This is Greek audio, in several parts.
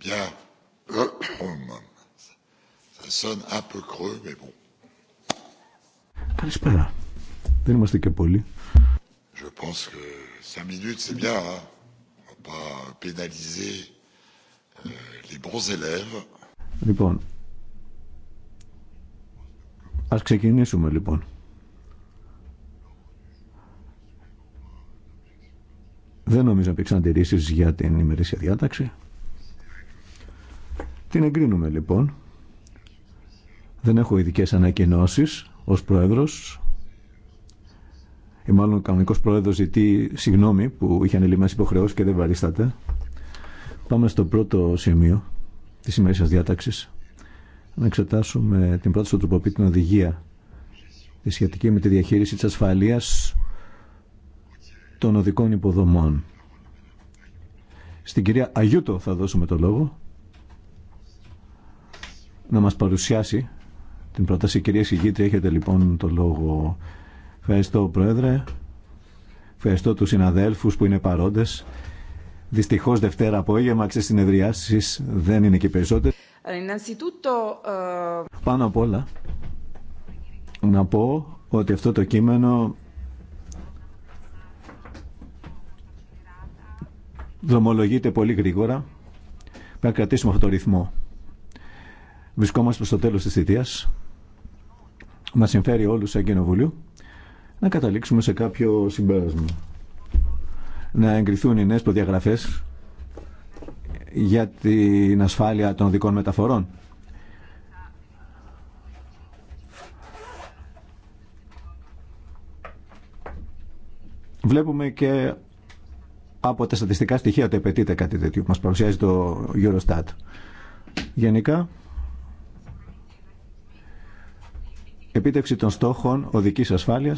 Bien. Oh, oh, Ça sonne un peu creux, mais bon. Καλησπέρα. Δεν είμαστε και πολλοί. Je pense que 5 minutes, c'est bien. Hein? On va pas pénaliser euh, les bons élèves. Λοιπόν, Α ξεκινήσουμε λοιπόν. Δεν νομίζω να υπήρξαν αντιρρήσει για την ημερήσια διάταξη. Την εγκρίνουμε λοιπόν. Δεν έχω ειδικέ ανακοινώσει ω πρόεδρο. Ή μάλλον ο κανονικό πρόεδρο ζητεί συγγνώμη που είχε ανελειμμένε υποχρεώσει και δεν βαρίσταται. Πάμε στο πρώτο σημείο τη σημερινή διάταξη. Να εξετάσουμε την πρώτη του τροποποιεί την οδηγία τη σχετική με τη διαχείριση τη ασφαλεία των οδικών υποδομών. Στην κυρία Αγιούτο θα δώσουμε το λόγο να μας παρουσιάσει την πρόταση. Κυρία Συγήτρια, έχετε λοιπόν το λόγο. Ευχαριστώ Πρόεδρε, ευχαριστώ τους συναδέλφους που είναι παρόντες. Δυστυχώς Δευτέρα απόγευμα, ξέρεις, συνεδριάσεις δεν είναι και περισσότερο. Ε, ε, Πάνω απ' όλα, να πω ότι αυτό το κείμενο δρομολογείται πολύ γρήγορα. Πρέπει να κρατήσουμε αυτό το ρυθμό βρισκόμαστε στο τέλος της θητείας. Μας συμφέρει όλους σαν κοινοβουλίο να καταλήξουμε σε κάποιο συμπέρασμα. Να εγκριθούν οι νέες προδιαγραφές για την ασφάλεια των δικών μεταφορών. Βλέπουμε και από τα στατιστικά στοιχεία ότι απαιτείται κάτι τέτοιο που μας παρουσιάζει το Eurostat. Γενικά, επίτευξη των στόχων οδική ασφάλεια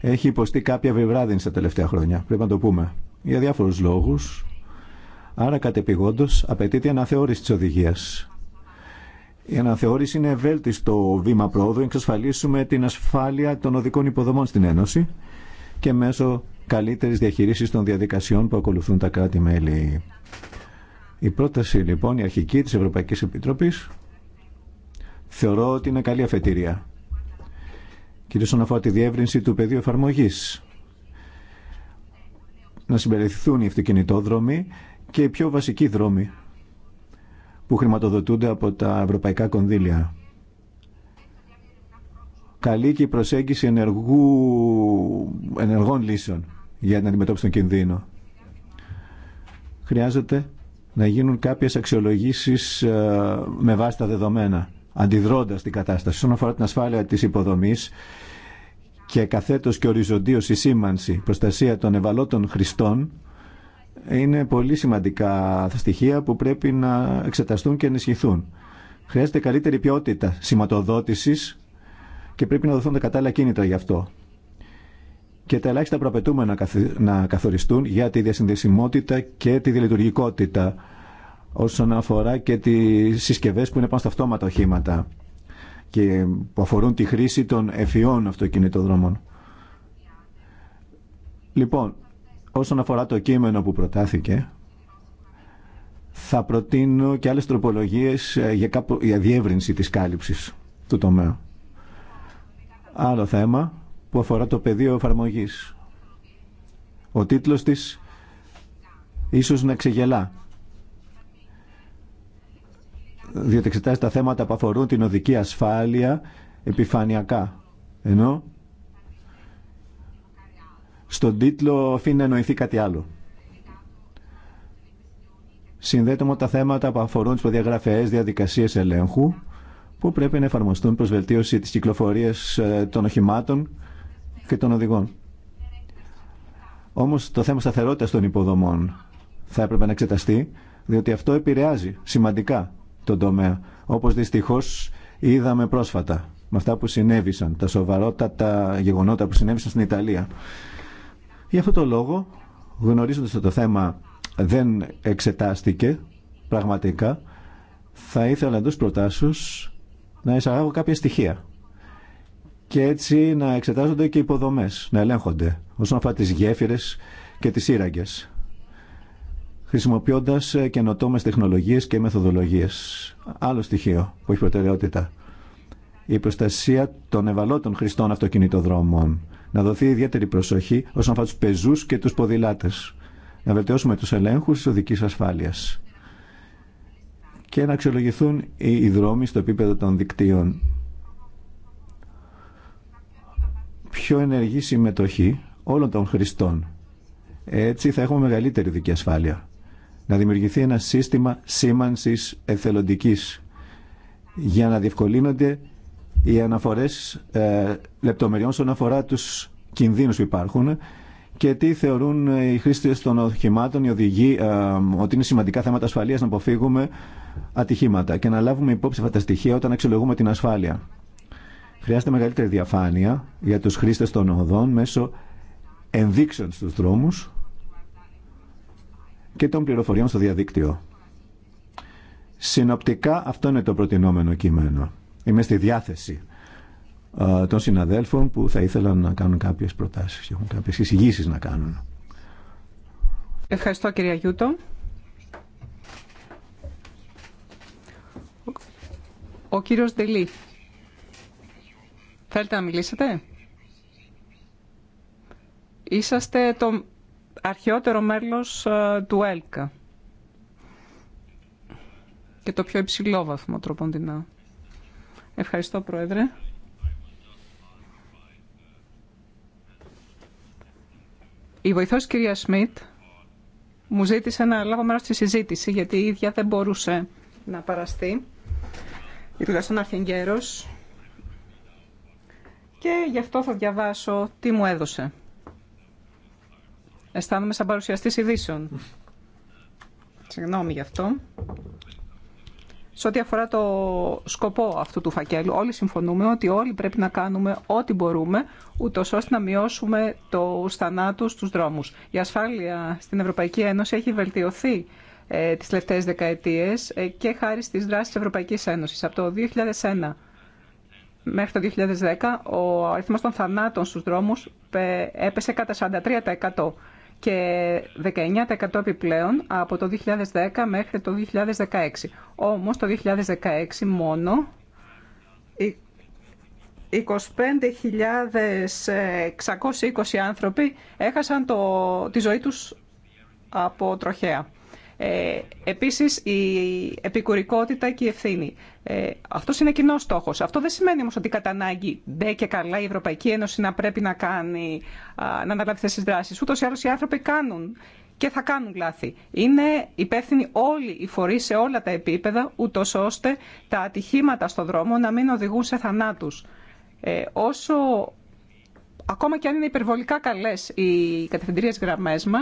έχει υποστεί κάποια βιβράδυνση τα τελευταία χρόνια. Πρέπει να το πούμε. Για διάφορου λόγου. Άρα κατεπηγόντως απαιτείται αναθεώρηση τη οδηγία. Η αναθεώρηση είναι ευέλτιστο βήμα πρόοδου. Εξασφαλίσουμε την ασφάλεια των οδικών υποδομών στην Ένωση και μέσω καλύτερης διαχείριση των διαδικασιών που ακολουθούν τα κράτη-μέλη. Η πρόταση λοιπόν η αρχική της Ευρωπαϊκής Επιτροπής Θεωρώ ότι είναι καλή αφετηρία. Κυρίως όσον αφορά τη διεύρυνση του πεδίου εφαρμογή. Να συμπεριληφθούν οι αυτοκινητόδρομοι και οι πιο βασικοί δρόμοι που χρηματοδοτούνται από τα ευρωπαϊκά κονδύλια. Καλή και η προσέγγιση ενεργού, ενεργών λύσεων για την αντιμετώπιση των κινδύνων. Χρειάζεται να γίνουν κάποιες αξιολογήσεις ε, με βάση τα δεδομένα αντιδρώντας την κατάσταση. Όσον αφορά την ασφάλεια της υποδομής και καθέτος και οριζοντίως η σήμανση, προστασία των ευαλώτων χρηστών, είναι πολύ σημαντικά στοιχεία που πρέπει να εξεταστούν και ενισχυθούν. Χρειάζεται καλύτερη ποιότητα σηματοδότησης και πρέπει να δοθούν τα κατάλληλα κίνητρα γι' αυτό. Και τα ελάχιστα προαπαιτούμενα να καθοριστούν για τη διασυνδεσιμότητα και τη διαλειτουργικότητα όσον αφορά και τις συσκευές που είναι πάνω στα αυτόματα οχήματα και που αφορούν τη χρήση των εφιών αυτοκινητοδρόμων. Λοιπόν, όσον αφορά το κείμενο που προτάθηκε, θα προτείνω και άλλες τροπολογίες ε, για, κάπου, για διεύρυνση της κάλυψης του τομέα. Άλλο θέμα που αφορά το πεδίο εφαρμογής. Ο τίτλος της ίσως να ξεγελά διότι εξετάζει τα θέματα που αφορούν την οδική ασφάλεια επιφανειακά. Ενώ στον τίτλο αφήνει να εννοηθεί κάτι άλλο. Συνδέεται με τα θέματα που αφορούν τι προδιαγραφέ διαδικασίε ελέγχου που πρέπει να εφαρμοστούν προ βελτίωση τη κυκλοφορία ε, των οχημάτων και των οδηγών. Όμω το θέμα σταθερότητα των υποδομών θα έπρεπε να εξεταστεί, διότι αυτό επηρεάζει σημαντικά τον τομέα, όπως δυστυχώς είδαμε πρόσφατα με αυτά που συνέβησαν, τα σοβαρότατα γεγονότα που συνέβησαν στην Ιταλία. Γι' αυτό το λόγο, γνωρίζοντας ότι το θέμα δεν εξετάστηκε πραγματικά, θα ήθελα εντό προτάσεως να εισαγάγω κάποια στοιχεία. Και έτσι να εξετάζονται και οι υποδομές, να ελέγχονται όσον αφορά τις γέφυρες και τις σύραγγες χρησιμοποιώντας ε, καινοτόμε τεχνολογίες και μεθοδολογίες. Άλλο στοιχείο που έχει προτεραιότητα. Η προστασία των ευαλώτων χρηστών αυτοκινητοδρόμων. Να δοθεί ιδιαίτερη προσοχή όσον αφορά τους πεζούς και τους ποδηλάτες. Να βελτιώσουμε τους ελέγχους τη οδική ασφάλειας. Και να αξιολογηθούν οι δρόμοι στο επίπεδο των δικτύων. Πιο ενεργή συμμετοχή όλων των χρηστών. Έτσι θα έχουμε μεγαλύτερη δική ασφάλεια να δημιουργηθεί ένα σύστημα σήμανσης εθελοντικής για να διευκολύνονται οι αναφορές ε, λεπτομεριών στον αφορά τους κινδύνους που υπάρχουν και τι θεωρούν ε, οι χρήστες των οχημάτων, οι οδηγοί, ε, ότι είναι σημαντικά θέματα ασφαλείας να αποφύγουμε ατυχήματα και να λάβουμε υπόψη αυτά τα στοιχεία όταν αξιολογούμε την ασφάλεια. Χρειάζεται μεγαλύτερη διαφάνεια για τους χρήστες των οδών μέσω ενδείξεων στους δρόμους και των πληροφοριών στο διαδίκτυο. Συνοπτικά αυτό είναι το προτινόμενο κείμενο. Είμαι στη διάθεση ε, των συναδέλφων που θα ήθελαν να κάνουν κάποιες προτάσεις και έχουν κάποιες εισηγήσεις να κάνουν. Ευχαριστώ κυρία Γιούτο. Ο κύριος Ντελή. Θέλετε να μιλήσετε? Είσαστε το αρχαιότερο μέλος ε, του ΕΛΚΑ και το πιο υψηλό βαθμό τροποντινά. Ευχαριστώ, Πρόεδρε. Η βοηθός κυρία Σμιτ μου ζήτησε να λάβω μέρος στη συζήτηση, γιατί η ίδια δεν μπορούσε να παραστεί, στον αρχηγέρος, και γι' αυτό θα διαβάσω τι μου έδωσε αισθάνομαι σαν παρουσιαστή ειδήσεων. Συγγνώμη γι' αυτό. Σε ό,τι αφορά το σκοπό αυτού του φακέλου, όλοι συμφωνούμε ότι όλοι πρέπει να κάνουμε ό,τι μπορούμε, ούτω ώστε να μειώσουμε του θανάτου στους δρόμους. Η ασφάλεια στην Ευρωπαϊκή Ένωση έχει βελτιωθεί ε, τις τελευταίες δεκαετίες ε, και χάρη στις δράσεις της Ευρωπαϊκής Ένωσης. Από το 2001 μέχρι το 2010 ο αριθμός των θανάτων στους δρόμους ε, έπεσε κατά 43% και 19% επιπλέον από το 2010 μέχρι το 2016. Όμως το 2016 μόνο 25.620 άνθρωποι έχασαν το, τη ζωή τους από τροχέα. Ε, επίσης η επικουρικότητα και η ευθύνη. Ε, αυτό είναι κοινό στόχο. Αυτό δεν σημαίνει όμω ότι κατά ανάγκη ντε και καλά η Ευρωπαϊκή Ένωση να πρέπει να, κάνει, να αναλάβει θέσεις δράσεις. Ούτω ή άλλω οι άνθρωποι κάνουν και θα κάνουν λάθη. Είναι υπεύθυνοι όλοι οι φορεί σε όλα τα επίπεδα, ούτω ώστε τα ατυχήματα στον δρόμο να μην οδηγούν σε θανάτους. Ε, όσο, ακόμα και αν είναι υπερβολικά καλέ οι κατευθυντήριε γραμμέ μα.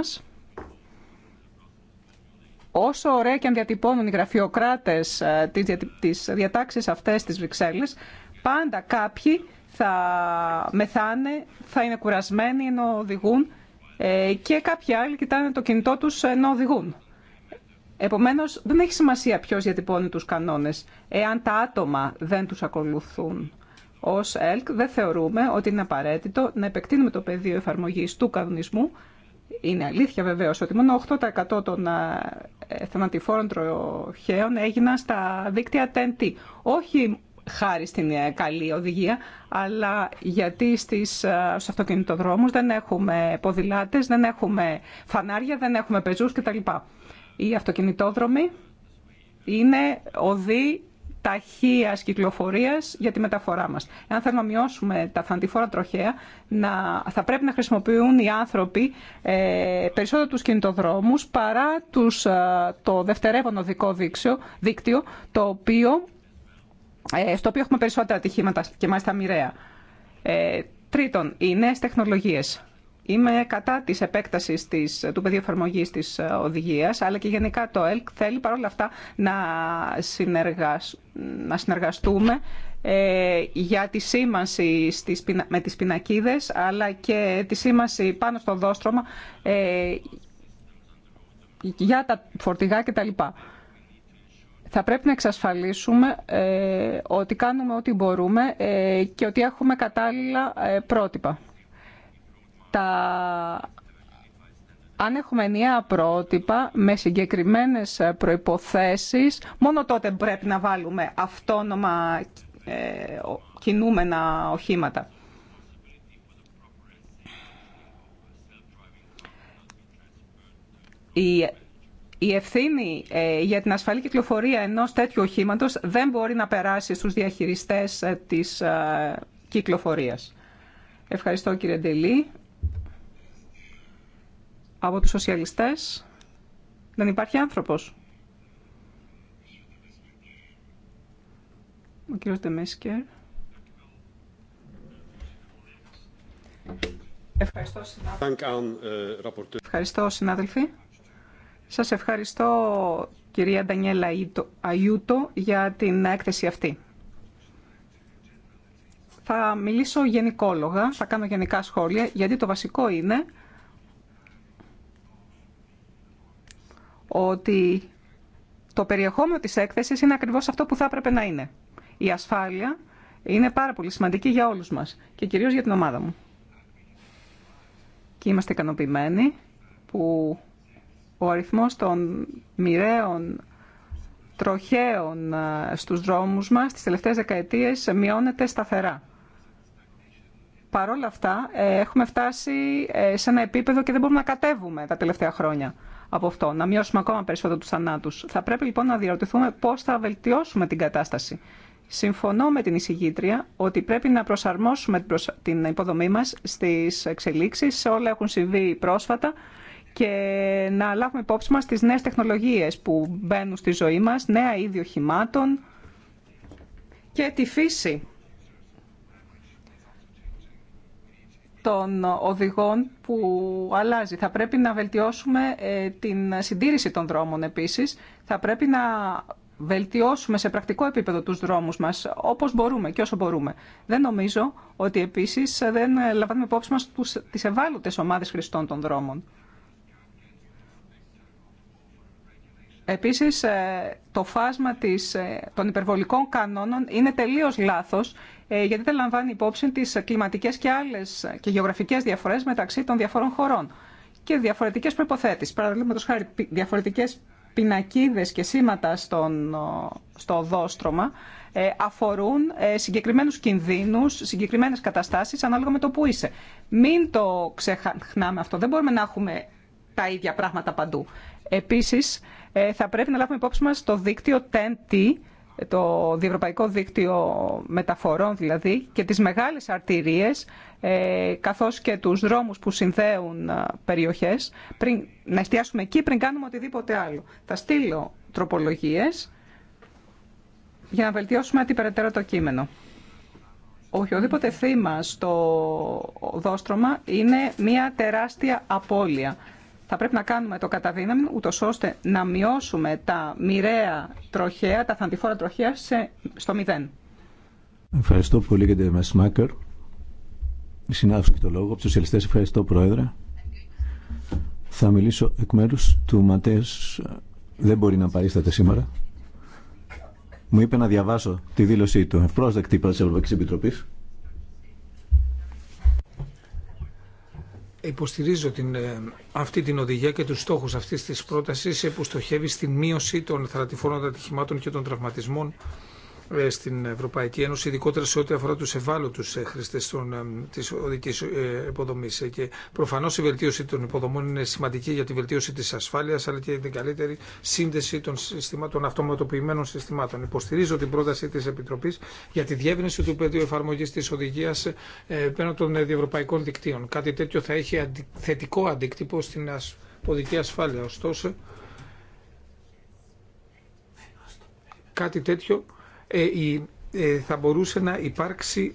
Όσο ωραία και αν διατυπώνουν οι γραφειοκράτες ε, τις διατάξεις αυτές της Βρυξέλλης, πάντα κάποιοι θα μεθάνε, θα είναι κουρασμένοι ενώ οδηγούν ε, και κάποιοι άλλοι κοιτάνε το κινητό τους ενώ οδηγούν. Επομένως, δεν έχει σημασία ποιος διατυπώνει τους κανόνες, εάν τα άτομα δεν τους ακολουθούν. Ω ΕΛΚ δεν θεωρούμε ότι είναι απαραίτητο να επεκτείνουμε το πεδίο εφαρμογής του κανονισμού είναι αλήθεια βεβαίως ότι μόνο 8% των ε, θανατηφόρων τροχαίων έγιναν στα δίκτυα TNT. Όχι χάρη στην ε, καλή οδηγία, αλλά γιατί στις, ε, στους αυτοκινητοδρόμους δεν έχουμε ποδηλάτες, δεν έχουμε φανάρια, δεν έχουμε πεζούς κτλ. Οι αυτοκινητόδρομοι είναι οδοί ταχείας κυκλοφορία για τη μεταφορά μας. Εάν θέλουμε να μειώσουμε τα θαντιφόρα τροχέα, να, θα πρέπει να χρησιμοποιούν οι άνθρωποι ε, περισσότερο του κινητοδρόμους παρά τους, ε, το δευτερεύον οδικό δίκτυο, δίκτυο το οποίο, ε, στο οποίο έχουμε περισσότερα ατυχήματα και μάλιστα μοιραία. Ε, τρίτον, οι νέε τεχνολογίες. Είμαι κατά της επέκτασης του πεδίου εφαρμογή της οδηγίας, αλλά και γενικά το ΕΛΚ θέλει παρόλα αυτά να, συνεργασ... να συνεργαστούμε ε, για τη σήμανση στις, με τις πινακίδες, αλλά και τη σήμανση πάνω στο δόστρωμα ε, για τα φορτηγά κτλ. Θα πρέπει να εξασφαλίσουμε ε, ότι κάνουμε ό,τι μπορούμε ε, και ότι έχουμε κατάλληλα ε, πρότυπα τα... αν έχουμε ενιαία πρότυπα με συγκεκριμένες προϋποθέσεις, μόνο τότε πρέπει να βάλουμε αυτόνομα ε, κινούμενα οχήματα. Η η ευθύνη ε, για την ασφαλή κυκλοφορία ενός τέτοιου οχήματος δεν μπορεί να περάσει στους διαχειριστές ε, της ε, κυκλοφορίας. Ευχαριστώ κύριε Ντελή. Από τους σοσιαλιστές δεν υπάρχει άνθρωπος. Ο κύριος Ευχαριστώ συνάδελφοι. ευχαριστώ συνάδελφοι. Σας ευχαριστώ κυρία Ντανιέλα Αιούτο για την έκθεση αυτή. Θα μιλήσω γενικόλογα, θα κάνω γενικά σχόλια, γιατί το βασικό είναι ότι το περιεχόμενο της έκθεσης είναι ακριβώς αυτό που θα έπρεπε να είναι. Η ασφάλεια είναι πάρα πολύ σημαντική για όλους μας και κυρίως για την ομάδα μου. Και είμαστε ικανοποιημένοι που ο αριθμός των μοιραίων τροχαίων ε, στους δρόμους μας τις τελευταίες δεκαετίες μειώνεται σταθερά. Παρ' όλα αυτά ε, έχουμε φτάσει ε, σε ένα επίπεδο και δεν μπορούμε να κατέβουμε τα τελευταία χρόνια από αυτό, να μειώσουμε ακόμα περισσότερο του θανάτου. Θα πρέπει λοιπόν να διαρωτηθούμε πώ θα βελτιώσουμε την κατάσταση. Συμφωνώ με την εισηγήτρια ότι πρέπει να προσαρμόσουμε την υποδομή μας στις εξελίξεις, σε όλα έχουν συμβεί πρόσφατα και να λάβουμε υπόψη μας τις νέες τεχνολογίες που μπαίνουν στη ζωή μας, νέα είδη οχημάτων και τη φύση των οδηγών που αλλάζει. Θα πρέπει να βελτιώσουμε ε, την συντήρηση των δρόμων επίσης. Θα πρέπει να βελτιώσουμε σε πρακτικό επίπεδο τους δρόμους μας όπως μπορούμε και όσο μπορούμε. Δεν νομίζω ότι επίσης δεν λαμβάνουμε υπόψη μας τους, τις ευάλωτες ομάδες χρηστών των δρόμων. Επίσης, ε, το φάσμα της, ε, των υπερβολικών κανόνων είναι τελείως λάθος ε, γιατί δεν λαμβάνει υπόψη τις κλιματικές και άλλες και γεωγραφικές διαφορές μεταξύ των διαφορών χωρών και διαφορετικές προποθέσει. Παραδείγματο χάρη διαφορετικές πινακίδες και σήματα στον, στο οδόστρωμα ε, αφορούν ε, συγκεκριμένους κινδύνους, συγκεκριμένες καταστάσεις ανάλογα με το που είσαι. Μην το ξεχνάμε αυτό. Δεν μπορούμε να έχουμε τα ίδια πράγματα παντού. Επίσης, θα πρέπει να λάβουμε υπόψη μας το δίκτυο TEN-T το διευρωπαϊκό δίκτυο μεταφορών δηλαδή και τις μεγάλες αρτηρίες ε, καθώς και τους δρόμους που συνδέουν ε, περιοχές πριν, να εστιάσουμε εκεί πριν κάνουμε οτιδήποτε άλλο. Θα στείλω τροπολογίες για να βελτιώσουμε αντιπεραιτέρω το κείμενο. Οποιοδήποτε θύμα στο δόστρωμα είναι μια τεράστια απώλεια θα πρέπει να κάνουμε το καταδύναμη, ούτω ώστε να μειώσουμε τα μοιραία τροχέα, τα θαντιφόρα τροχέα σε, στο μηδέν. Ευχαριστώ πολύ κύριε Μασμάκερ. Συνάδελφο και το λόγο. Από του σοσιαλιστέ, ευχαριστώ πρόεδρε. Θα μιλήσω εκ μέρου του Ματέα. Δεν μπορεί να παρίσταται σήμερα. Μου είπε να διαβάσω τη δήλωσή του. Ευπρόσδεκτη πρόεδρο τη Ευρωπαϊκή Επιτροπή υποστηρίζω την, ε, αυτή την οδηγία και τους στόχους αυτής της πρότασης που στοχεύει στην μείωση των θρατηφόρων ατυχημάτων και των τραυματισμών ε, στην Ευρωπαϊκή Ένωση, ειδικότερα σε ό,τι αφορά τους ευάλωτου ε, χρήστε ε, τη οδική υποδομή. Και προφανώς η βελτίωση των υποδομών είναι σημαντική για τη βελτίωση τη ασφάλεια αλλά και την καλύτερη σύνδεση των, των αυτοματοποιημένων συστημάτων. Υποστηρίζω την πρόταση τη Επιτροπής για τη διεύρυνση του πεδίου εφαρμογή τη οδηγία πέραν των διευρωπαϊκών δικτύων. Κάτι τέτοιο θα έχει θετικό αντίκτυπο στην οδική ασφάλεια. Ωστόσο, κάτι τέτοιο ε, ε, θα μπορούσε να υπάρξει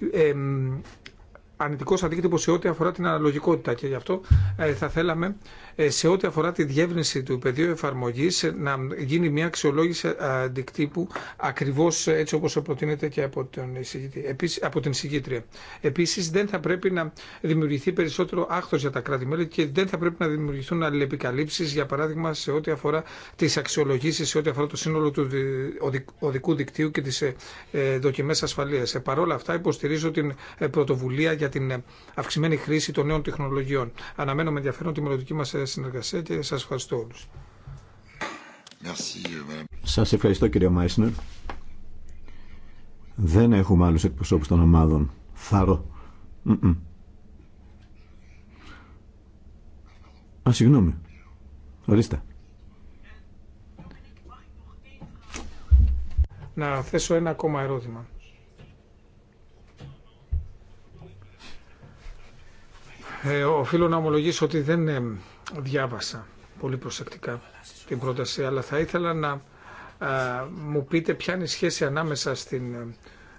αρνητικό αντίκτυπο σε ό,τι αφορά την αναλογικότητα και γι' αυτό ε, θα θέλαμε ε, σε ό,τι αφορά τη διεύρυνση του πεδίου εφαρμογή ε, να γίνει μια αξιολόγηση ε, αντικτύπου ακριβώ έτσι όπω προτείνεται και από, τον εισηγητή, επίσης, από την εισηγήτρια. Επίση, δεν θα πρέπει να δημιουργηθεί περισσότερο άχθο για τα κράτη-μέλη και δεν θα πρέπει να δημιουργηθούν αλληλεπικαλύψει, για παράδειγμα, σε ό,τι αφορά τι αξιολογήσει, σε ό,τι αφορά το σύνολο του οδικού δικτύου και τι δοκιμέ ασφαλεία. Παρ' όλα αυτά, υποστηρίζω την πρωτοβουλία για την αυξημένη χρήση των νέων τεχνολογιών. Αναμένω με ενδιαφέρον τη μελλοντική μα συνεργασία και σας ευχαριστώ όλους. Σας ευχαριστώ κύριε Μάισνερ. Δεν έχουμε άλλους εκπροσώπους των ομάδων. Θάρρο. Α, συγγνώμη. Ορίστε. Να θέσω ένα ακόμα ερώτημα. Ε, οφείλω να ομολογήσω ότι δεν ε, διάβασα πολύ προσεκτικά την πρόταση, αλλά θα ήθελα να μου πείτε ποια είναι η σχέση ανάμεσα στην ε,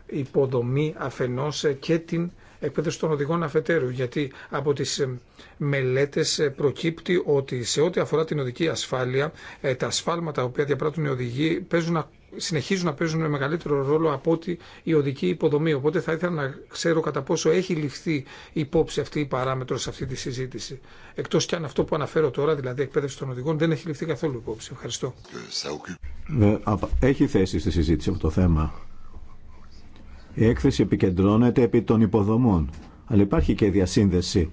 υποδομή αφενός ε, και την εκπαίδευση των οδηγών αφετέρου. Γιατί από τις ε, μελέτες προκύπτει ότι σε ό,τι αφορά την οδική ασφάλεια, τα ασφάλματα τα οποία διαπράττουν οι οδηγοί παίζουν συνεχίζουν να παίζουν μεγαλύτερο ρόλο από ότι η οδική υποδομή. Οπότε θα ήθελα να ξέρω κατά πόσο έχει ληφθεί υπόψη αυτή η παράμετρο σε αυτή τη συζήτηση. Εκτό κι αν αυτό που αναφέρω τώρα, δηλαδή εκπαίδευση των οδηγών, δεν έχει ληφθεί καθόλου υπόψη. Ευχαριστώ. Έχει θέση στη συζήτηση αυτό το θέμα. Η έκθεση επικεντρώνεται επί των υποδομών. Αλλά υπάρχει και διασύνδεση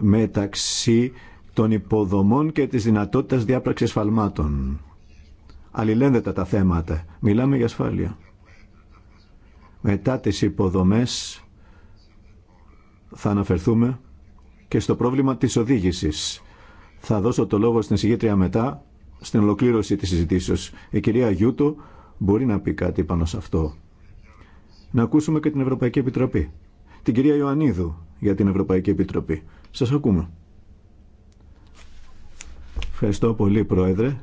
μεταξύ των υποδομών και της δυνατότητας διάπραξης φαλμάτων αλληλένδετα τα θέματα. Μιλάμε για ασφάλεια. Μετά τις υποδομές θα αναφερθούμε και στο πρόβλημα της οδήγησης. Θα δώσω το λόγο στην συγγήτρια μετά, στην ολοκλήρωση της συζητήσεως. Η κυρία Γιούτο μπορεί να πει κάτι πάνω σε αυτό. Να ακούσουμε και την Ευρωπαϊκή Επιτροπή. Την κυρία Ιωαννίδου για την Ευρωπαϊκή Επιτροπή. Σας ακούμε. Ευχαριστώ πολύ, Πρόεδρε.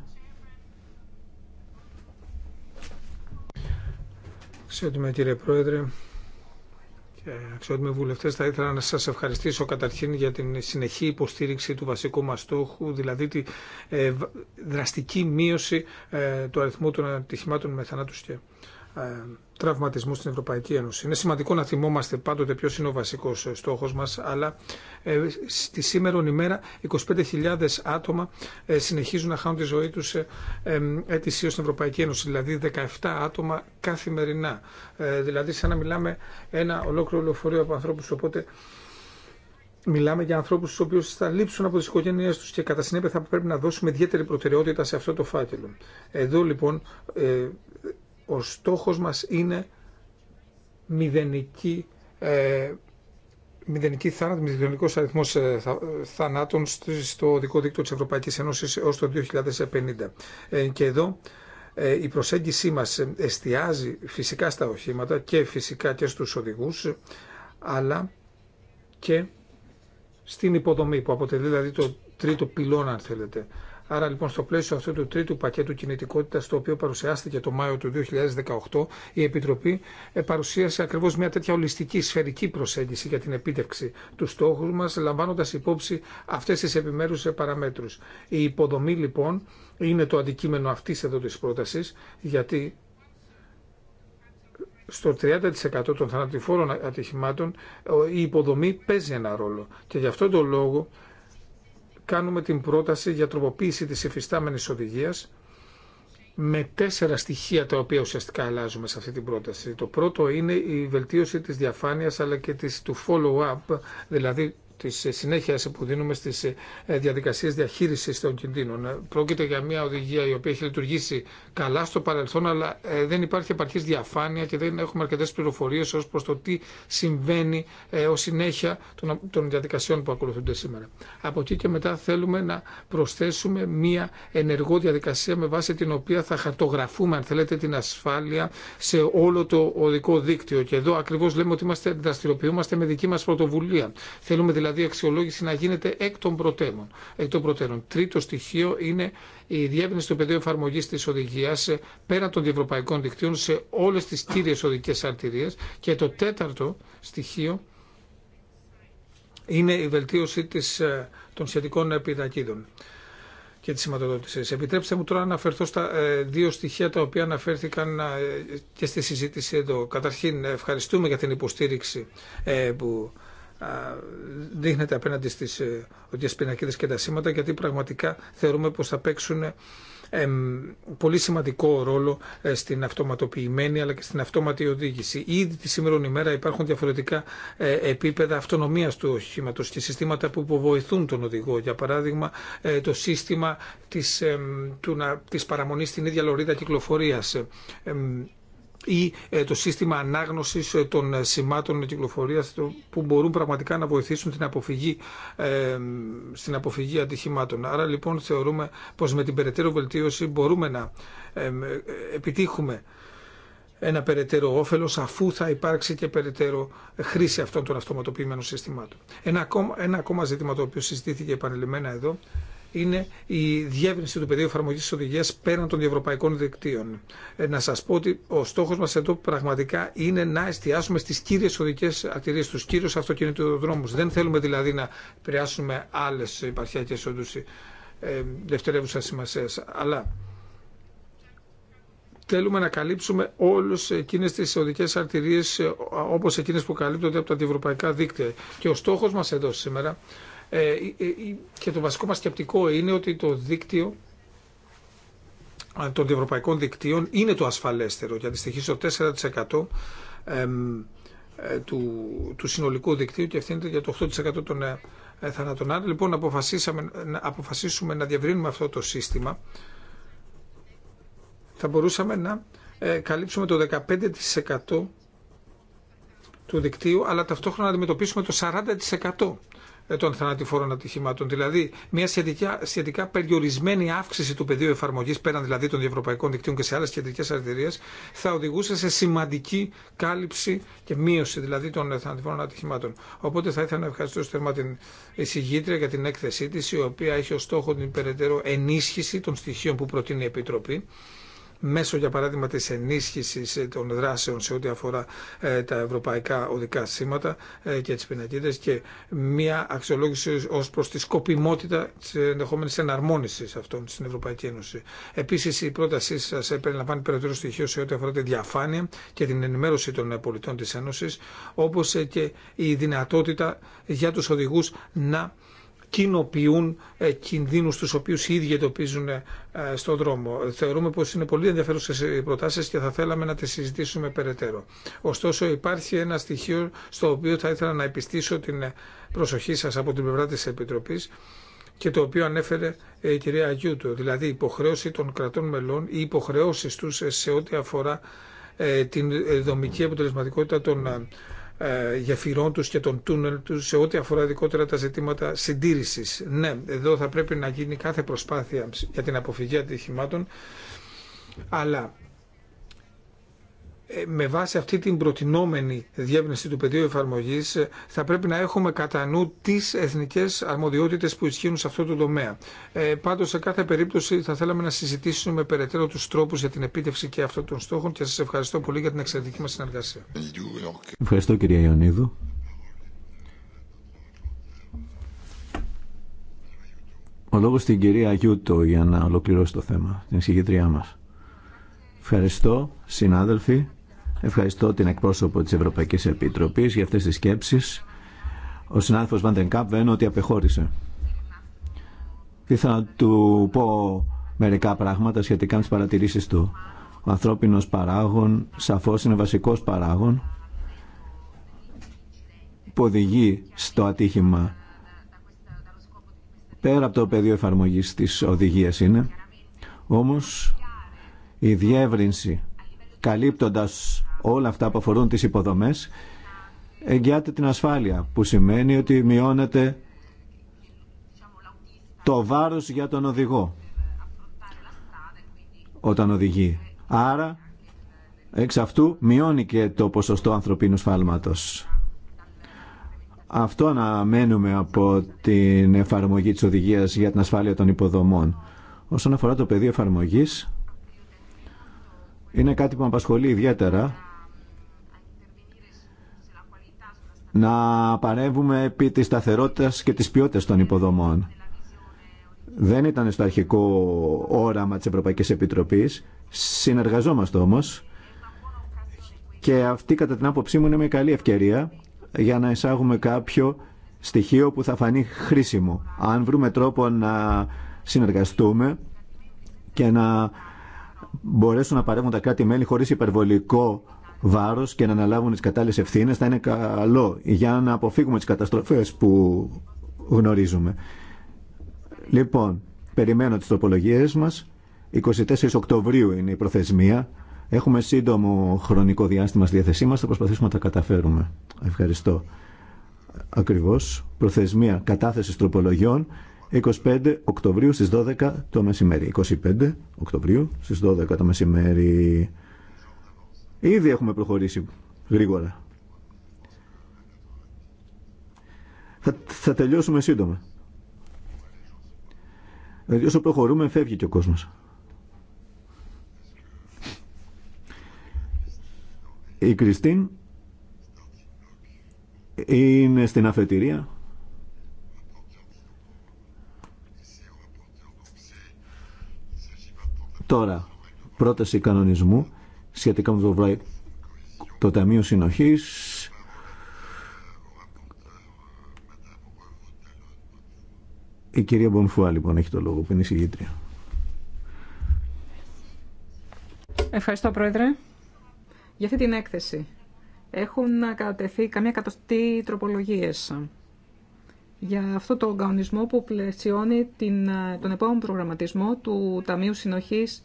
Αξιότιμε κύριε Πρόεδρε και αξιότιμε βουλευτές, θα ήθελα να σας ευχαριστήσω καταρχήν για την συνεχή υποστήριξη του βασικού μας στόχου, δηλαδή τη ε, δραστική μείωση ε, του αριθμού των ατυχημάτων με θανάτους και ε, τραυματισμού στην Ευρωπαϊκή Ένωση. Είναι σημαντικό να θυμόμαστε πάντοτε ποιο είναι ο βασικό στόχο μα, αλλά ε, στη σήμερα ημέρα 25.000 άτομα ε, συνεχίζουν να χάνουν τη ζωή του ετησίω στην Ευρωπαϊκή Ένωση, δηλαδή 17 άτομα καθημερινά. Δηλαδή, σαν να μιλάμε ένα ολόκληρο λεωφορείο από ανθρώπου. Οπότε μιλάμε για ανθρώπου του οποίου θα λείψουν από τι οικογένειέ του και κατά συνέπεια θα πρέπει να δώσουμε ιδιαίτερη προτεραιότητα σε αυτό το φάκελο. Εδώ λοιπόν ο στόχος μας είναι μηδενική, ε, μηδενική θάνατο, μηδενικός αριθμός ε, θανάτων στο δικό δίκτυο της Ευρωπαϊκής Ένωσης έως το 2050. Ε, και εδώ ε, η προσέγγιση μας εστιάζει φυσικά στα οχήματα και φυσικά και στους οδηγούς, αλλά και στην υποδομή που αποτελεί δηλαδή το τρίτο πυλώνα αν θέλετε Άρα λοιπόν στο πλαίσιο αυτού του τρίτου πακέτου κινητικότητας το οποίο παρουσιάστηκε το Μάιο του 2018 η Επιτροπή ε, παρουσίασε ακριβώς μια τέτοια ολιστική σφαιρική προσέγγιση για την επίτευξη του στόχου μας λαμβάνοντας υπόψη αυτές τις επιμέρους ε, παραμέτρου. Η υποδομή λοιπόν είναι το αντικείμενο αυτής εδώ της πρόταση, γιατί στο 30% των θανατηφόρων ατυχημάτων ε, η υποδομή παίζει ένα ρόλο. Και γι' αυτόν τον λόγο κάνουμε την πρόταση για τροποποίηση της εφιστάμενης οδηγίας με τέσσερα στοιχεία τα οποία ουσιαστικά αλλάζουμε σε αυτή την πρόταση. Το πρώτο είναι η βελτίωση της διαφάνειας αλλά και της, του follow-up, δηλαδή Τη συνέχεια που δίνουμε στι ε, διαδικασίε διαχείριση των κινδύνων. Ε, πρόκειται για μια οδηγία η οποία έχει λειτουργήσει καλά στο παρελθόν, αλλά ε, δεν υπάρχει επαρκής διαφάνεια και δεν έχουμε αρκετέ πληροφορίε ω προ το τι συμβαίνει ω συνέχεια των διαδικασιών που ακολουθούνται σήμερα. Από εκεί και μετά θέλουμε να προσθέσουμε μια ενεργό διαδικασία με βάση την οποία θα χαρτογραφούμε, αν θέλετε, την ασφάλεια σε όλο το οδικό δίκτυο. Και εδώ ακριβώ λέμε ότι είμαστε, δραστηριοποιούμαστε με δική μα πρωτοβουλία. Θέλουμε δηλαδή δηλαδή η αξιολόγηση να γίνεται εκ των προτέρων. Εκ Τρίτο στοιχείο είναι η διεύρυνση του πεδίου εφαρμογή τη οδηγία ε, πέραν των διευρωπαϊκών δικτύων σε όλε τι κύριε οδικέ αρτηρίε. Και το τέταρτο στοιχείο είναι η βελτίωση της, ε, των σχετικών επιδακίδων και τη σηματοδότηση. Επιτρέψτε μου τώρα να αναφερθώ στα ε, δύο στοιχεία τα οποία αναφέρθηκαν και στη συζήτηση εδώ. Καταρχήν, ευχαριστούμε για την υποστήριξη που δείχνεται απέναντι στις ε, οδηγές πινακίδες και τα σήματα γιατί πραγματικά θεωρούμε πως θα παίξουν πολύ σημαντικό ρόλο ε, στην αυτοματοποιημένη αλλά και στην αυτόματη οδήγηση. Ήδη τη σήμερα ημέρα υπάρχουν διαφορετικά ε, επίπεδα αυτονομία του οχήματο και συστήματα που υποβοηθούν τον οδηγό. Για παράδειγμα, το σύστημα τη της παραμονή στην ίδια λωρίδα κυκλοφορία ή ε, το σύστημα ανάγνωσης ε, των ε, σημάτων κυκλοφορίας που μπορούν πραγματικά να βοηθήσουν την αποφυγή, στην αποφυγή ατυχημάτων. Άρα λοιπόν θεωρούμε πως με την περαιτέρω βελτίωση μπορούμε να επιτύχουμε ένα περαιτέρω όφελο αφού θα υπάρξει και περαιτέρω χρήση αυτών των αυτοματοποιημένων συστημάτων. Ένα ακόμα, ένα ακόμα ζήτημα το οποίο συζητήθηκε επανειλημμένα εδώ είναι η διεύρυνση του πεδίου εφαρμογή τη οδηγία πέραν των διευρωπαϊκών δικτύων. Ε, να σα πω ότι ο στόχο μα εδώ πραγματικά είναι να εστιάσουμε στι κύριε οδικέ αρτηρίε, στου κύριου αυτοκινητοδρόμου. Δεν θέλουμε δηλαδή να επηρεάσουμε άλλε υπαρχιακέ όντω ε, δευτερεύουσα σημασία. Αλλά θέλουμε να καλύψουμε όλε εκείνες τις οδικέ αρτηρίες ε, όπως εκείνες που καλύπτονται από τα ευρωπαϊκά δίκτυα. Και ο στόχο μα εδώ σήμερα ε, ε, και το βασικό μας σκεπτικό είναι ότι το δίκτυο ε, των ευρωπαϊκών δικτύων είναι το ασφαλέστερο γιατί στοιχεί στο 4% του, του συνολικού δικτύου και ευθύνεται για το 8% των θανάτων. Άρα λοιπόν αποφασίσαμε, να αποφασίσουμε να διαβρύνουμε αυτό το σύστημα θα μπορούσαμε να καλύψουμε το 15% του δικτύου αλλά ταυτόχρονα να αντιμετωπίσουμε το 40% ε, των θανατηφόρων ατυχημάτων. Δηλαδή, μια σχετικά, σχετικά περιορισμένη αύξηση του πεδίου εφαρμογή πέραν δηλαδή των διευρωπαϊκών δικτύων και σε άλλε κεντρικέ αρτηρίε θα οδηγούσε σε σημαντική κάλυψη και μείωση δηλαδή των θανατηφόρων ατυχημάτων. Οπότε θα ήθελα να ευχαριστήσω θερμά την εισηγήτρια για την έκθεσή τη, η οποία έχει ω στόχο την περαιτέρω ενίσχυση των στοιχείων που προτείνει η Επιτροπή μέσω για παράδειγμα της ενίσχυσης ε, των δράσεων σε ό,τι αφορά ε, τα ευρωπαϊκά οδικά σήματα ε, και τις πινακίδες και μια αξιολόγηση ως προς τη σκοπιμότητα της ενδεχόμενης εναρμόνισης αυτών στην Ευρωπαϊκή Ένωση. Επίσης η πρότασή σας περιλαμβάνει περαιτέρω στοιχείο σε ό,τι αφορά τη διαφάνεια και την ενημέρωση των πολιτών της Ένωσης όπως και η δυνατότητα για τους οδηγούς να κοινοποιούν ε, κινδύνου του οποίου οι ίδιοι εντοπίζουν ε, στον δρόμο. Θεωρούμε πω είναι πολύ ενδιαφέρουσε οι προτάσει και θα θέλαμε να τι συζητήσουμε περαιτέρω. Ωστόσο, υπάρχει ένα στοιχείο στο οποίο θα ήθελα να επιστήσω την ε, προσοχή σα από την πλευρά τη Επιτροπή και το οποίο ανέφερε η κυρία Αγιούτο, δηλαδή υποχρέωση των κρατών μελών, ή υποχρεώσει του σε ό,τι αφορά την δομική αποτελεσματικότητα των ε, γεφυρών τους και των τούνελ τους σε ό,τι αφορά ειδικότερα τα ζητήματα συντήρησης. Ναι, εδώ θα πρέπει να γίνει κάθε προσπάθεια για την αποφυγή ατυχημάτων αλλά ε, με βάση αυτή την προτινόμενη διεύρυνση του πεδίου εφαρμογή, ε, θα πρέπει να έχουμε κατά νου τι εθνικέ αρμοδιότητε που ισχύουν σε αυτό το τομέα. Ε, Πάντω, σε κάθε περίπτωση, θα θέλαμε να συζητήσουμε περαιτέρω του τρόπου για την επίτευξη και αυτών των στόχων και σα ευχαριστώ πολύ για την εξαιρετική μα συνεργασία. Ευχαριστώ, κυρία Ιωνίδου. Ο λόγος στην κυρία Γιούτο για να ολοκληρώσει το θέμα, την συγκεκριά μας. Ευχαριστώ, συνάδελφοι. Ευχαριστώ την εκπρόσωπο της Ευρωπαϊκής Επιτροπής για αυτές τις σκέψεις. Ο συνάδελφος Βαντενκάπ βαίνω ότι απεχώρησε. Ήθελα να του πω μερικά πράγματα σχετικά με τις παρατηρήσεις του. Ο ανθρώπινος παράγων σαφώς είναι βασικός παράγων που οδηγεί στο ατύχημα πέρα από το πεδίο εφαρμογής της οδηγίας είναι. Όμως η διεύρυνση καλύπτοντας όλα αυτά που αφορούν τις υποδομές, εγγυάται την ασφάλεια, που σημαίνει ότι μειώνεται το βάρος για τον οδηγό όταν οδηγεί. Άρα, εξ αυτού μειώνει και το ποσοστό ανθρωπίνου σφάλματος. Αυτό αναμένουμε από την εφαρμογή της οδηγίας για την ασφάλεια των υποδομών. Όσον αφορά το πεδίο εφαρμογής, είναι κάτι που με απασχολεί ιδιαίτερα να παρεύουμε επί της σταθερότητας και της ποιότητας των υποδομών. Δεν ήταν στο αρχικό όραμα της Ευρωπαϊκής Επιτροπής. Συνεργαζόμαστε όμως και αυτή κατά την άποψή μου είναι μια καλή ευκαιρία για να εισάγουμε κάποιο στοιχείο που θα φανεί χρήσιμο. Αν βρούμε τρόπο να συνεργαστούμε και να μπορέσουν να παρέμβουν τα κράτη-μέλη χωρίς υπερβολικό βάρος και να αναλάβουν τις κατάλληλες ευθύνες θα είναι καλό για να αποφύγουμε τις καταστροφές που γνωρίζουμε. Λοιπόν, περιμένω τις τροπολογίες μας. 24 Οκτωβρίου είναι η προθεσμία. Έχουμε σύντομο χρονικό διάστημα στη διάθεσή μας. Θα προσπαθήσουμε να τα καταφέρουμε. Ευχαριστώ. Ακριβώς. Προθεσμία κατάθεσης τροπολογιών 25 Οκτωβρίου στις 12 το μεσημέρι. 25 Οκτωβρίου στις 12 το μεσημέρι. Ήδη έχουμε προχωρήσει γρήγορα. Θα, τελειώσουμε σύντομα. Δηλαδή όσο προχωρούμε φεύγει και ο κόσμος. Η Κριστίν είναι στην αφετηρία. Τώρα, πρόταση κανονισμού σχετικά με το, το Ταμείο Συνοχής Η κυρία Μπονφουά λοιπόν έχει το λόγο που είναι η Ευχαριστώ Πρόεδρε για αυτή την έκθεση. Έχουν κατατεθεί καμία κατοστή τροπολογίες για αυτό το κανονισμό που πλαισιώνει την, ε, τον επόμενο προγραμματισμό του Ταμείου Συνοχής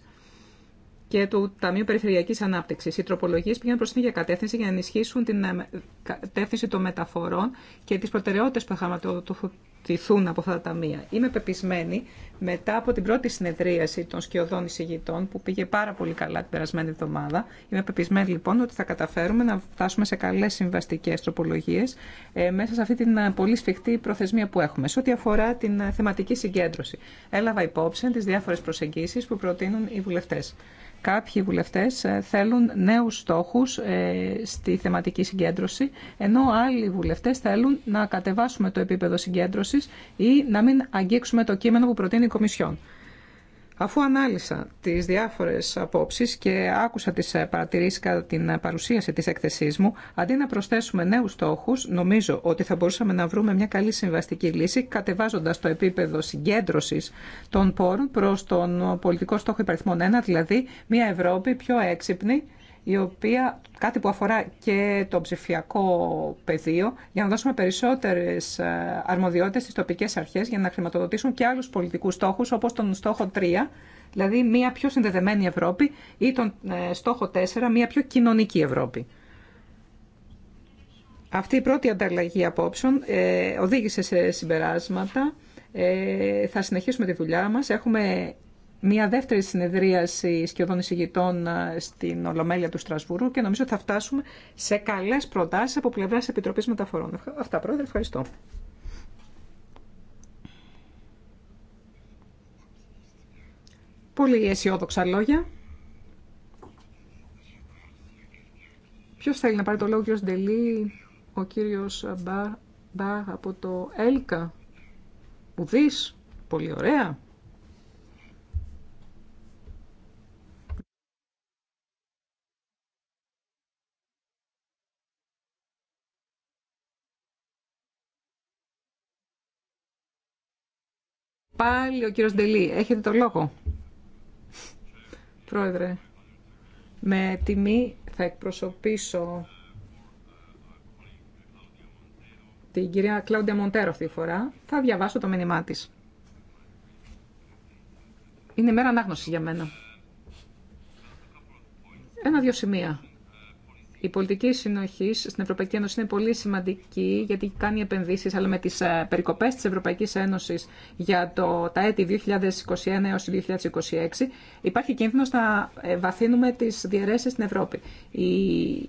και του Ταμείου Περιφερειακής ανάπτυξη. Οι τροπολογίε πήγαν προ την ίδια κατεύθυνση για να ενισχύσουν την ε, κατεύθυνση των μεταφορών και τις προτεραιότητε που είχαμε το, το, Τηθούν από αυτά τα Είμαι πεπισμένη μετά από την πρώτη συνεδρίαση των σκιωδών εισηγητών που πήγε πάρα πολύ καλά την περασμένη εβδομάδα. Είμαι πεπισμένη λοιπόν ότι θα καταφέρουμε να φτάσουμε σε καλέ συμβαστικέ τροπολογίε ε, μέσα σε αυτή την ε, πολύ σφιχτή προθεσμία που έχουμε. Σε ό,τι αφορά την ε, θεματική συγκέντρωση, έλαβα υπόψη τι διάφορε προσεγγίσει που προτείνουν οι βουλευτέ. Κάποιοι βουλευτές ε, θέλουν νέους στόχους ε, στη θεματική συγκέντρωση, ενώ άλλοι βουλευτές θέλουν να κατεβάσουμε το επίπεδο συγκέντρωσης ή να μην αγγίξουμε το κείμενο που προτείνει η Κομισιόν. Αφού ανάλυσα τις διάφορες απόψεις και άκουσα τις παρατηρήσεις κατά την παρουσίαση της εκθεσή μου, αντί να προσθέσουμε νέους στόχου, νομίζω ότι θα μπορούσαμε να βρούμε μια καλή συμβαστική λύση, κατεβάζοντας το επίπεδο συγκέντρωσης των πόρων προς τον πολιτικό στόχο υπαριθμών 1, δηλαδή μια Ευρώπη πιο έξυπνη, η οποία, κάτι που αφορά και το ψηφιακό πεδίο, για να δώσουμε περισσότερες ε, αρμοδιότητες στις τοπικές αρχές για να χρηματοδοτήσουν και άλλους πολιτικούς στόχους, όπως τον στόχο 3, δηλαδή μια πιο συνδεδεμένη Ευρώπη ή τον ε, στόχο 4, μια πιο κοινωνική Ευρώπη. Αυτή η πρώτη ανταλλαγή απόψεων ε, οδήγησε σε συμπεράσματα. Ε, θα συνεχίσουμε τη δουλειά μας. Έχουμε μια δεύτερη συνεδρίαση σχεδόν εισηγητών ε, στην Ολομέλεια του Στρασβούρου και νομίζω θα φτάσουμε σε καλές προτάσεις από πλευράς Επιτροπής Μεταφορών. Αυτά, Πρόεδρε, ευχαριστώ. Πολύ αισιόδοξα λόγια. Ποιος θέλει να πάρει το λόγο, ο κύριος Ντελή, ο κύριος Μπά, Μπά από το ΕΛΚΑ. Ουδής, πολύ ωραία. πάλι ο κύριος Ντελή. Έχετε το λόγο. Πρόεδρε, με τιμή θα εκπροσωπήσω την κυρία Κλάουντια Μοντέρο αυτή τη φορά. Θα διαβάσω το μήνυμά της. Είναι μέρα ανάγνωση για μένα. Ένα-δύο σημεία η πολιτική συνοχή στην Ευρωπαϊκή Ένωση είναι πολύ σημαντική γιατί κάνει επενδύσει, αλλά με τι ε, περικοπέ τη Ευρωπαϊκή Ένωση για το, τα έτη 2021 έω 2026 υπάρχει κίνδυνο να ε, βαθύνουμε τι διαιρέσει στην Ευρώπη. Η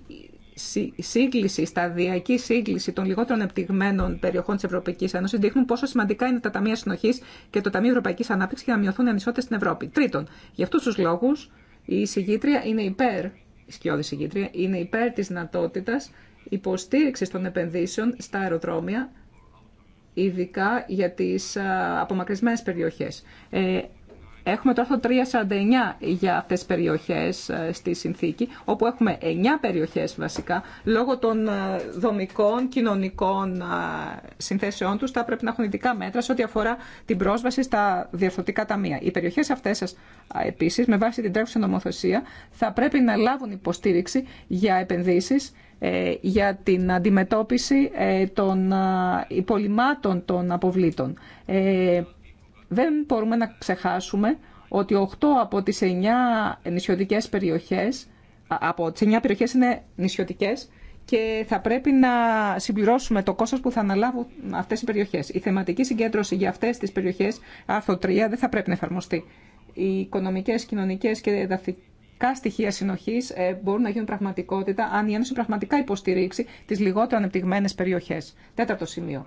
σύγκληση, σταδιακή σύγκληση των λιγότερων επιτυγμένων περιοχών τη Ευρωπαϊκή Ένωση δείχνουν πόσο σημαντικά είναι τα Ταμεία Συνοχή και το Ταμείο Ευρωπαϊκή Ανάπτυξη για να μειωθούν οι ανισότητε στην Ευρώπη. Τρίτον, για αυτού του λόγου η εισηγήτρια είναι υπέρ σκιώδη είναι υπέρ της δυνατότητα υποστήριξης των επενδύσεων στα αεροδρόμια, ειδικά για τις απομακρυσμένες περιοχές. Ε, Έχουμε το άρθρο 349 για αυτές τις περιοχές ε, στη συνθήκη, όπου έχουμε 9 περιοχές βασικά, λόγω των ε, δομικών, κοινωνικών ε, συνθέσεών τους, θα πρέπει να έχουν ειδικά μέτρα σε ό,τι αφορά την πρόσβαση στα διορθωτικά ταμεία. Οι περιοχές αυτές σας, επίσης, με βάση την τρέχουσα νομοθεσία, θα πρέπει να λάβουν υποστήριξη για επενδύσεις, για την αντιμετώπιση των υπολοιμάτων των αποβλήτων δεν μπορούμε να ξεχάσουμε ότι 8 από τις 9 νησιωτικές περιοχές, από τις 9 περιοχές είναι νησιωτικές και θα πρέπει να συμπληρώσουμε το κόστος που θα αναλάβουν αυτές οι περιοχές. Η θεματική συγκέντρωση για αυτές τις περιοχές, άρθρο 3, δεν θα πρέπει να εφαρμοστεί. Οι οικονομικές, κοινωνικές και εδαφικά στοιχεία συνοχής ε, μπορούν να γίνουν πραγματικότητα αν η Ένωση πραγματικά υποστηρίξει τις λιγότερο ανεπτυγμένες περιοχές. Τέταρτο σημείο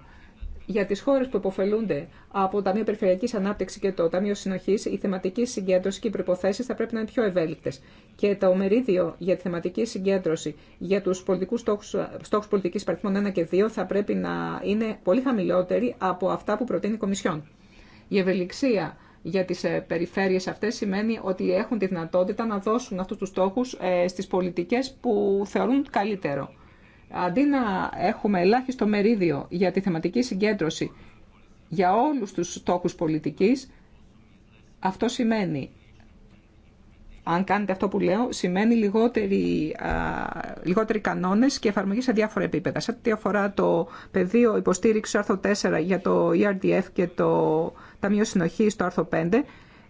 για τις χώρες που υποφελούνται από το Ταμείο Περιφερειακής Ανάπτυξης και το Ταμείο Συνοχής, η θεματική συγκέντρωση και οι προϋποθέσεις θα πρέπει να είναι πιο ευέλικτες. Και το μερίδιο για τη θεματική συγκέντρωση για τους πολιτικούς στόχους, στόχους πολιτικής παριθμών 1 και 2 θα πρέπει να είναι πολύ χαμηλότερη από αυτά που προτείνει η Κομισιόν. Η ευελιξία για τις ε, περιφέρειες αυτές σημαίνει ότι έχουν τη δυνατότητα να δώσουν αυτούς τους στόχους ε, στις πολιτικές που θεωρούν καλύτερο αντί να έχουμε ελάχιστο μερίδιο για τη θεματική συγκέντρωση για όλους τους στόχους πολιτικής, αυτό σημαίνει, αν κάνετε αυτό που λέω, σημαίνει λιγότεροι, α, λιγότεροι κανόνες και εφαρμογή σε διάφορα επίπεδα. Σε ό,τι αφορά το πεδίο υποστήριξη άρθρο 4 για το ERDF και το Ταμείο Συνοχής στο άρθρο 5,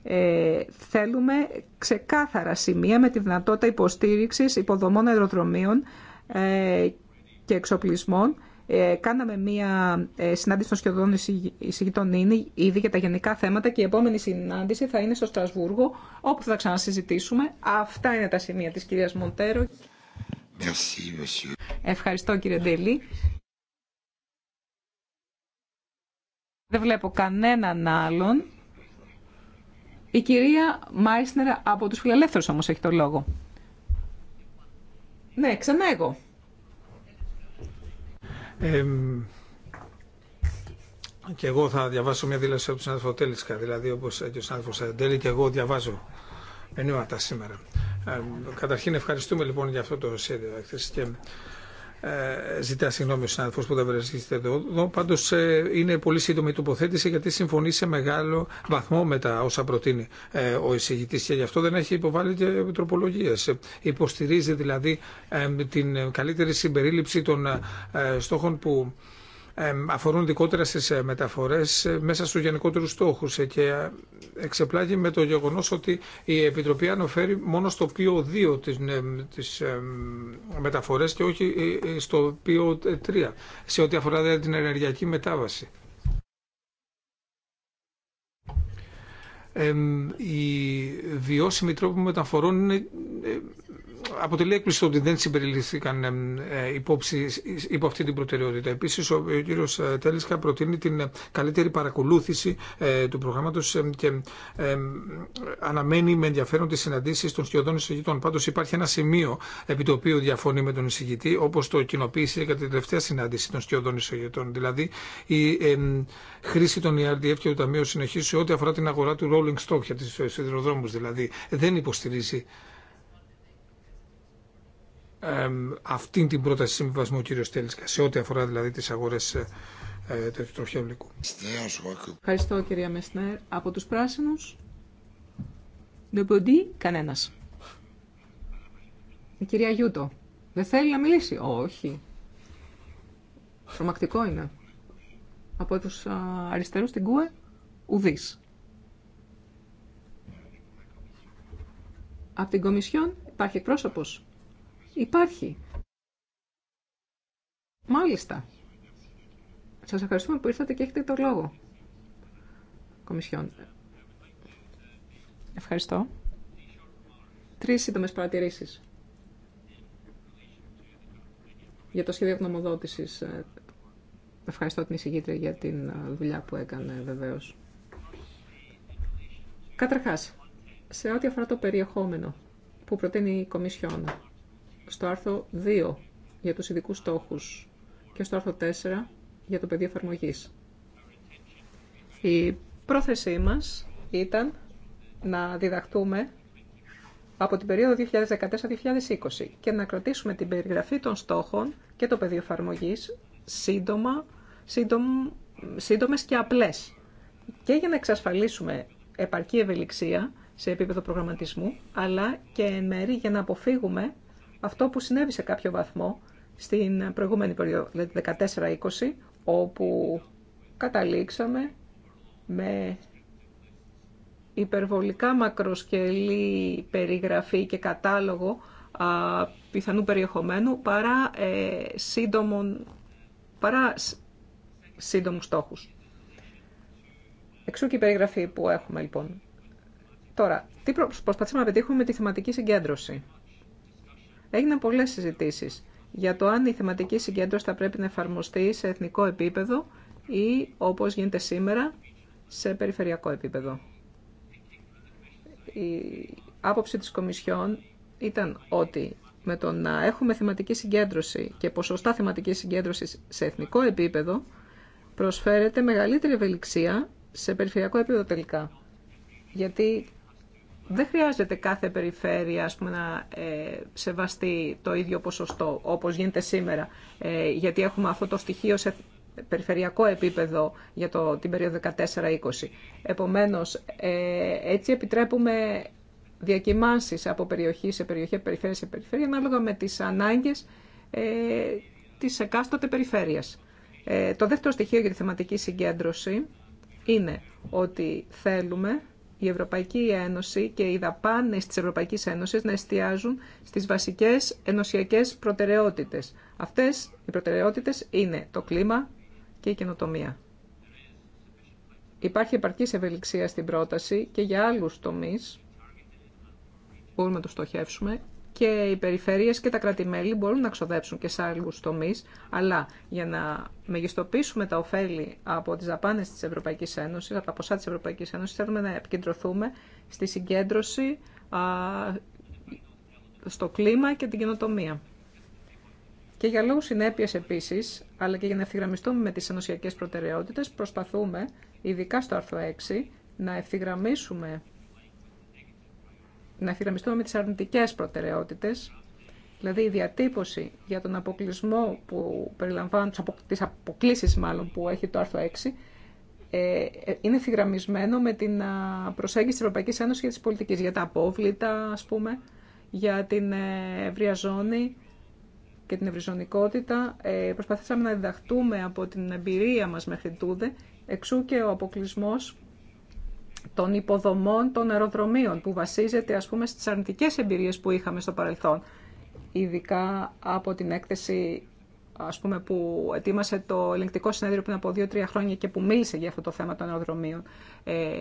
ε, θέλουμε ξεκάθαρα σημεία με τη δυνατότητα υποστήριξης υποδομών αεροδρομίων ε, και εξοπλισμών. Ε, κάναμε μία ε, συνάντηση των σχεδόν εισηγητών ήδη για τα γενικά θέματα και η επόμενη συνάντηση θα είναι στο Στρασβούργο, όπου θα ξανασυζητήσουμε. Αυτά είναι τα σημεία της κυρίας Μοντέρο. Ευχαριστώ κύριε Ντελή. Δεν βλέπω κανέναν άλλον. Η κυρία Μάισνερ από τους φιλελεύθερους όμως έχει το λόγο. Ναι, ξανά εγώ και εγώ θα διαβάσω μια δήλωση από τον συνάδελφο Τέλισκα, δηλαδή όπως και ο συνάδελφο Τέλη και εγώ διαβάζω μενούματα σήμερα. καταρχήν ευχαριστούμε λοιπόν για αυτό το σχέδιο και ε, ζητά συγγνώμη ο συνάδελφο που δεν βρίσκεται εδώ. Πάντω ε, είναι πολύ σύντομη η τοποθέτηση γιατί συμφωνεί σε μεγάλο βαθμό με τα όσα προτείνει ε, ο εισηγητή και γι' αυτό δεν έχει υποβάλει και τροπολογίε. Υποστηρίζει δηλαδή την καλύτερη συμπερίληψη των στόχων που αφορούν δικότερα στις ε, μεταφορές ε, μέσα στους γενικότερους στόχους ε, και εξεπλάγει με το γεγονός ότι η Επιτροπή αναφέρει μόνο στο πίο 2 της μεταφορές και όχι στο πίο 3 σε ό,τι αφορά δηλαδή, την ενεργειακή μετάβαση. Οι βιώσιμη τρόποι μεταφορών είναι αποτελεί έκπληση ότι δεν συμπεριληφθήκαν ε, υπόψη υπό αυτή την προτεραιότητα. Επίση, ο κύριο ε, Τέλισκα προτείνει την ε, καλύτερη παρακολούθηση του προγράμματο και αναμένει με ενδιαφέρον τι συναντήσει των σχεδόν εισηγητών. Πάντω, υπάρχει ένα σημείο επί το οποίο διαφωνεί με τον εισηγητή, όπω το κοινοποίησε κατά την τελευταία συνάντηση των σχεδόν εισηγητών. Δηλαδή, η χρήση των ERDF και του Ταμείου Συνεχή σε ό,τι αφορά την αγορά του Rolling Stock για του σιδηροδρόμου. Δηλαδή, δεν υποστηρίζει αυτήν την πρόταση συμβιβασμού κύριο κύριος σε ό,τι αφορά δηλαδή τις αγορές ε, ε του τροχαίου υλικού. Ευχαριστώ κυρία Μεσνέρ. Από τους πράσινους, ντεποντή, κανένας. Η κυρία Γιούτο, δεν θέλει να μιλήσει. Όχι. Τρομακτικό είναι. Από τους αριστερούς στην ΚΟΕ, ουδής. Από την Κομισιόν υπάρχει εκπρόσωπος. Υπάρχει. Μάλιστα. Σας ευχαριστούμε που ήρθατε και έχετε το λόγο. Κομισιόν. Ευχαριστώ. Τρεις σύντομες παρατηρήσεις. Για το σχέδιο γνωμοδότησης, ευχαριστώ την εισηγήτρια για την δουλειά που έκανε βεβαίως. Καταρχάς, σε ό,τι αφορά το περιεχόμενο που προτείνει η Κομισιόν στο άρθρο 2 για τους ειδικού στόχους και στο άρθρο 4 για το πεδίο εφαρμογή. Η πρόθεσή μας ήταν να διδαχτούμε από την περίοδο 2014-2020 και να κρατήσουμε την περιγραφή των στόχων και το πεδίο εφαρμογή σύντομα, σύντομ, σύντομες και απλές και για να εξασφαλίσουμε επαρκή ευελιξία σε επίπεδο προγραμματισμού αλλά και εν μέρη για να αποφύγουμε αυτό που συνέβη σε κάποιο βαθμό στην προηγούμενη περίοδο, δηλαδή 14-20, όπου καταλήξαμε με υπερβολικά μακροσκελή περιγραφή και κατάλογο α, πιθανού περιεχομένου παρά, ε, σύντομων, παρά σύντομους στόχους. Εξού και η περιγραφή που έχουμε λοιπόν. Τώρα, τι προσπαθήσαμε να πετύχουμε με τη θεματική συγκέντρωση. Έγιναν πολλές συζητήσει για το αν η θεματική συγκέντρωση θα πρέπει να εφαρμοστεί σε εθνικό επίπεδο ή όπως γίνεται σήμερα σε περιφερειακό επίπεδο. Η άποψη της Κομισιόν ήταν ότι με το να έχουμε θεματική συγκέντρωση και ποσοστά θεματική συγκέντρωση σε εθνικό επίπεδο προσφέρεται μεγαλύτερη ευελιξία σε περιφερειακό επίπεδο τελικά. Γιατί δεν χρειάζεται κάθε περιφέρεια ας πούμε, να ε, σεβαστεί το ίδιο ποσοστό όπως γίνεται σήμερα ε, γιατί έχουμε αυτό το στοιχείο σε περιφερειακό επίπεδο για το, την περίοδο 14-20. Επομένως, ε, έτσι επιτρέπουμε διακυμάνσεις από περιοχή σε περιοχή, περιφέρεια σε περιφέρεια ανάλογα με τις ανάγκες ε, της εκάστοτε περιφέρειας. το δεύτερο στοιχείο για τη θεματική συγκέντρωση είναι ότι θέλουμε η Ευρωπαϊκή Ένωση και οι δαπάνε της Ευρωπαϊκή Ένωση να εστιάζουν στις βασικές ενωσιακές προτεραιότητες. Αυτές οι προτεραιότητες είναι το κλίμα και η καινοτομία. Υπάρχει επαρκής ευελιξία στην πρόταση και για άλλους τομείς μπορούμε να το στοχεύσουμε και οι περιφέρειες και τα κρατημέλη μπορούν να ξοδέψουν και σε άλλου τομεί, αλλά για να μεγιστοποιήσουμε τα ωφέλη από τι δαπάνε τη Ευρωπαϊκή Ένωση, από τα ποσά τη Ευρωπαϊκή Ένωση, θέλουμε να επικεντρωθούμε στη συγκέντρωση στο κλίμα και την καινοτομία. Και για λόγου συνέπειε επίση, αλλά και για να ευθυγραμμιστούμε με τι ενωσιακέ προτεραιότητε, προσπαθούμε, ειδικά στο άρθρο 6, να ευθυγραμμίσουμε να θυραμιστούμε με τις αρνητικές προτεραιότητες, δηλαδή η διατύπωση για τον αποκλεισμό που περιλαμβάνει, τις αποκλήσεις μάλλον που έχει το άρθρο 6, ε, ε, είναι θυγραμμισμένο με την προσέγγιση της Ευρωπαϊκής Ένωσης για τις πολιτικές, για τα απόβλητα, ας πούμε, για την ε, ευρεία ζώνη και την ευρυζωνικότητα. προσπαθήσαμε να διδαχτούμε από την εμπειρία μας μέχρι τούδε, εξού και ο αποκλεισμό των υποδομών των αεροδρομίων που βασίζεται ας πούμε στις αρνητικές εμπειρίες που είχαμε στο παρελθόν ειδικά από την έκθεση ας πούμε, που ετοίμασε το ελεγκτικό συνέδριο πριν από 2-3 χρόνια και που μίλησε για αυτό το θέμα των αεροδρομίων. Ε,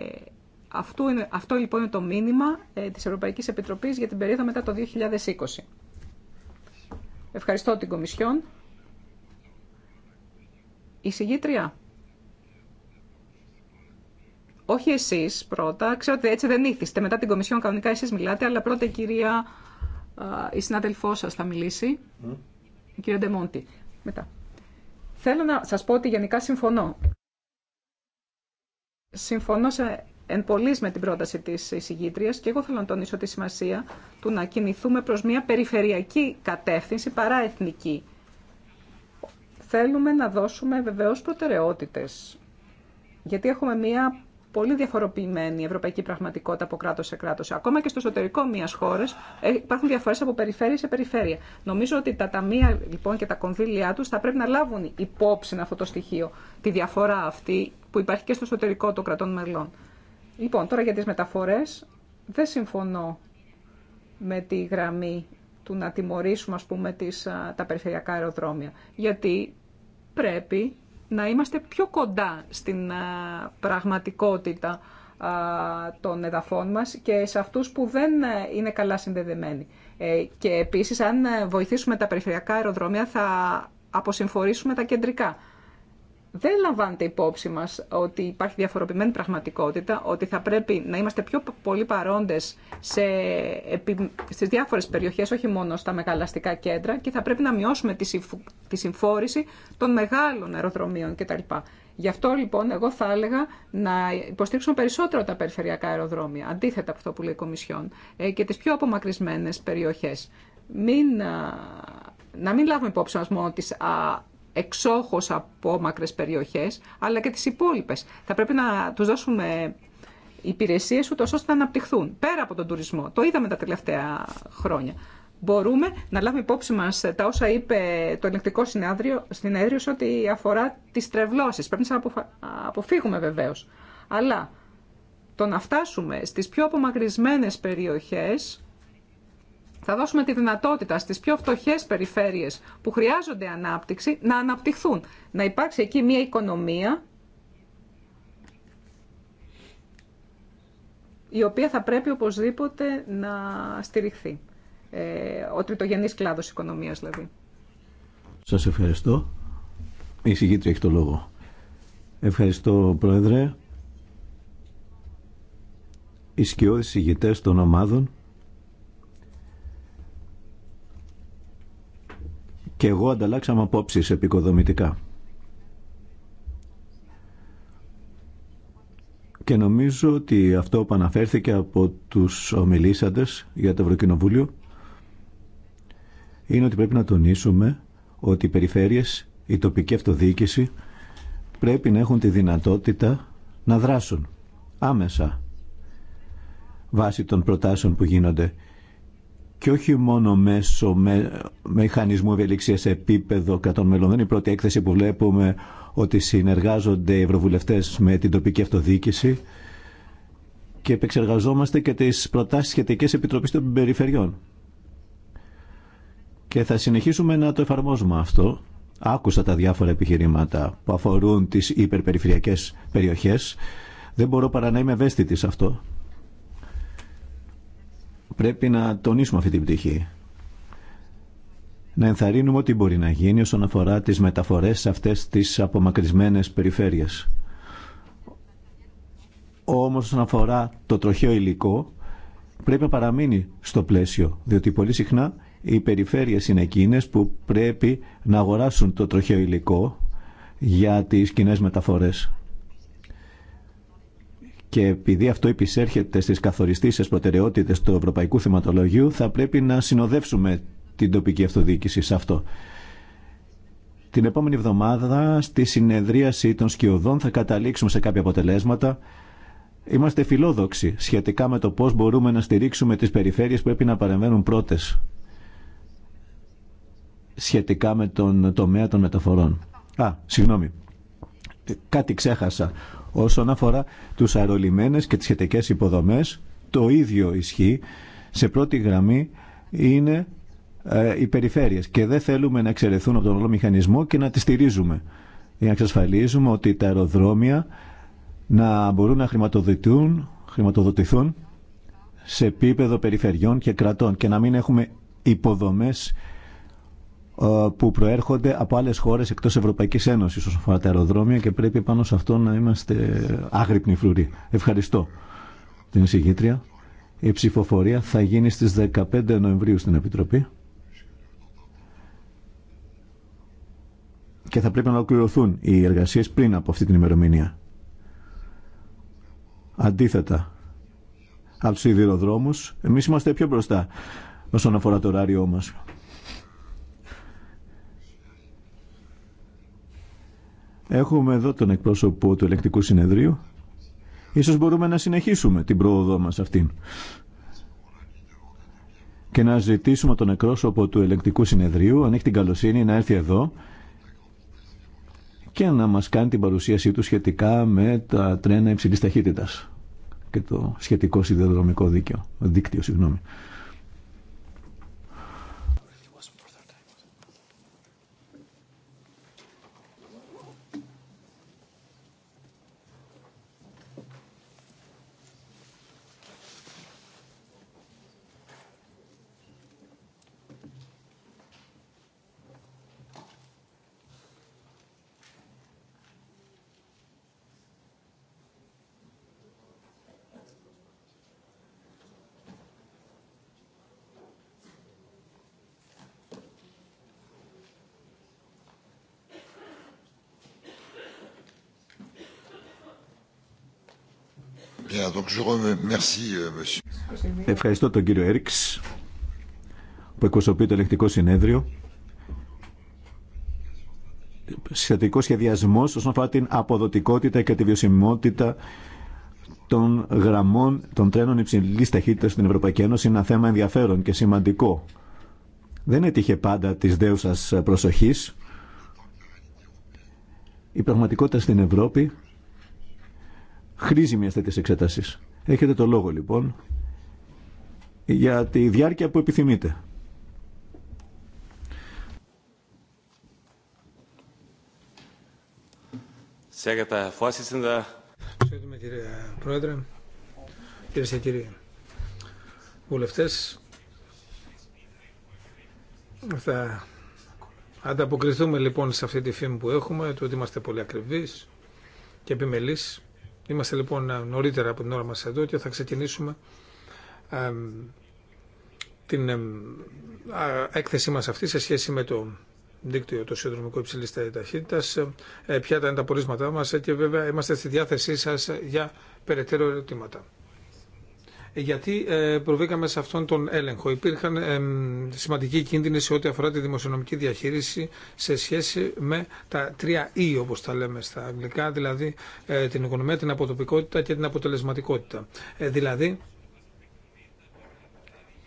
αυτό, είναι, αυτό λοιπόν είναι το μήνυμα ε, της Ευρωπαϊκής Επιτροπής για την περίοδο μετά το 2020. Ευχαριστώ την Κομισιόν. Η συγγήτρια όχι εσεί πρώτα, ξέρω ότι έτσι δεν ήθιστε. Μετά την Κομισιόν κανονικά εσεί μιλάτε, αλλά πρώτα η κυρία, η συνάδελφό σα θα μιλήσει, η κυρία Ντεμόντι. Μετά. Θέλω να σα πω ότι γενικά συμφωνώ. Συμφωνώ σε εν πολλής με την πρόταση τη εισηγήτρια και εγώ θέλω να τονίσω τη σημασία του να κινηθούμε προ μια περιφερειακή κατεύθυνση παρά εθνική. Θέλουμε να δώσουμε βεβαίω προτεραιότητε. γιατί έχουμε μια πολύ διαφοροποιημένη η ευρωπαϊκή πραγματικότητα από κράτο σε κράτο. Ακόμα και στο εσωτερικό μια χώρα ε, υπάρχουν διαφορέ από περιφέρεια σε περιφέρεια. Νομίζω ότι τα ταμεία λοιπόν και τα κονδύλια του θα πρέπει να λάβουν υπόψη αυτό το στοιχείο, τη διαφορά αυτή που υπάρχει και στο εσωτερικό των κρατών μελών. Λοιπόν, τώρα για τι μεταφορέ. Δεν συμφωνώ με τη γραμμή του να τιμωρήσουμε ας πούμε, τα περιφερειακά αεροδρόμια. Γιατί πρέπει να είμαστε πιο κοντά στην ε, πραγματικότητα ε, των εδαφών μας και σε αυτούς που δεν ε, είναι καλά συνδεδεμένοι. Και επίσης, αν βοηθήσουμε τα περιφερειακά αεροδρόμια, θα αποσυμφορήσουμε τα κεντρικά δεν λαμβάνεται υπόψη μα ότι υπάρχει διαφοροποιημένη πραγματικότητα, ότι θα πρέπει να είμαστε πιο πολύ παρόντε στι στις διάφορες περιοχές, όχι μόνο στα μεγαλαστικά κέντρα και θα πρέπει να μειώσουμε τη συμφόρηση των μεγάλων αεροδρομίων κτλ. Γι' αυτό λοιπόν εγώ θα έλεγα να υποστήριξουμε περισσότερο τα περιφερειακά αεροδρόμια, αντίθετα από αυτό που λέει η Κομισιόν, ε, και τι πιο απομακρυσμένε περιοχέ. Μην, να μην λάβουμε υπόψη μας μόνο τις α, εξόχως απόμακρε περιοχές, αλλά και τις υπόλοιπες. Θα πρέπει να τους δώσουμε υπηρεσίες ούτως ώστε να αναπτυχθούν, πέρα από τον τουρισμό. Το είδαμε τα τελευταία χρόνια. Μπορούμε να λάβουμε υπόψη μα τα όσα είπε το ελεκτικό συνέδριο σε ό,τι αφορά τι τρευλώσει. Πρέπει να αποφύγουμε βεβαίω. Αλλά το να φτάσουμε στις πιο απομακρυσμένες περιοχές θα δώσουμε τη δυνατότητα στις πιο φτωχές περιφέρειες που χρειάζονται ανάπτυξη να αναπτυχθούν. Να υπάρξει εκεί μια οικονομία η οποία θα πρέπει οπωσδήποτε να στηριχθεί. Ε, ο τριτογενής κλάδος οικονομίας δηλαδή. Σας ευχαριστώ. Η συγκήτρια έχει το λόγο. Ευχαριστώ Πρόεδρε. Οι σκιώδεις ηγητές των ομάδων και εγώ ανταλλάξαμε απόψεις επικοδομητικά. Και νομίζω ότι αυτό που αναφέρθηκε από τους ομιλήσαντες για το Ευρωκοινοβούλιο είναι ότι πρέπει να τονίσουμε ότι οι περιφέρειες, η τοπική αυτοδιοίκηση πρέπει να έχουν τη δυνατότητα να δράσουν άμεσα βάσει των προτάσεων που γίνονται και όχι μόνο μέσω με, μηχανισμού ευελιξίας σε επίπεδο κατών μελών. Δεν είναι η πρώτη έκθεση που βλέπουμε ότι συνεργάζονται οι ευρωβουλευτές με την τοπική αυτοδιοίκηση και επεξεργαζόμαστε και τις προτάσεις σχετικές επιτροπής των περιφερειών. Και θα συνεχίσουμε να το εφαρμόζουμε αυτό. Άκουσα τα διάφορα επιχειρήματα που αφορούν τις υπερπεριφερειακές περιοχές. Δεν μπορώ παρά να είμαι ευαίσθητη σε αυτό. Πρέπει να τονίσουμε αυτή την πτυχή. Να ενθαρρύνουμε ό,τι μπορεί να γίνει όσον αφορά τις μεταφορές σε αυτές τις απομακρυσμένες περιφέρειες. Όμως όσον αφορά το τροχαίο υλικό πρέπει να παραμείνει στο πλαίσιο, διότι πολύ συχνά οι περιφέρειες είναι εκείνες που πρέπει να αγοράσουν το τροχαίο υλικό για τις κοινέ μεταφορές και επειδή αυτό επισέρχεται στις καθοριστήσεις προτεραιότητες του Ευρωπαϊκού Θεματολογίου θα πρέπει να συνοδεύσουμε την τοπική αυτοδιοίκηση σε αυτό. Την επόμενη εβδομάδα στη συνεδρίαση των σκιωδών θα καταλήξουμε σε κάποια αποτελέσματα. Είμαστε φιλόδοξοι σχετικά με το πώς μπορούμε να στηρίξουμε τις περιφέρειες που πρέπει να παρεμβαίνουν πρώτες σχετικά με τον τομέα των μεταφορών. Α, συγγνώμη. Κάτι ξέχασα Όσον αφορά τους αερολιμένες και τις σχετικές υποδομές, το ίδιο ισχύει. Σε πρώτη γραμμή είναι ε, οι περιφέρειες και δεν θέλουμε να εξαιρεθούν από τον όλο μηχανισμό και να τις στηρίζουμε για να εξασφαλίζουμε ότι τα αεροδρόμια να μπορούν να χρηματοδοτηθούν, χρηματοδοτηθούν σε επίπεδο περιφερειών και κρατών και να μην έχουμε υποδομές ε, που προέρχονται από άλλες χώρες εκτός Ευρωπαϊκής Ένωσης όσον αφορά τα αεροδρόμια και πρέπει πάνω σε αυτό να είμαστε άγρυπνοι φρουροί. Ευχαριστώ την εισηγήτρια. Η ψηφοφορία θα γίνει στις 15 Νοεμβρίου στην Επιτροπή και θα πρέπει να ολοκληρωθούν οι εργασίες πριν από αυτή την ημερομηνία. Αντίθετα, από τους σιδηροδρόμους, εμείς είμαστε πιο μπροστά όσον αφορά το ωράριό μας. Έχουμε εδώ τον εκπρόσωπο του ελεκτικού συνεδρίου. Ίσως μπορούμε να συνεχίσουμε την πρόοδό μας αυτήν. Και να ζητήσουμε τον εκπρόσωπο του ελεκτικού συνεδρίου, αν έχει την καλοσύνη, να έρθει εδώ και να μας κάνει την παρουσίασή του σχετικά με τα τρένα υψηλής ταχύτητας και το σχετικό σιδεροδρομικό δίκαιο, δίκτυο. Συγγνώμη. Euh, Ευχαριστώ τον κύριο Έριξ που εκπροσωπεί το ελεκτικό συνέδριο. Συστατικό σχεδιασμό όσον αφορά την αποδοτικότητα και τη βιωσιμότητα των γραμμών των τρένων υψηλή ταχύτητα στην Ευρωπαϊκή Ένωση είναι ένα θέμα ενδιαφέρον και σημαντικό. Δεν έτυχε πάντα τη δέουσα προσοχή. Η πραγματικότητα στην Ευρώπη χρήζει μια τέτοια εξέταση. Έχετε το λόγο λοιπόν για τη διάρκεια που επιθυμείτε. Σε ευχαριστούμε, κύριε Πρόεδρε, κυρίε και κύριοι βουλευτέ, θα ανταποκριθούμε λοιπόν σε αυτή τη φήμη που έχουμε, το ότι είμαστε πολύ ακριβείς και επιμελείς Είμαστε λοιπόν νωρίτερα από την ώρα μας εδώ και θα ξεκινήσουμε την έκθεσή μας αυτή σε σχέση με το δίκτυο το σύνδρομικό υψηλής ταχύτητας, ε, ποια ήταν τα πορίσματά μας και βέβαια είμαστε στη διάθεσή σας για περαιτέρω ερωτήματα γιατί ε, προβήκαμε σε αυτόν τον έλεγχο. Υπήρχαν σημαντικοί κίνδυνοι σε ό,τι αφορά τη δημοσιονομική διαχείριση σε σχέση με τα τρία E όπω τα λέμε στα αγγλικά, δηλαδή ε, την οικονομία, την αποτοπικότητα και την αποτελεσματικότητα. Ε, δηλαδή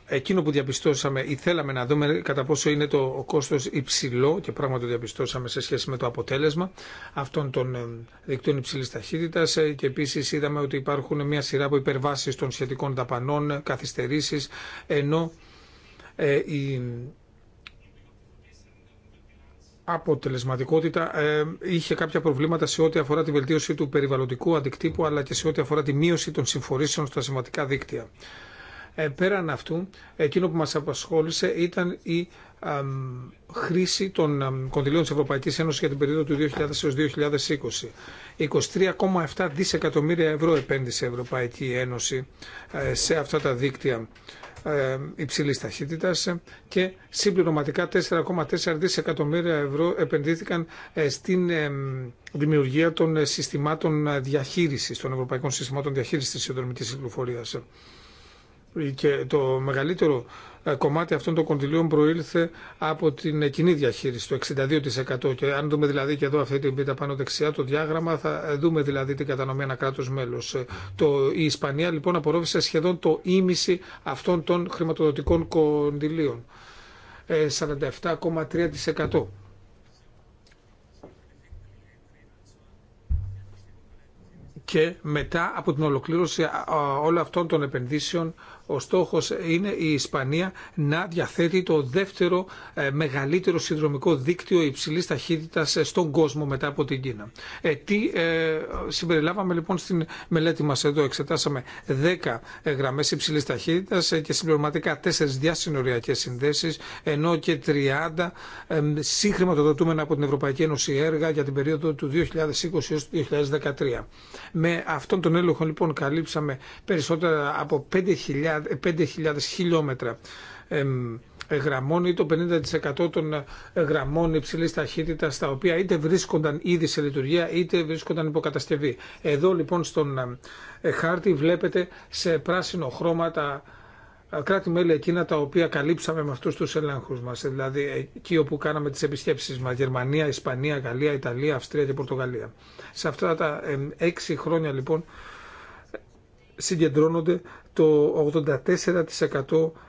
εκείνο που διαπιστώσαμε ή θέλαμε να δούμε κατά πόσο είναι το κόστος υψηλό και πράγμα το διαπιστώσαμε σε σχέση με το αποτέλεσμα αυτών των ε, δικτύων υψηλή ταχύτητα. Ε, και επίση είδαμε ότι υπάρχουν μια σειρά από υπερβάσει των σχετικών δαπανών, καθυστερήσει, ενώ ε, η αποτελεσματικότητα είχε κάποια προβλήματα σε ό,τι αφορά τη βελτίωση του περιβαλλοντικού αντικτύπου αλλά και σε ό,τι αφορά τη μείωση των συμφορήσεων στα σημαντικά δίκτυα. Ε, πέραν αυτού, εκείνο που μας απασχόλησε ήταν η χρήση των κονδυλίων της Ευρωπαϊκής Ένωσης για την περίοδο του 2000 έως 2020. 23,7 δισεκατομμύρια ευρώ επένδυσε η Ευρωπαϊκή Ένωση ε, σε αυτά τα δίκτυα ε, υψηλή ταχύτητα και συμπληρωματικά 4,4 δισεκατομμύρια ευρώ επενδύθηκαν στην δημιουργία των συστημάτων διαχείρισης, των ευρωπαϊκών συστημάτων Διαχείρισης της συνδρομική κυκλοφορία και το μεγαλύτερο ε, κομμάτι αυτών των κοντιλίων προήλθε από την ε, κοινή διαχείριση, το 62%. Και αν δούμε δηλαδή και εδώ αυτή την πίτα πάνω δεξιά το διάγραμμα, θα ε, δούμε δηλαδή την κατανομή ένα κράτο μέλο. Η Ισπανία λοιπόν απορρόφησε σχεδόν το ίμιση αυτών των χρηματοδοτικών κοντιλίων. 47,3%. και μετά από την ολοκλήρωση όλων αυτών των επενδύσεων ο στόχος είναι η Ισπανία να διαθέτει το δεύτερο ε, μεγαλύτερο συνδρομικό δίκτυο υψηλής ταχύτητας ε, στον κόσμο μετά από την Κίνα. Ε, τι ε, συμπεριλάβαμε λοιπόν στην μελέτη μας εδώ. Εξετάσαμε 10 ε, γραμμές υψηλής ταχύτητας και συμπληρωματικά 4 διασυνοριακές συνδέσεις ενώ και 30 ε, σύγχρηματοδοτούμενα από την Ευρωπαϊκή Ένωση έργα για την περίοδο του 2020 έως 2013. Με αυτόν τον έλεγχο λοιπόν καλύψαμε περισσότερα από 5.000 5.000 χιλιόμετρα γραμμών ή το 50% των γραμμών υψηλή ταχύτητα τα οποία είτε βρίσκονταν ήδη σε λειτουργία είτε βρίσκονταν υποκατασκευή. Εδώ λοιπόν στον χάρτη βλέπετε σε πράσινο χρώμα τα ε, κράτη-μέλη εκείνα τα οποία καλύψαμε με αυτούς τους ελέγχους μας, δηλαδή εκεί όπου κάναμε τις επισκέψεις μας, Γερμανία, Ισπανία, Γαλλία, Ιταλία, Αυστρία και Πορτογαλία. Σε αυτά τα έξι χρόνια λοιπόν συγκεντρώνονται το 84%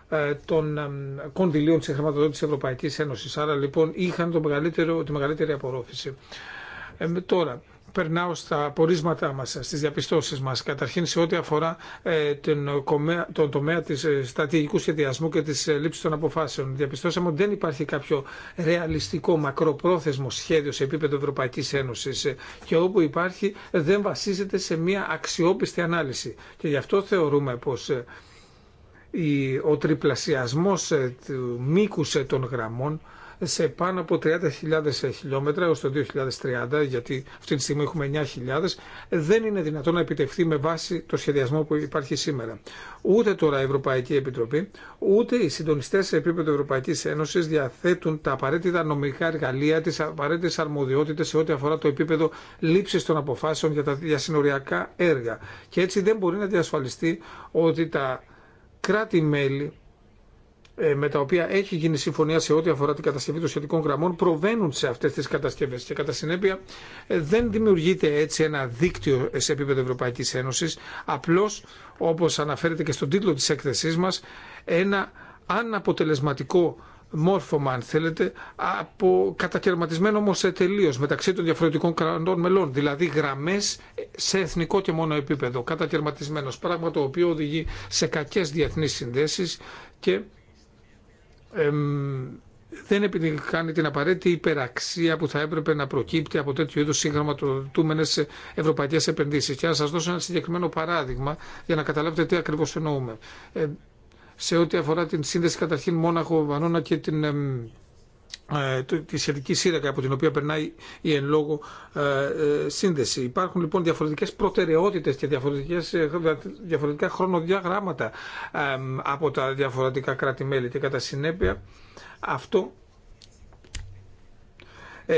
ε, των ε, κονδυλίων της χρηματοδότησης Ευρωπαϊκής Ένωσης. Άρα λοιπόν είχαν το μεγαλύτερο, τη μεγαλύτερη απορρόφηση. Ε, τώρα, περνάω στα πορίσματά μας, στις διαπιστώσεις μας. Καταρχήν σε ό,τι αφορά ε, τον τομέα της ε, στρατηγικού σχεδιασμού και της ε, λήψης των αποφάσεων. Διαπιστώσαμε ότι δεν υπάρχει κάποιο ρεαλιστικό μακροπρόθεσμο σχέδιο σε επίπεδο Ευρωπαϊκής Ένωσης και όπου υπάρχει δεν βασίζεται σε μια αξιόπιστη ανάλυση. Και γι' αυτό θεωρούμε πως ο τριπλασιασμός του μήκους των γραμμών σε πάνω από 30.000 χιλιόμετρα έως το 2030, γιατί αυτή τη στιγμή έχουμε 9.000, δεν είναι δυνατόν να επιτευχθεί με βάση το σχεδιασμό που υπάρχει σήμερα. Ούτε τώρα η Ευρωπαϊκή Επιτροπή, ούτε οι συντονιστές σε επίπεδο Ευρωπαϊκής Ένωσης διαθέτουν τα απαραίτητα νομικά εργαλεία, τις απαραίτητες αρμοδιότητες σε ό,τι αφορά το επίπεδο λήψης των αποφάσεων για τα διασυνοριακά έργα. Και έτσι δεν μπορεί να διασφαλιστεί ότι τα κράτη-μέλη ε, με τα οποία έχει γίνει συμφωνία σε ό,τι αφορά την κατασκευή των σχετικών γραμμών προβαίνουν σε αυτές τις κατασκευές και κατά συνέπεια ε, δεν δημιουργείται έτσι ένα δίκτυο σε επίπεδο Ευρωπαϊκής Ένωσης απλώς όπως αναφέρεται και στον τίτλο της έκθεσής μας ένα αναποτελεσματικό μόρφωμα αν θέλετε από κατακαιρματισμένο όμω τελείω μεταξύ των διαφορετικών κρατών μελών δηλαδή γραμμές σε εθνικό και μόνο επίπεδο κατακαιρματισμένος πράγμα το οποίο οδηγεί σε κακές διεθνείς συνδέσει. και δεν επιτυγχάνει την απαραίτητη υπεραξία που θα έπρεπε να προκύπτει από τέτοιου είδου συγχρηματοδοτούμενε ευρωπαϊκέ επενδύσει. Και να σα δώσω ένα συγκεκριμένο παράδειγμα για να καταλάβετε τι ακριβώ εννοούμε. Ε, σε ό,τι αφορά την σύνδεση καταρχήν Μόναχο-Βανώνα και την ε, τη σχετική σύρακα από την οποία περνάει η εν λόγω ε, ε, σύνδεση. Υπάρχουν λοιπόν διαφορετικές προτεραιότητες και διαφορετικές, διαφορετικά χρονοδιαγράμματα από τα διαφορετικά κράτη-μέλη και κατά συνέπεια αυτό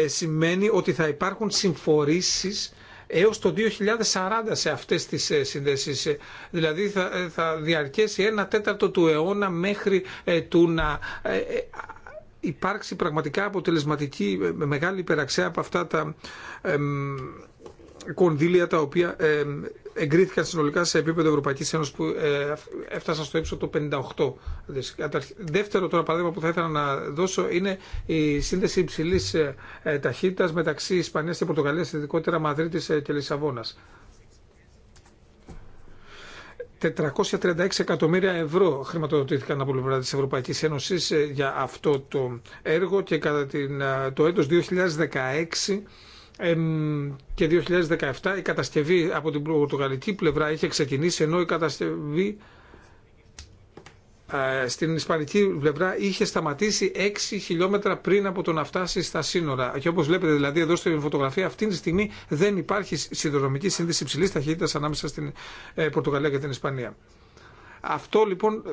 σημαίνει ότι θα υπάρχουν συμφορήσεις έως το 2040 σε αυτές τις συνδέσεις. Δηλαδή θα, θα διαρκέσει ένα τέταρτο του αιώνα μέχρι του να υπάρξει πραγματικά αποτελεσματική ε, μεγάλη υπεραξία από αυτά τα κονδύλια τα οποία εγκρίθηκαν συνολικά σε επίπεδο Ευρωπαϊκής Ένωσης που ε, έφτασαν στο ύψο το 58. Δεύτερο τώρα παράδειγμα που θα ήθελα να δώσω είναι η σύνδεση υψηλής ε, ταχύτητας μεταξύ Ισπανίας και Πορτογαλίας, ειδικότερα Μαδρίτης και Λισαβόνας. 436 εκατομμύρια ευρώ χρηματοδοτήθηκαν από πλευρά Ευρωπαϊκή Ευρωπαϊκής Ένωσης ε, για αυτό το έργο και κατά την, ε, το έτος 2016 και 2017 η κατασκευή από την πορτογαλική πλευρά είχε ξεκινήσει ενώ η κατασκευή ε, στην ισπανική πλευρά είχε σταματήσει 6 χιλιόμετρα πριν από το να φτάσει στα σύνορα. Και όπω βλέπετε δηλαδή εδώ στην φωτογραφία, αυτή τη στιγμή δεν υπάρχει συνδρομική σύνδεση υψηλή ταχύτητα ανάμεσα στην ε, Πορτογαλία και την Ισπανία. Αυτό λοιπόν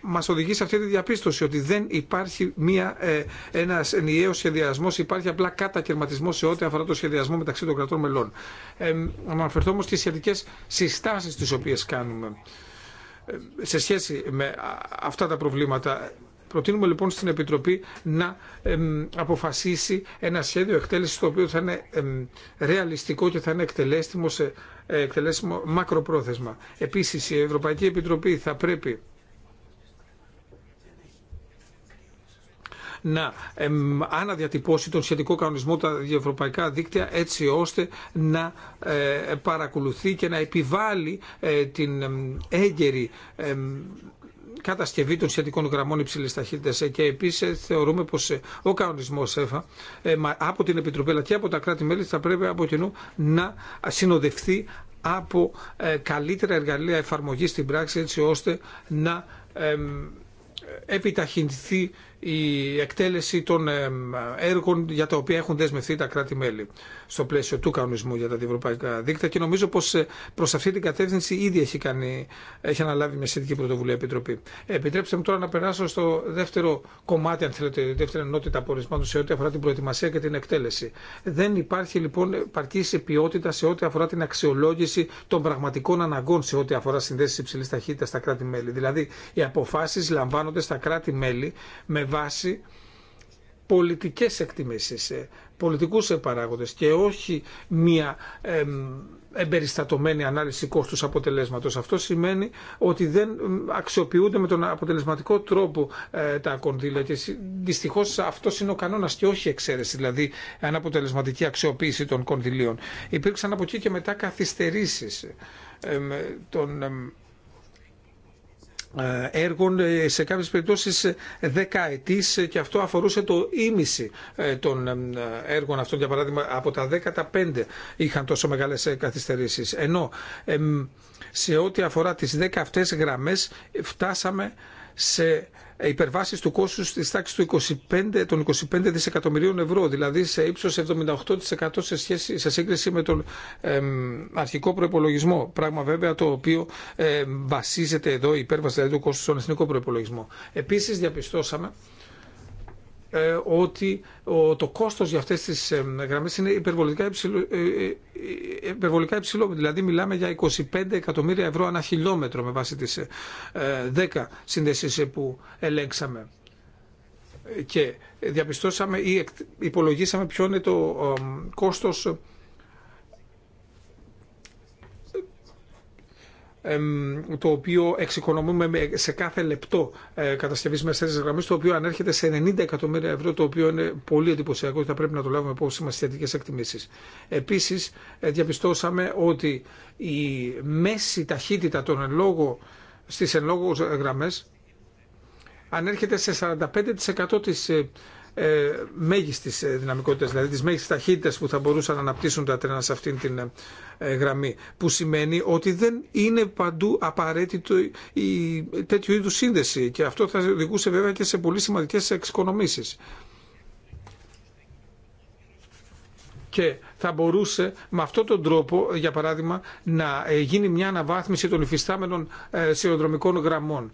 μα οδηγεί σε αυτή τη διαπίστωση ότι δεν υπάρχει ε, ένας ενιαίος σχεδιασμός, υπάρχει απλά κατακαιρματισμό σε ό,τι αφορά το σχεδιασμό μεταξύ των κρατών μελών. Ε, να αναφερθώ όμω στι σχετικέ συστάσει τι οποίε κάνουμε σε σχέση με αυτά τα προβλήματα Προτείνουμε λοιπόν στην Επιτροπή να αποφασίσει ένα σχέδιο εκτέλεσης το οποίο θα είναι ρεαλιστικό και θα είναι εκτελέσιμο, σε, ε, εκτελέσιμο μακροπρόθεσμα. Επίσης η Ευρωπαϊκή Επιτροπή θα πρέπει να αναδιατυπώσει τον σχετικό κανονισμό τα διευρωπαϊκά δίκτυα έτσι ώστε να ε, παρακολουθεί και να επιβάλλει ε, την έγκαιρη κατασκευή των σχετικών γραμμών υψηλή ταχύτητα. Ε, και επίση θεωρούμε πω ο κανονισμό ΕΦΑ από την Επιτροπή αλλά και από τα κράτη-μέλη θα πρέπει από κοινού να συνοδευτεί από καλύτερα εργαλεία εφαρμογή στην πράξη έτσι ώστε να επιταχυνθεί η εκτέλεση των έργων για τα οποία έχουν δεσμευθεί τα κράτη-μέλη στο πλαίσιο του κανονισμού για τα διευρωπαϊκά δίκτυα και νομίζω πως ε, προς αυτή την κατεύθυνση ήδη έχει, κάνει, έχει αναλάβει μια σχετική πρωτοβουλία Επιτροπή. Επιτρέψτε μου τώρα να περάσω στο δεύτερο κομμάτι, αν θέλετε, δεύτερη ενότητα απορρισμάτων σε ό,τι αφορά την προετοιμασία και την εκτέλεση. Δεν υπάρχει λοιπόν παρκή ποιότητα σε ό,τι αφορά την αξιολόγηση των πραγματικών αναγκών σε ό,τι αφορά συνδέσει υψηλή ταχύτητα στα κράτη-μέλη. Δηλαδή, οι αποφάσει λαμβάνονται στα κράτη-μέλη με βάση πολιτικές εκτιμήσεις, ε, πολιτικούς παράγοντες και όχι μία εμπεριστατωμένη ανάλυση κόστους αποτελέσματος. Αυτό σημαίνει ότι δεν αξιοποιούνται με τον αποτελεσματικό τρόπο ε, τα κονδύλια και δυστυχώς αυτό είναι ο κανόνας και όχι εξαίρεση, δηλαδή αναποτελεσματική αξιοποίηση των κονδυλίων. Υπήρξαν από εκεί και μετά καθυστερήσεις ε, των ε, έργων ε, σε κάποιες περιπτώσεις ε, δεκαετής και αυτό αφορούσε το ίμιση των έργων αυτών για παράδειγμα από τα 15 είχαν τόσο μεγάλες καθυστερήσεις ενώ σε ό,τι αφορά τις 10 αυτές γραμμές φτάσαμε σε ε, υπερβάσεις του κόστους της τάξης του 25, των 25 δισεκατομμυρίων ευρώ, δηλαδή σε ύψος 78% σε, σχέση, σε σύγκριση με τον αρχικό προπολογισμό. Πράγμα βέβαια το οποίο ε, βασίζεται εδώ η υπέρβαση δηλαδή, του κόστου στον εθνικό προϋπολογισμό. Επίσης διαπιστώσαμε ε, ότι το κόστος για αυτές τις ε, γραμμές είναι υπερβολικά ε, υψηλό, υπερβολικά Δηλαδή μιλάμε για 25 εκατομμύρια ευρώ ανά χιλιόμετρο με βάση τις 10 σύνδεσεις που ελέγξαμε. Και διαπιστώσαμε ή υπολογίσαμε ποιο είναι το κόστος το οποίο εξοικονομούμε σε κάθε λεπτό ε, κατασκευής στι γραμμέ, το οποίο ανέρχεται σε 90 εκατομμύρια ευρώ, το οποίο είναι πολύ εντυπωσιακό και θα πρέπει να το λάβουμε υπόψη στι θετικέ εκτιμήσεις. Επίσης, ε, διαπιστώσαμε ότι η μέση ταχύτητα των εν λόγω, στις εν γραμμές ανέρχεται σε 45% της ε, ε, μέγιστη ε, δυναμικότητα, δηλαδή τη μέγιστη ταχύτητα που θα μπορούσαν να αναπτύσσουν τα τρένα σε αυτήν την ε, γραμμή. Που σημαίνει ότι δεν είναι παντού απαραίτητο η τέτοιου είδους σύνδεση και αυτό θα οδηγούσε βέβαια και σε πολύ σημαντικές εξοικονομήσεις. και θα μπορούσε με αυτόν τον τρόπο, για παράδειγμα, να γίνει μια αναβάθμιση των υφιστάμενων σειροδρομικών γραμμών,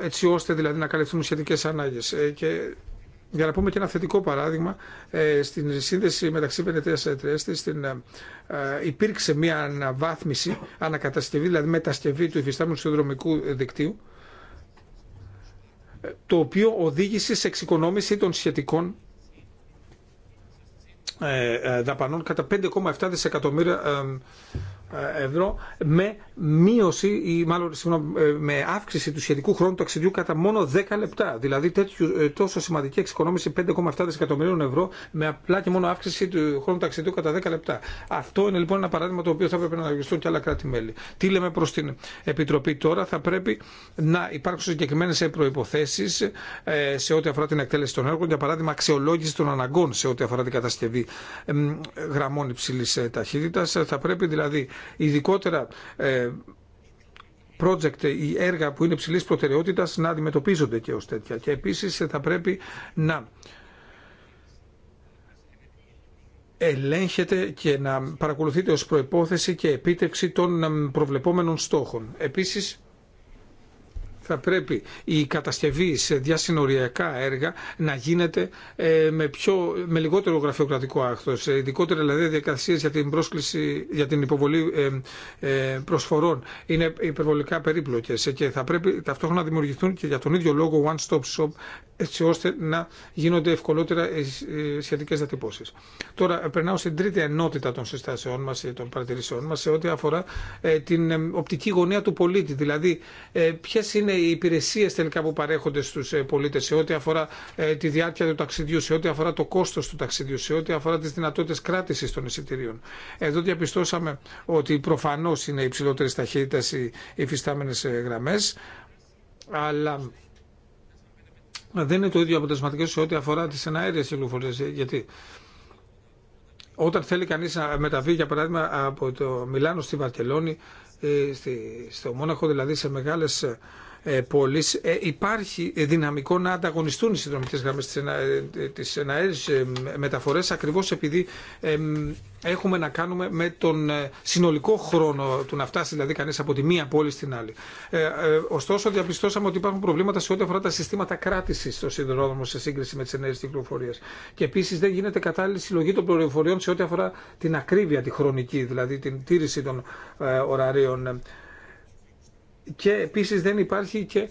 έτσι ώστε δηλαδή να καλυφθούν σχετικές ανάγκες. Και για να πούμε και ένα θετικό παράδειγμα, ε, στην σύνδεση μεταξύ Βενετίας και στην ε, ε, υπήρξε μια αναβάθμιση, ανακατασκευή, δηλαδή μετασκευή του υφιστάμενου συνδρομικού δικτύου, το οποίο οδήγησε σε εξοικονόμηση των σχετικών δαπανών κατά 5,7 δισεκατομμύρια ε, ευρώ με μείωση ή μάλλον ε, με αύξηση του σχετικού χρόνου ταξιδιού κατά μόνο 10 λεπτά. Δηλαδή ε, τόσο σημαντική εξοικονόμηση 5,7 δισεκατομμυρίων ευρώ με απλά και μόνο αύξηση του χρόνου ταξιδιού κατά 10 λεπτά. Αυτό είναι λοιπόν ένα παράδειγμα το οποίο θα έπρεπε να αναγνωριστούν και άλλα κράτη-μέλη. Τι λέμε προ την Επιτροπή τώρα, θα πρέπει να υπάρξουν συγκεκριμένε προποθέσει σε ό,τι αφορά την εκτέλεση των έργων, για παράδειγμα αξιολόγηση των αναγκών σε ό,τι αφορά την κατασκευή γραμμών υψηλή ταχύτητα. Θα πρέπει δηλαδή ειδικότερα ε, project ή ε, έργα που είναι ψηλής προτεραιότητας να αντιμετωπίζονται και ως τέτοια. Και επίσης ε, θα πρέπει να ελέγχεται και να παρακολουθείτε ως προϋπόθεση και επίτευξη των προβλεπόμενων στόχων. Επίσης, θα πρέπει η κατασκευή σε διασυνοριακά έργα να γίνεται ε, με, πιο, με λιγότερο γραφειοκρατικό άκτος, ε, ειδικότερα δηλαδή διακασίες για την, πρόσκληση, για την υποβολή ε, προσφορών είναι υπερβολικά περίπλοκες και θα πρέπει ταυτόχρονα να δημιουργηθούν και για τον ίδιο λόγο one-stop shop έτσι ώστε να γίνονται ευκολότερα οι σχετικές διατυπώσεις. Τώρα περνάω στην τρίτη ενότητα των συστάσεών μα ή των παρατηρήσεών μα σε ό,τι αφορά την οπτική γωνία του πολίτη, δηλαδή ποιε είναι οι υπηρεσίε τελικά που παρέχονται στου ε, πολίτε σε ό,τι αφορά ε, τη διάρκεια του ταξιδιού, σε ό,τι αφορά το κόστο του ταξιδιού, σε ό,τι αφορά τι δυνατότητε κράτηση των εισιτηρίων. Εδώ διαπιστώσαμε ότι προφανώ είναι υψηλότερη ταχύτητα οι υφιστάμενε ε, γραμμέ, αλλά δεν είναι το ίδιο αποτελεσματικό σε ό,τι αφορά τι εναέρειε κυκλοφορίε. Γιατί όταν θέλει κανεί να μεταβεί, για παράδειγμα, από το Μιλάνο στη Βαρκελόνη, στο Μόναχο, δηλαδή σε μεγάλες ε, ε, υπάρχει δυναμικό να ανταγωνιστούν οι συνδρομικές γραμμές της ε, ε, μεταφορές ακριβώς επειδή έχουμε να κάνουμε με τον συνολικό χρόνο του να φτάσει δηλαδή κανείς από τη μία πόλη στην άλλη. Ωστόσο διαπιστώσαμε ότι υπάρχουν προβλήματα σε ό,τι αφορά τα συστήματα κράτηση στο σιδηρόδρομο σε σύγκριση με τι ενέργειε κυκλοφορία. Και επίση δεν γίνεται κατάλληλη συλλογή των πληροφοριών σε ό,τι αφορά την ακρίβεια, τη χρονική, δηλαδή την τήρηση των ωραρίων και επίσης δεν, υπάρχει και,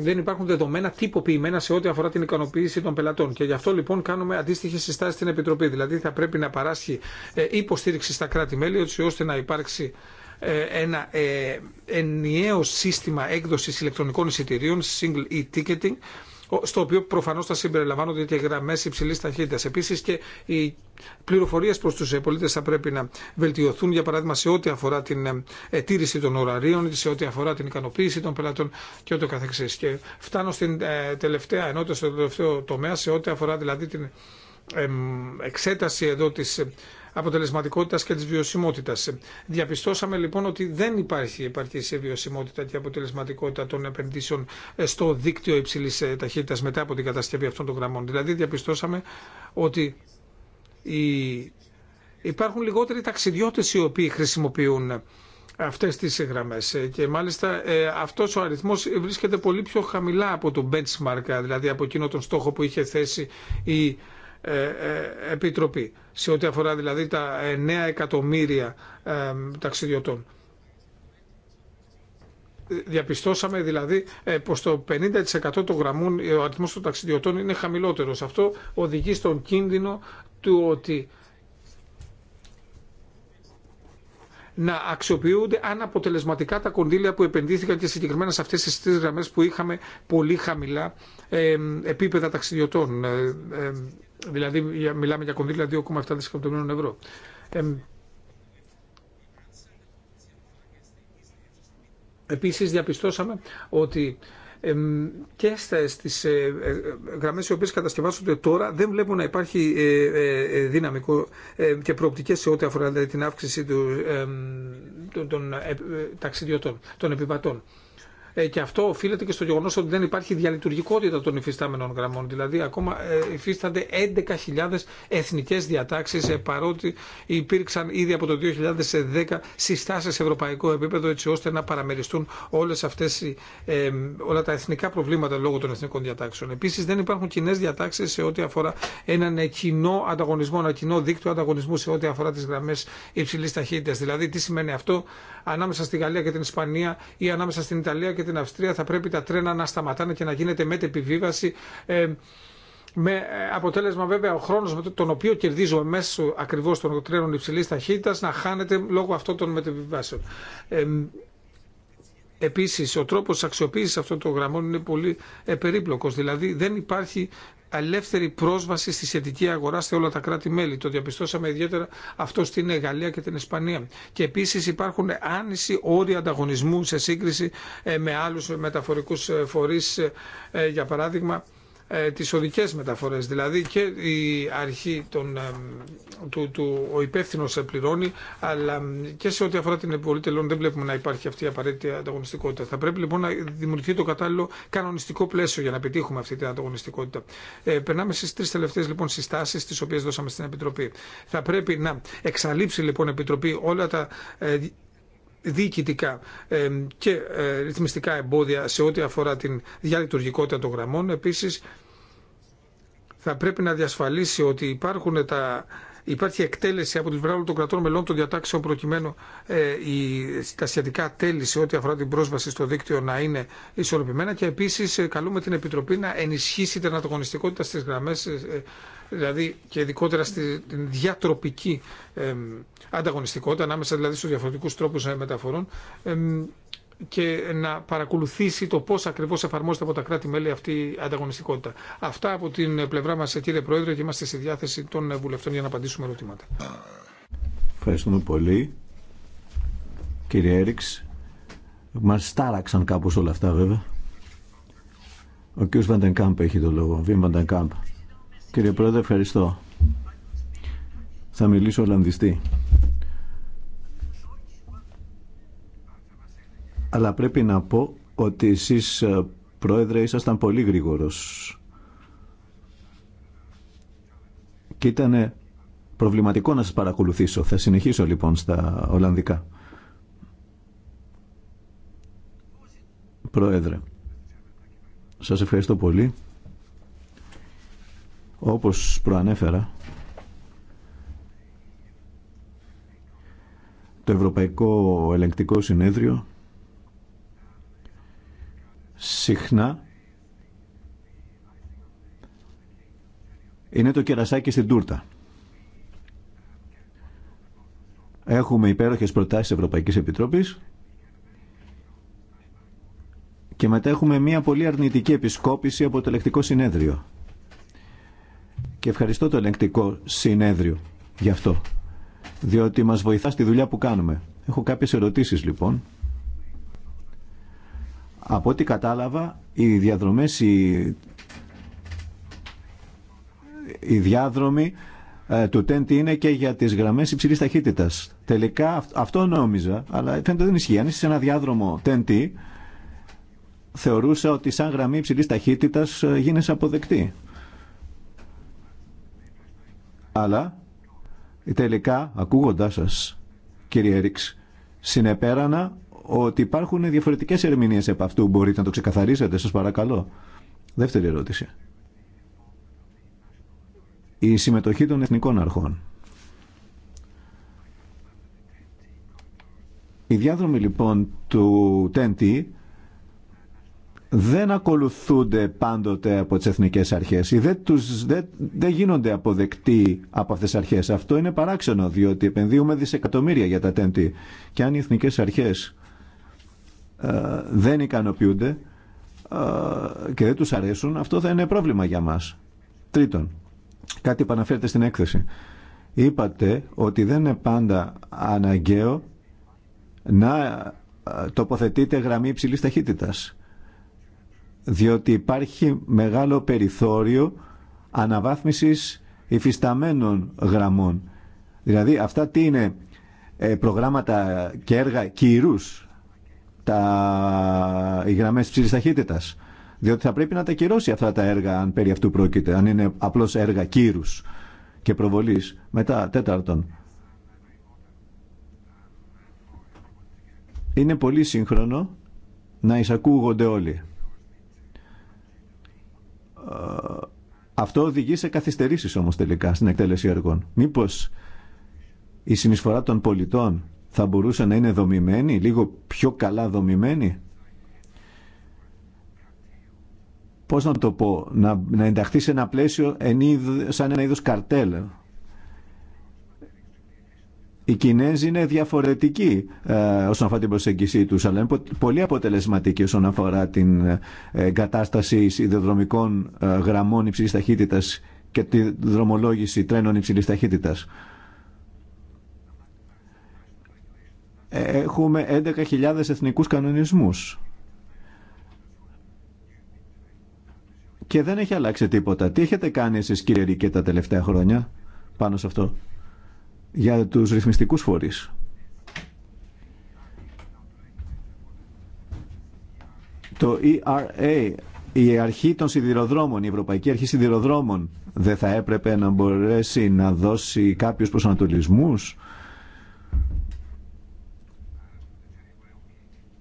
δεν υπάρχουν δεδομένα τυποποιημένα σε ό,τι αφορά την ικανοποίηση των πελατών. Και γι' αυτό λοιπόν κάνουμε αντίστοιχε συστάσει στην Επιτροπή. Δηλαδή θα πρέπει να παράσχει ε, υποστήριξη στα κράτη-μέλη ώστε να υπάρξει ε, ένα ε, ενιαίο σύστημα έκδοσης ηλεκτρονικών εισιτηρίων, single e-ticketing, στο οποίο προφανώς θα συμπεριλαμβάνονται και γραμμές υψηλής ταχύτητας. Επίσης και οι πληροφορίες προς τους ε, πολίτες θα πρέπει να βελτιωθούν, για παράδειγμα σε ό,τι αφορά την ετήρηση των ωραρίων, σε ό,τι αφορά την ικανοποίηση των πελατών και ό,τι καθεξής. Και φτάνω στην ε, τελευταία ενότητα, στο τελευταίο τομέα, σε ό,τι αφορά δηλαδή την εξέταση εδώ της Αποτελεσματικότητα και τη βιωσιμότητα. Διαπιστώσαμε λοιπόν ότι δεν υπάρχει επαρκή σε βιωσιμότητα και αποτελεσματικότητα των επενδύσεων στο δίκτυο υψηλή ε, ταχύτητα μετά από την κατασκευή αυτών των γραμμών. Δηλαδή διαπιστώσαμε ότι οι... υπάρχουν λιγότεροι ταξιδιώτες οι οποίοι χρησιμοποιούν αυτές τις γραμμές ε, και μάλιστα ε, αυτός ο αριθμός βρίσκεται πολύ πιο χαμηλά από το benchmark, δηλαδή από εκείνο τον στόχο που είχε θέσει η ε, ε, επιτροπή σε ό,τι αφορά δηλαδή τα 9 εκατομμύρια ε, ταξιδιωτών. Διαπιστώσαμε δηλαδή πως το 50% των γραμμών ο αριθμός των ταξιδιωτών είναι χαμηλότερος. Αυτό οδηγεί στον κίνδυνο του ότι να αξιοποιούνται αναποτελεσματικά τα κονδύλια που επενδύθηκαν και συγκεκριμένα σε αυτές τις τρεις γραμμές που είχαμε πολύ χαμηλά επίπεδα ταξιδιωτών. Δηλαδή μιλάμε για κονδύλια 2,7 δισεκατομμυρίων ευρώ. Ε, επίσης διαπιστώσαμε ότι και στις ε, ε, γραμμές οι οποίες κατασκευάζονται τώρα δεν βλέπουν να υπάρχει ε, δυναμικό και προοπτικές σε ό,τι αφορά δηλαδή, την αύξηση των ταξιδιωτών, των επιβατών. Ε, και αυτό οφείλεται και στο γεγονό ότι δεν υπάρχει διαλειτουργικότητα των υφιστάμενων γραμμών. Δηλαδή, ακόμα ε, υφίστανται 11.000 εθνικέ διατάξει, ε, παρότι υπήρξαν ήδη από το 2010 συστάσει σε ευρωπαϊκό επίπεδο, έτσι ώστε να παραμεριστούν όλες αυτές, όλα τα εθνικά προβλήματα λόγω των εθνικών διατάξεων. Επίση, δεν υπάρχουν κοινέ διατάξει σε ό,τι αφορά έναν κοινό ανταγωνισμό, ένα κοινό δίκτυο ανταγωνισμού σε ό,τι αφορά τι γραμμέ υψηλή ταχύτητα. Δηλαδή, τι σημαίνει αυτό ανάμεσα στη Γαλλία και την Ισπανία ή ανάμεσα στην Ιταλία την Αυστρία θα πρέπει τα τρένα να σταματάνε και να γίνεται μετεπιβίβαση με ε, ε, αποτέλεσμα βέβαια ο χρόνο με τον οποίο κερδίζουμε μέσω ακριβώ των τρένων υψηλή ταχύτητα να χάνεται λόγω αυτών των μετεπιβάσεων. Ε, Επίση, ο τρόπο αξιοποίηση αυτών των γραμμών είναι πολύ ε, περίπλοκο. Δηλαδή, δεν υπάρχει ελεύθερη πρόσβαση στη σχετική αγορά σε όλα τα κράτη-μέλη. Το διαπιστώσαμε ιδιαίτερα αυτό στην Γαλλία και την Ισπανία. Και επίση υπάρχουν άνηση όρια ανταγωνισμού σε σύγκριση ε, με άλλου μεταφορικού ε, φορεί, ε, για παράδειγμα ε, τις οδικές μεταφορές. Δηλαδή και η αρχή των, ε, του, του, ο υπεύθυνο πληρώνει, αλλά και σε ό,τι αφορά την επιβολή τελών δεν βλέπουμε να υπάρχει αυτή η απαραίτητη ανταγωνιστικότητα. Θα πρέπει λοιπόν να δημιουργηθεί το κατάλληλο κανονιστικό πλαίσιο για να πετύχουμε αυτή την ανταγωνιστικότητα. Ε, περνάμε στι τρει τελευταίε λοιπόν συστάσει, τι οποίε δώσαμε στην Επιτροπή. Θα πρέπει να εξαλείψει λοιπόν η Επιτροπή όλα τα ε, διοικητικά και ε, ρυθμιστικά εμπόδια σε ό,τι αφορά την διαλειτουργικότητα των γραμμών. Επίσης, θα πρέπει να διασφαλίσει ότι υπάρχουν τα υπάρχει εκτέλεση από την βράδυ των κρατών μελών των διατάξεων προκειμένου ε, η, τα σχετικά τέλη σε ό,τι αφορά την πρόσβαση στο δίκτυο να είναι ισορροπημένα και επίσης ε, καλούμε την Επιτροπή να ενισχύσει την ανταγωνιστικότητα στι γραμμές ε, δηλαδή και ειδικότερα στην διατροπική ανταγωνιστικότητα ανάμεσα δηλαδή στους διαφορετικούς τρόπους μεταφορών και να παρακολουθήσει το πώ ακριβώ εφαρμόζεται από τα κράτη-μέλη αυτή η ανταγωνιστικότητα. Αυτά από την πλευρά μα, κύριε Πρόεδρε, και είμαστε στη διάθεση των βουλευτών για να απαντήσουμε ερωτήματα. Ευχαριστούμε πολύ. Κύριε Έριξ, μα τάραξαν κάπω όλα αυτά βέβαια. Ο κ. Βαντενκάμπ έχει το λόγο. Βίμ Κύριε Πρόεδρε, ευχαριστώ. Θα μιλήσω Ολλανδιστή. αλλά πρέπει να πω ότι εσείς ε, πρόεδρε ήσασταν πολύ γρήγορος και ήταν προβληματικό να σας παρακολουθήσω. Θα συνεχίσω λοιπόν στα Ολλανδικά. Πρόεδρε, σας ευχαριστώ πολύ. Όπως προανέφερα, το Ευρωπαϊκό Ελεγκτικό Συνέδριο συχνά είναι το κερασάκι στην τούρτα. Έχουμε υπέροχες προτάσεις Ευρωπαϊκής Επιτροπής και μετά έχουμε μια πολύ αρνητική επισκόπηση από το ελεκτικό συνέδριο. Και ευχαριστώ το Ελεκτικό συνέδριο γι' αυτό, διότι μας βοηθά στη δουλειά που κάνουμε. Έχω κάποιες ερωτήσεις λοιπόν. Από ό,τι κατάλαβα, οι διαδρομές, οι, διάδρομοι ε, του τέντη είναι και για τις γραμμές υψηλής ταχύτητας. Τελικά αυτό νόμιζα, αλλά φαίνεται δεν ισχύει. Αν είσαι σε ένα διάδρομο τέντη, θεωρούσα ότι σαν γραμμή υψηλής ταχύτητας ε, γίνεσαι αποδεκτή. Αλλά τελικά, ακούγοντάς σας, κύριε Ρίξ, συνεπέρανα ότι υπάρχουν διαφορετικές ερμηνείε από αυτού. Μπορείτε να το ξεκαθαρίσετε, σα παρακαλώ. Δεύτερη ερώτηση. Η συμμετοχή των εθνικών αρχών. Οι διάδρομοι λοιπόν του TNT δεν ακολουθούνται πάντοτε από τις εθνικές αρχές ή δεν, τους, δεν, δεν γίνονται αποδεκτοί από αυτές τις αρχές. Αυτό είναι παράξενο διότι επενδύουμε δισεκατομμύρια για τα TNT και αν οι εθνικές αρχές ε, δεν ικανοποιούνται ε, και δεν τους αρέσουν, αυτό θα είναι πρόβλημα για μας. Τρίτον, κάτι που αναφέρεται στην έκθεση. Είπατε ότι δεν είναι πάντα αναγκαίο να ε, τοποθετείτε γραμμή υψηλής ταχύτητας διότι υπάρχει μεγάλο περιθώριο αναβάθμισης υφισταμένων γραμμών. Δηλαδή αυτά τι είναι προγράμματα και έργα κυρούς τα, οι γραμμέ ψηλής ταχύτητα. Διότι θα πρέπει να τα κυρώσει αυτά τα έργα αν περί αυτού πρόκειται, αν είναι απλώς έργα κύρου και προβολής. Μετά, τέταρτον, είναι πολύ σύγχρονο να εισακούγονται όλοι. Ε, αυτό οδηγεί σε καθυστερήσεις όμως τελικά στην εκτέλεση έργων. Μήπως η συνεισφορά των πολιτών θα μπορούσε να είναι δομημένη, λίγο πιο καλά δομημένη. Πώς να το πω, να, να ενταχθεί σε ένα πλαίσιο σαν ένα είδος καρτέλ. Οι Κινέζοι είναι διαφορετικοί ε, όσον αφορά την προσέγγιση τους, αλλά είναι πολύ αποτελεσματικοί όσον αφορά την ε, κατάσταση ιδεοδρομικών ε, γραμμών υψηλής ταχύτητας και τη δρομολόγηση τρένων υψηλής ταχύτητας. έχουμε 11.000 εθνικούς κανονισμούς. Και δεν έχει αλλάξει τίποτα. Τι έχετε κάνει εσείς κύριε Ρίκε τα τελευταία χρόνια πάνω σε αυτό για τους ρυθμιστικούς φορείς. Το ERA, η αρχή των σιδηροδρόμων, η Ευρωπαϊκή Αρχή Σιδηροδρόμων δεν θα έπρεπε να μπορέσει να δώσει κάποιους προσανατολισμούς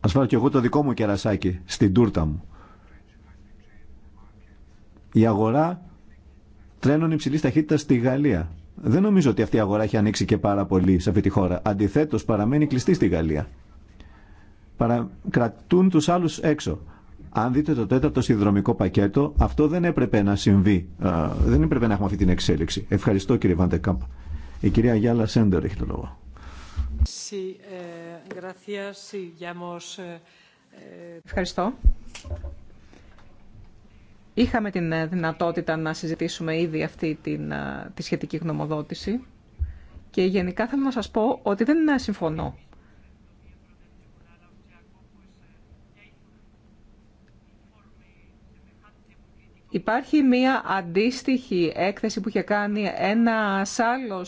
Ας βάλω και εγώ το δικό μου κερασάκι στην τούρτα μου. Η αγορά τρένων υψηλή ταχύτητα στη Γαλλία. Δεν νομίζω ότι αυτή η αγορά έχει ανοίξει και πάρα πολύ σε αυτή τη χώρα. Αντιθέτω, παραμένει κλειστή στη Γαλλία. Παρα... Κρατούν του άλλου έξω. Αν δείτε το τέταρτο συνδρομικό πακέτο, αυτό δεν έπρεπε να συμβεί. δεν έπρεπε να έχουμε αυτή την εξέλιξη. Ευχαριστώ κύριε Βαντεκάμπ. Η κυρία Γιάλα Σέντερ έχει το λόγο. Eh, eh, eh, Ευχαριστώ. Είχαμε την ε, δυνατότητα να συζητήσουμε ήδη αυτή την, ε, τη σχετική γνωμοδότηση και γενικά θέλω να σας πω ότι δεν ε, συμφωνώ Υπάρχει μία αντίστοιχη έκθεση που είχε κάνει ένα άλλο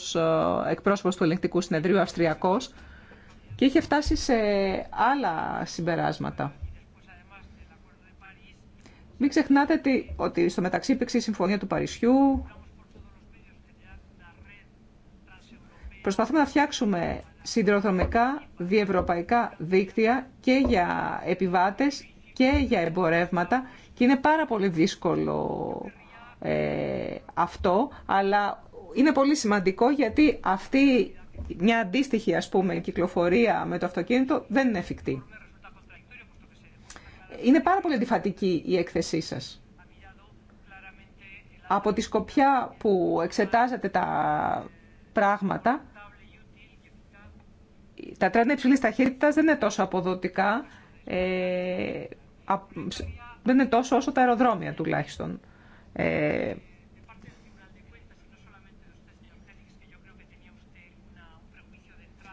ε, εκπρόσωπος του ελεγκτικού συνεδρίου, Αυστριακό και είχε φτάσει σε άλλα συμπεράσματα. Μην ξεχνάτε ότι στο μεταξύ υπήρξε η Συμφωνία του Παρισιού. Προσπαθούμε να φτιάξουμε συνδροδρομικά διευρωπαϊκά δίκτυα και για επιβάτες και για εμπορεύματα και είναι πάρα πολύ δύσκολο ε, αυτό, αλλά είναι πολύ σημαντικό γιατί αυτή μια αντίστοιχη ας πούμε κυκλοφορία με το αυτοκίνητο δεν είναι εφικτή. Είναι πάρα πολύ αντιφατική η έκθεσή σας. Από τη σκοπιά που εξετάζετε τα πράγματα, τα τρένα υψηλής ταχύτητας δεν είναι τόσο αποδοτικά, ε, δεν είναι τόσο όσο τα αεροδρόμια τουλάχιστον. Ε,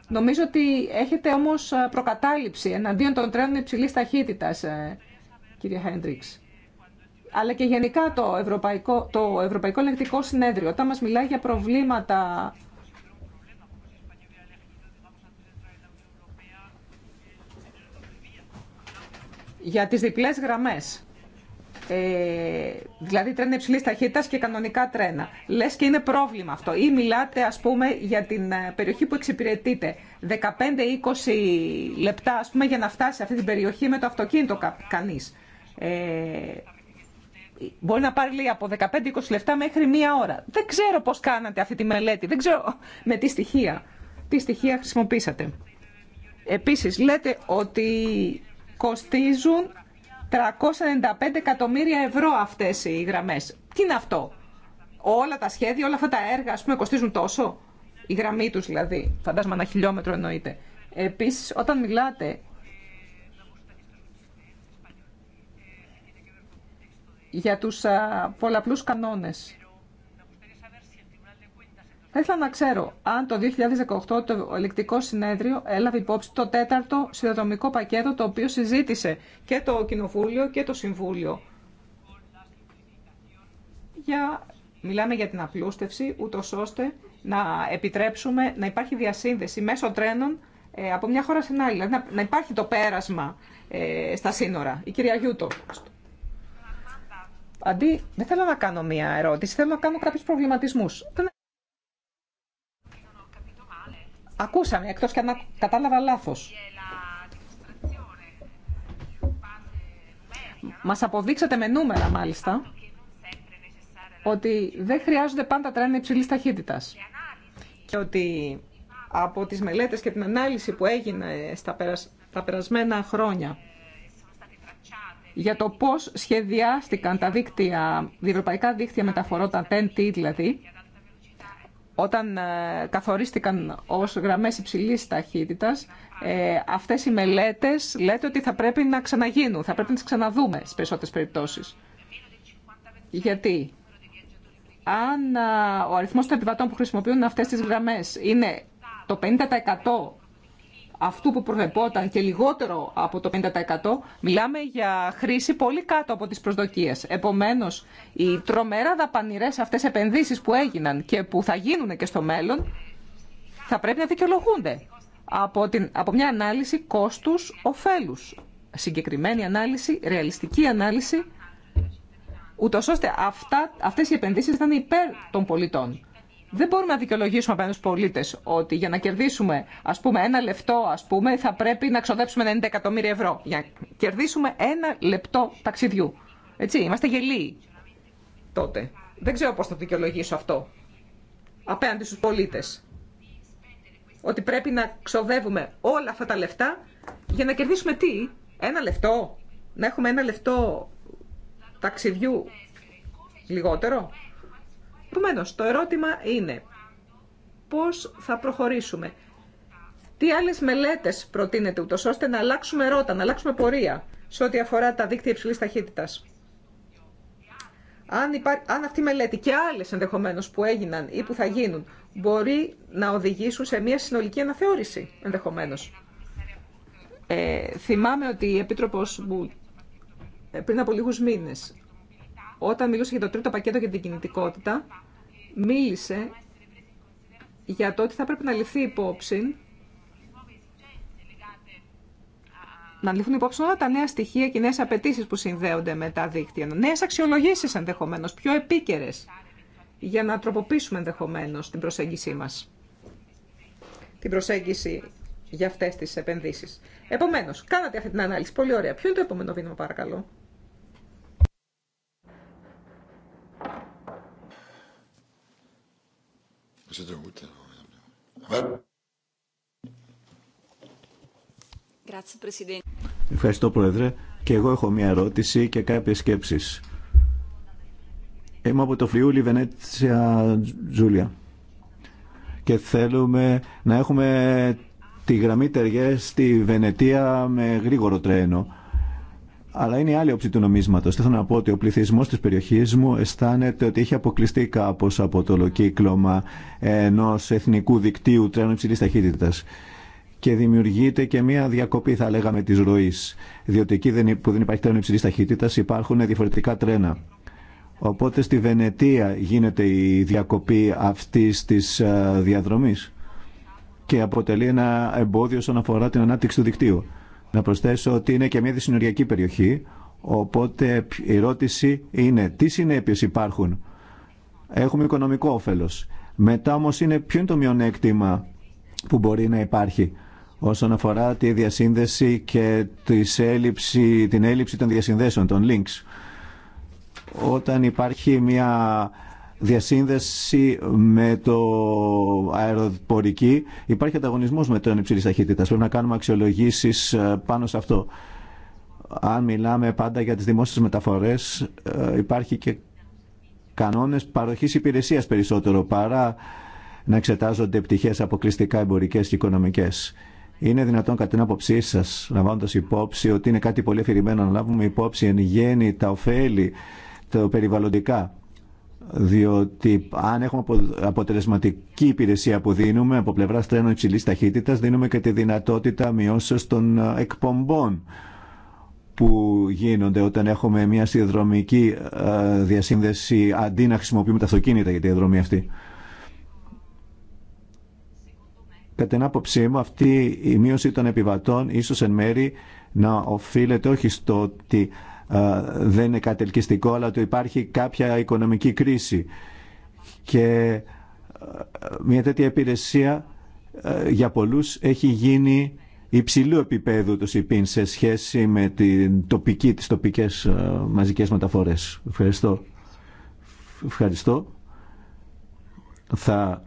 Νομίζω ότι έχετε όμως προκατάληψη εναντίον των τρένων υψηλής ταχύτητας, ε, κύριε Χέντριξ. Αλλά και γενικά το Ευρωπαϊκό, το Ευρωπαϊκό Ελεκτικό Συνέδριο, όταν μας μιλάει για προβλήματα για τις διπλές γραμμές. Ε, δηλαδή τρένα υψηλή ταχύτητα και κανονικά τρένα. Λε και είναι πρόβλημα αυτό. Ή μιλάτε, α πούμε, για την ε, περιοχή που εξυπηρετείτε. 15-20 λεπτά, α πούμε, για να φτάσει σε αυτή την περιοχή με το αυτοκίνητο κα, κανεί. Ε, μπορεί να πάρει λέει, από 15-20 λεπτά μέχρι μία ώρα. Δεν ξέρω πώ κάνατε αυτή τη μελέτη. Δεν ξέρω με τι στοιχεία. Τι στοιχεία χρησιμοποίησατε. Επίσης, λέτε ότι κοστίζουν 395 εκατομμύρια ευρώ αυτές οι γραμμές. Τι είναι αυτό, όλα τα σχέδια, όλα αυτά τα έργα, ας πούμε, κοστίζουν τόσο. Η γραμμή τους δηλαδή, φαντάζομαι ένα χιλιόμετρο εννοείται. Επίσης, όταν μιλάτε για τους α, πολλαπλούς κανόνες θα ήθελα να ξέρω αν το 2018 το ελεκτικό συνέδριο έλαβε υπόψη το τέταρτο συνδρομικό πακέτο το οποίο συζήτησε και το Κοινοβούλιο και το Συμβούλιο. Για... Μιλάμε για την απλούστευση, ούτω ώστε να επιτρέψουμε να υπάρχει διασύνδεση μέσω τρένων ε, από μια χώρα στην άλλη. Δηλαδή να υπάρχει το πέρασμα ε, στα σύνορα. Η κυρία Γιούτο. Αντί, δεν θέλω να κάνω μία ερώτηση, θέλω να κάνω κάποιου προβληματισμού ακούσαμε, εκτός και αν κατάλαβα λάθος. Μα αποδείξατε με νούμερα μάλιστα ότι δεν χρειάζονται πάντα τρένα υψηλή ταχύτητα. και ότι από τις μελέτες και την ανάλυση που έγινε στα τα περασμένα χρόνια για το πώς σχεδιάστηκαν τα δίκτυα, διευρωπαϊκά δίκτυα μεταφορών, τα TEN-T δηλαδή, όταν ε, καθορίστηκαν ως γραμμές υψηλής ταχύτητας, ε, αυτές οι μελέτες λέτε ότι θα πρέπει να ξαναγίνουν, θα πρέπει να τις ξαναδούμε στις περισσότερες περιπτώσεις. Γιατί αν ε, ο αριθμός των επιβατών που χρησιμοποιούν αυτές τις γραμμές είναι το 50% αυτού που προβλεπόταν και λιγότερο από το 50%, μιλάμε για χρήση πολύ κάτω από τις προσδοκίες. Επομένως, οι τρομερά δαπανηρές αυτές επενδύσεις που έγιναν και που θα γίνουν και στο μέλλον, θα πρέπει να δικαιολογούνται από, την, από μια ανάλυση κόστους-οφέλους. Συγκεκριμένη ανάλυση, ρεαλιστική ανάλυση, ούτως ώστε αυτά, αυτές οι επενδύσεις ήταν υπέρ των πολιτών. Δεν μπορούμε να δικαιολογήσουμε απέναντι στου πολίτε ότι για να κερδίσουμε ας πούμε, ένα λεπτό ας πούμε, θα πρέπει να ξοδέψουμε 90 εκατομμύρια ευρώ. Για να κερδίσουμε ένα λεπτό ταξιδιού. Έτσι, είμαστε γελοί τότε. Δεν ξέρω πώ θα δικαιολογήσω αυτό απέναντι στου πολίτε. Ότι πρέπει να ξοδεύουμε όλα αυτά τα λεφτά για να κερδίσουμε τι, ένα λεπτό. Να έχουμε ένα λεπτό ταξιδιού λιγότερο. Επομένω, το ερώτημα είναι πώς θα προχωρήσουμε. Τι άλλες μελέτες προτείνετε ούτως ώστε να αλλάξουμε ρότα, να αλλάξουμε πορεία σε ό,τι αφορά τα δίκτυα υψηλής ταχύτητας. Αν, υπά... αν αυτή η μελέτη και άλλες ενδεχομένως που έγιναν ή που θα γίνουν μπορεί να οδηγήσουν σε μια συνολική αναθεώρηση ενδεχομένως. Ε, θυμάμαι ότι η Επίτροπος μου ε, πριν από λίγους μήνες όταν μιλούσε για το τρίτο πακέτο για την κινητικότητα, μίλησε για το ότι θα πρέπει να ληφθεί υπόψη να ληφθούν υπόψη όλα τα νέα στοιχεία και νέε απαιτήσει που συνδέονται με τα δίκτυα. Νέε αξιολογήσει ενδεχομένω, πιο επίκαιρε, για να τροποποιήσουμε ενδεχομένω την προσέγγιση μα. Την προσέγγιση για αυτέ τι επενδύσει. Επομένω, κάνατε αυτή την ανάλυση. Πολύ ωραία. Ποιο είναι το επόμενο βήμα, παρακαλώ. Euh, Ευχαριστώ Πρόεδρε. Και εγώ έχω μια ερώτηση και κάποιες σκέψεις. Είμαι από το Φριούλι Βενέτσια Τζούλια και θέλουμε να έχουμε τη γραμμή ταιριέ στη Βενετία με γρήγορο τρένο. Αλλά είναι η άλλη όψη του νομίσματος. Θέλω να πω ότι ο πληθυσμός της περιοχής μου αισθάνεται ότι έχει αποκλειστεί κάπως από το ολοκύκλωμα ενός εθνικού δικτύου τρένων υψηλή ταχύτητα και δημιουργείται και μια διακοπή, θα λέγαμε, τη ροή. Διότι εκεί που δεν υπάρχει τρένο υψηλή ταχύτητα υπάρχουν διαφορετικά τρένα. Οπότε στη Βενετία γίνεται η διακοπή αυτή τη ε, διαδρομή και αποτελεί ένα εμπόδιο όσον αφορά την ανάπτυξη του δικτύου. Να προσθέσω ότι είναι και μια δυσυνοριακή περιοχή, οπότε η ερώτηση είναι τι συνέπειες υπάρχουν. Έχουμε οικονομικό όφελος. Μετά όμως είναι ποιο είναι το μειονέκτημα που μπορεί να υπάρχει όσον αφορά τη διασύνδεση και της έλλειψη, την έλλειψη των διασυνδέσεων, των links. Όταν υπάρχει μια διασύνδεση με το αεροπορική. Υπάρχει ανταγωνισμός με τον υψηλής ταχύτητας. Πρέπει να κάνουμε αξιολογήσεις ε, πάνω σε αυτό. Αν μιλάμε πάντα για τις δημόσιες μεταφορές, ε, υπάρχει και κανόνες παροχής υπηρεσίας περισσότερο παρά να εξετάζονται πτυχές αποκλειστικά εμπορικές και οικονομικές. Είναι δυνατόν κατά την άποψή σα, λαμβάνοντα υπόψη ότι είναι κάτι πολύ αφηρημένο να λάβουμε υπόψη εν γέννη τα ωφέλη, τα περιβαλλοντικά διότι αν έχουμε αποτελεσματική υπηρεσία που δίνουμε από πλευρά τρένων υψηλή ταχύτητα, δίνουμε και τη δυνατότητα μειώσεω των ε, εκπομπών που γίνονται όταν έχουμε μια σιδηροδρομική ε, διασύνδεση αντί να χρησιμοποιούμε τα αυτοκίνητα για τη διαδρομή αυτή. Κατά την άποψή μου, αυτή η μείωση των επιβατών ίσως εν μέρη να οφείλεται όχι στο ότι δεν είναι κατελκυστικό αλλά ότι υπάρχει κάποια οικονομική κρίση. Και ε, μια τέτοια υπηρεσία ε, για πολλούς έχει γίνει υψηλού επίπεδου το ΣΥΠΗΝ σε σχέση με την τοπική, τις τοπικές ε, μαζικές μεταφορές. Ευχαριστώ. Ευχαριστώ. Θα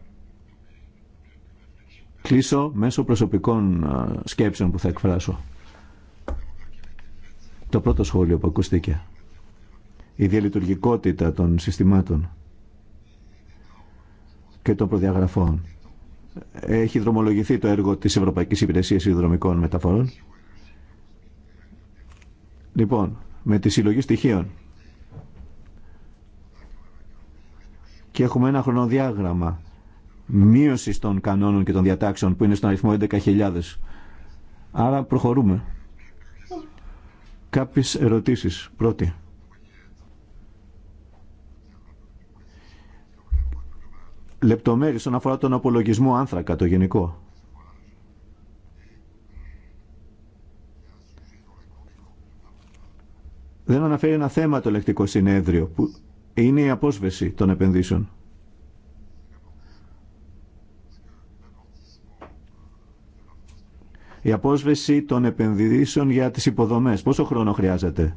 κλείσω μέσω προσωπικών σκέψεων που θα εκφράσω. Το πρώτο σχόλιο που ακούστηκε. Η διαλειτουργικότητα των συστημάτων και των προδιαγραφών. Έχει δρομολογηθεί το έργο της Ευρωπαϊκής Υπηρεσίας Ιδρομικών Μεταφορών. Λοιπόν, με τη συλλογή στοιχείων. Και έχουμε ένα χρονοδιάγραμμα μείωση των κανόνων και των διατάξεων που είναι στον αριθμό 11.000. Άρα προχωρούμε κάποιες ερωτήσεις. Πρώτη. Λεπτομέρειες όσον αφορά τον απολογισμό άνθρακα, το γενικό. Δεν αναφέρει ένα θέμα το λεκτικό συνέδριο, που είναι η απόσβεση των επενδύσεων. η απόσβεση των επενδύσεων για τις υποδομές. Πόσο χρόνο χρειάζεται.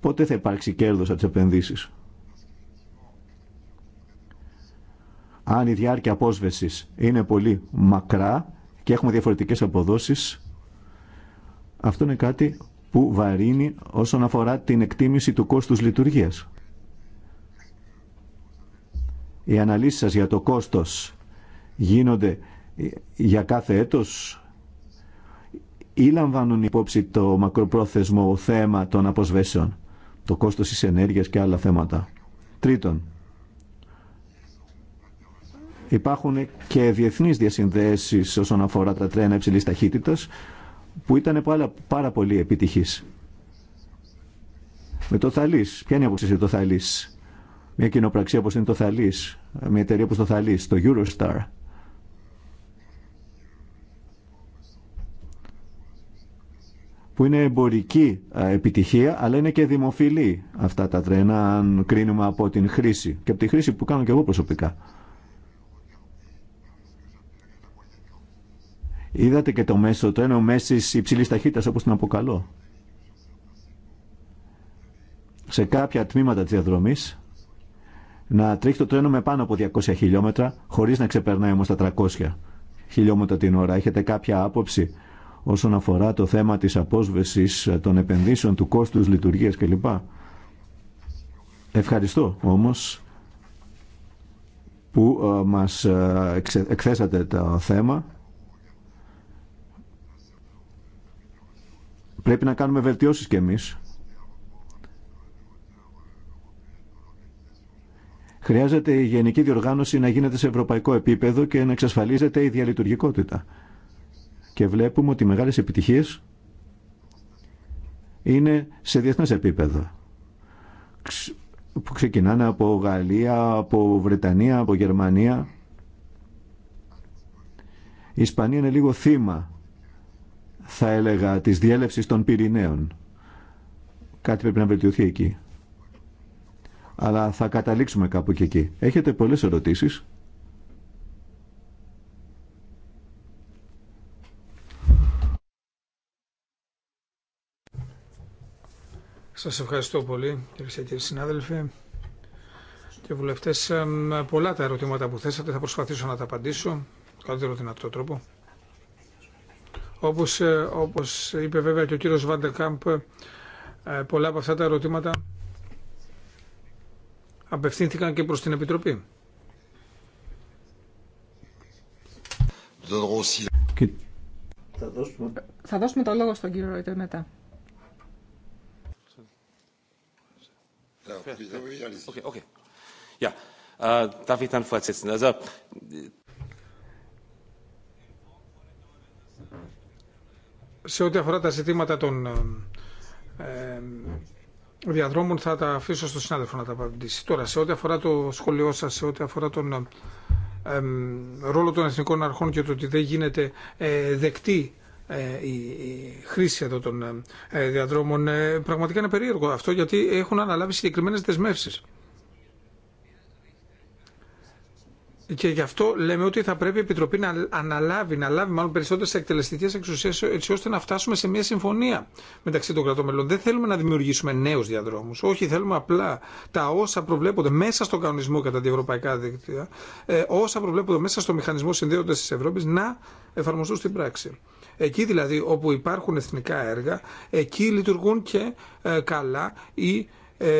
Πότε θα υπάρξει κέρδος από τις επενδύσεις. Αν η διάρκεια απόσβεσης είναι πολύ μακρά και έχουμε διαφορετικές αποδόσεις, αυτό είναι κάτι που βαρύνει όσον αφορά την εκτίμηση του κόστους λειτουργίας. Οι αναλύσεις σας για το κόστος γίνονται για κάθε έτος ή λαμβάνουν υπόψη το μακροπρόθεσμο θέμα των αποσβέσεων, το κόστος της ενέργειας και άλλα θέματα. Τρίτον, υπάρχουν και διεθνείς διασυνδέσεις όσον αφορά τα τρένα υψηλή ταχύτητας που ήταν πάρα, πάρα πολύ επιτυχής. Με το Θαλής, ποια είναι η άποψη το Θαλής. Μια κοινοπραξία όπως είναι το Θαλής, μια εταιρεία όπως το Θαλής, το Eurostar, που είναι εμπορική επιτυχία, αλλά είναι και δημοφιλή αυτά τα τρένα, αν κρίνουμε από την χρήση και από τη χρήση που κάνω και εγώ προσωπικά. Είδατε και το μέσο, τρένο ένα μέση υψηλή ταχύτητα, όπω την αποκαλώ. Σε κάποια τμήματα τη διαδρομή να τρέχει το τρένο με πάνω από 200 χιλιόμετρα, χωρί να ξεπερνάει όμω τα 300 χιλιόμετρα την ώρα. Έχετε κάποια άποψη όσον αφορά το θέμα της απόσβεσης των επενδύσεων του κόστους λειτουργίας κλπ. Ευχαριστώ όμως που ε, μας ε, εκθέσατε το θέμα. Πρέπει να κάνουμε βελτιώσεις κι εμείς. Χρειάζεται η γενική διοργάνωση να γίνεται σε ευρωπαϊκό επίπεδο και να εξασφαλίζεται η διαλειτουργικότητα και βλέπουμε ότι οι μεγάλες επιτυχίες είναι σε διεθνές επίπεδο που ξεκινάνε από Γαλλία, από Βρετανία, από Γερμανία. Η Ισπανία είναι λίγο θύμα, θα έλεγα, της διέλευσης των Πυρηναίων. Κάτι πρέπει να βελτιωθεί εκεί. Αλλά θα καταλήξουμε κάπου και εκεί. Έχετε πολλές ερωτήσεις. Σας ευχαριστώ πολύ κύριε και κύριοι συνάδελφοι και βουλευτές. Ε, πολλά τα ερωτήματα που θέσατε θα προσπαθήσω να τα απαντήσω καλύτερο δυνατό τρόπο. Όπως, ε, όπως είπε βέβαια και ο κύριος Βαντεκάμπ, ε, πολλά από αυτά τα ερωτήματα απευθύνθηκαν και προς την Επιτροπή. Θα δώσουμε, θα δώσουμε το λόγο στον κύριο Ρόιτερ μετά. Okay, okay. Ja, äh, darf ich σε ό,τι αφορά τα ζητήματα των ε, ε, διαδρόμων θα τα αφήσω στο συνάδελφο να τα απαντήσει. Τώρα, σε ό,τι αφορά το σχολείο σας, σε ό,τι αφορά τον ε, ρόλο των εθνικών αρχών και το ότι δεν γίνεται δεκτή ε, η χρήση εδώ των ε, ε, διαδρόμων. Πραγματικά είναι περίεργο αυτό γιατί έχουν αναλάβει συγκεκριμένες δεσμεύσεις. Και γι' αυτό λέμε ότι θα πρέπει η Επιτροπή να αναλάβει, να λάβει μάλλον περισσότερε εκτελεστικέ εξουσίε, έτσι ώστε να φτάσουμε σε μια συμφωνία μεταξύ των κρατών μελών. Δεν θέλουμε να δημιουργήσουμε νέου διαδρόμου. Όχι, θέλουμε απλά τα όσα προβλέπονται μέσα στον κανονισμό κατά την ευρωπαϊκά δίκτυα, όσα προβλέπονται μέσα στο μηχανισμό συνδέοντα τη Ευρώπη, να εφαρμοστούν στην πράξη. Εκεί δηλαδή όπου υπάρχουν εθνικά έργα, εκεί λειτουργούν και ε, καλά οι ε,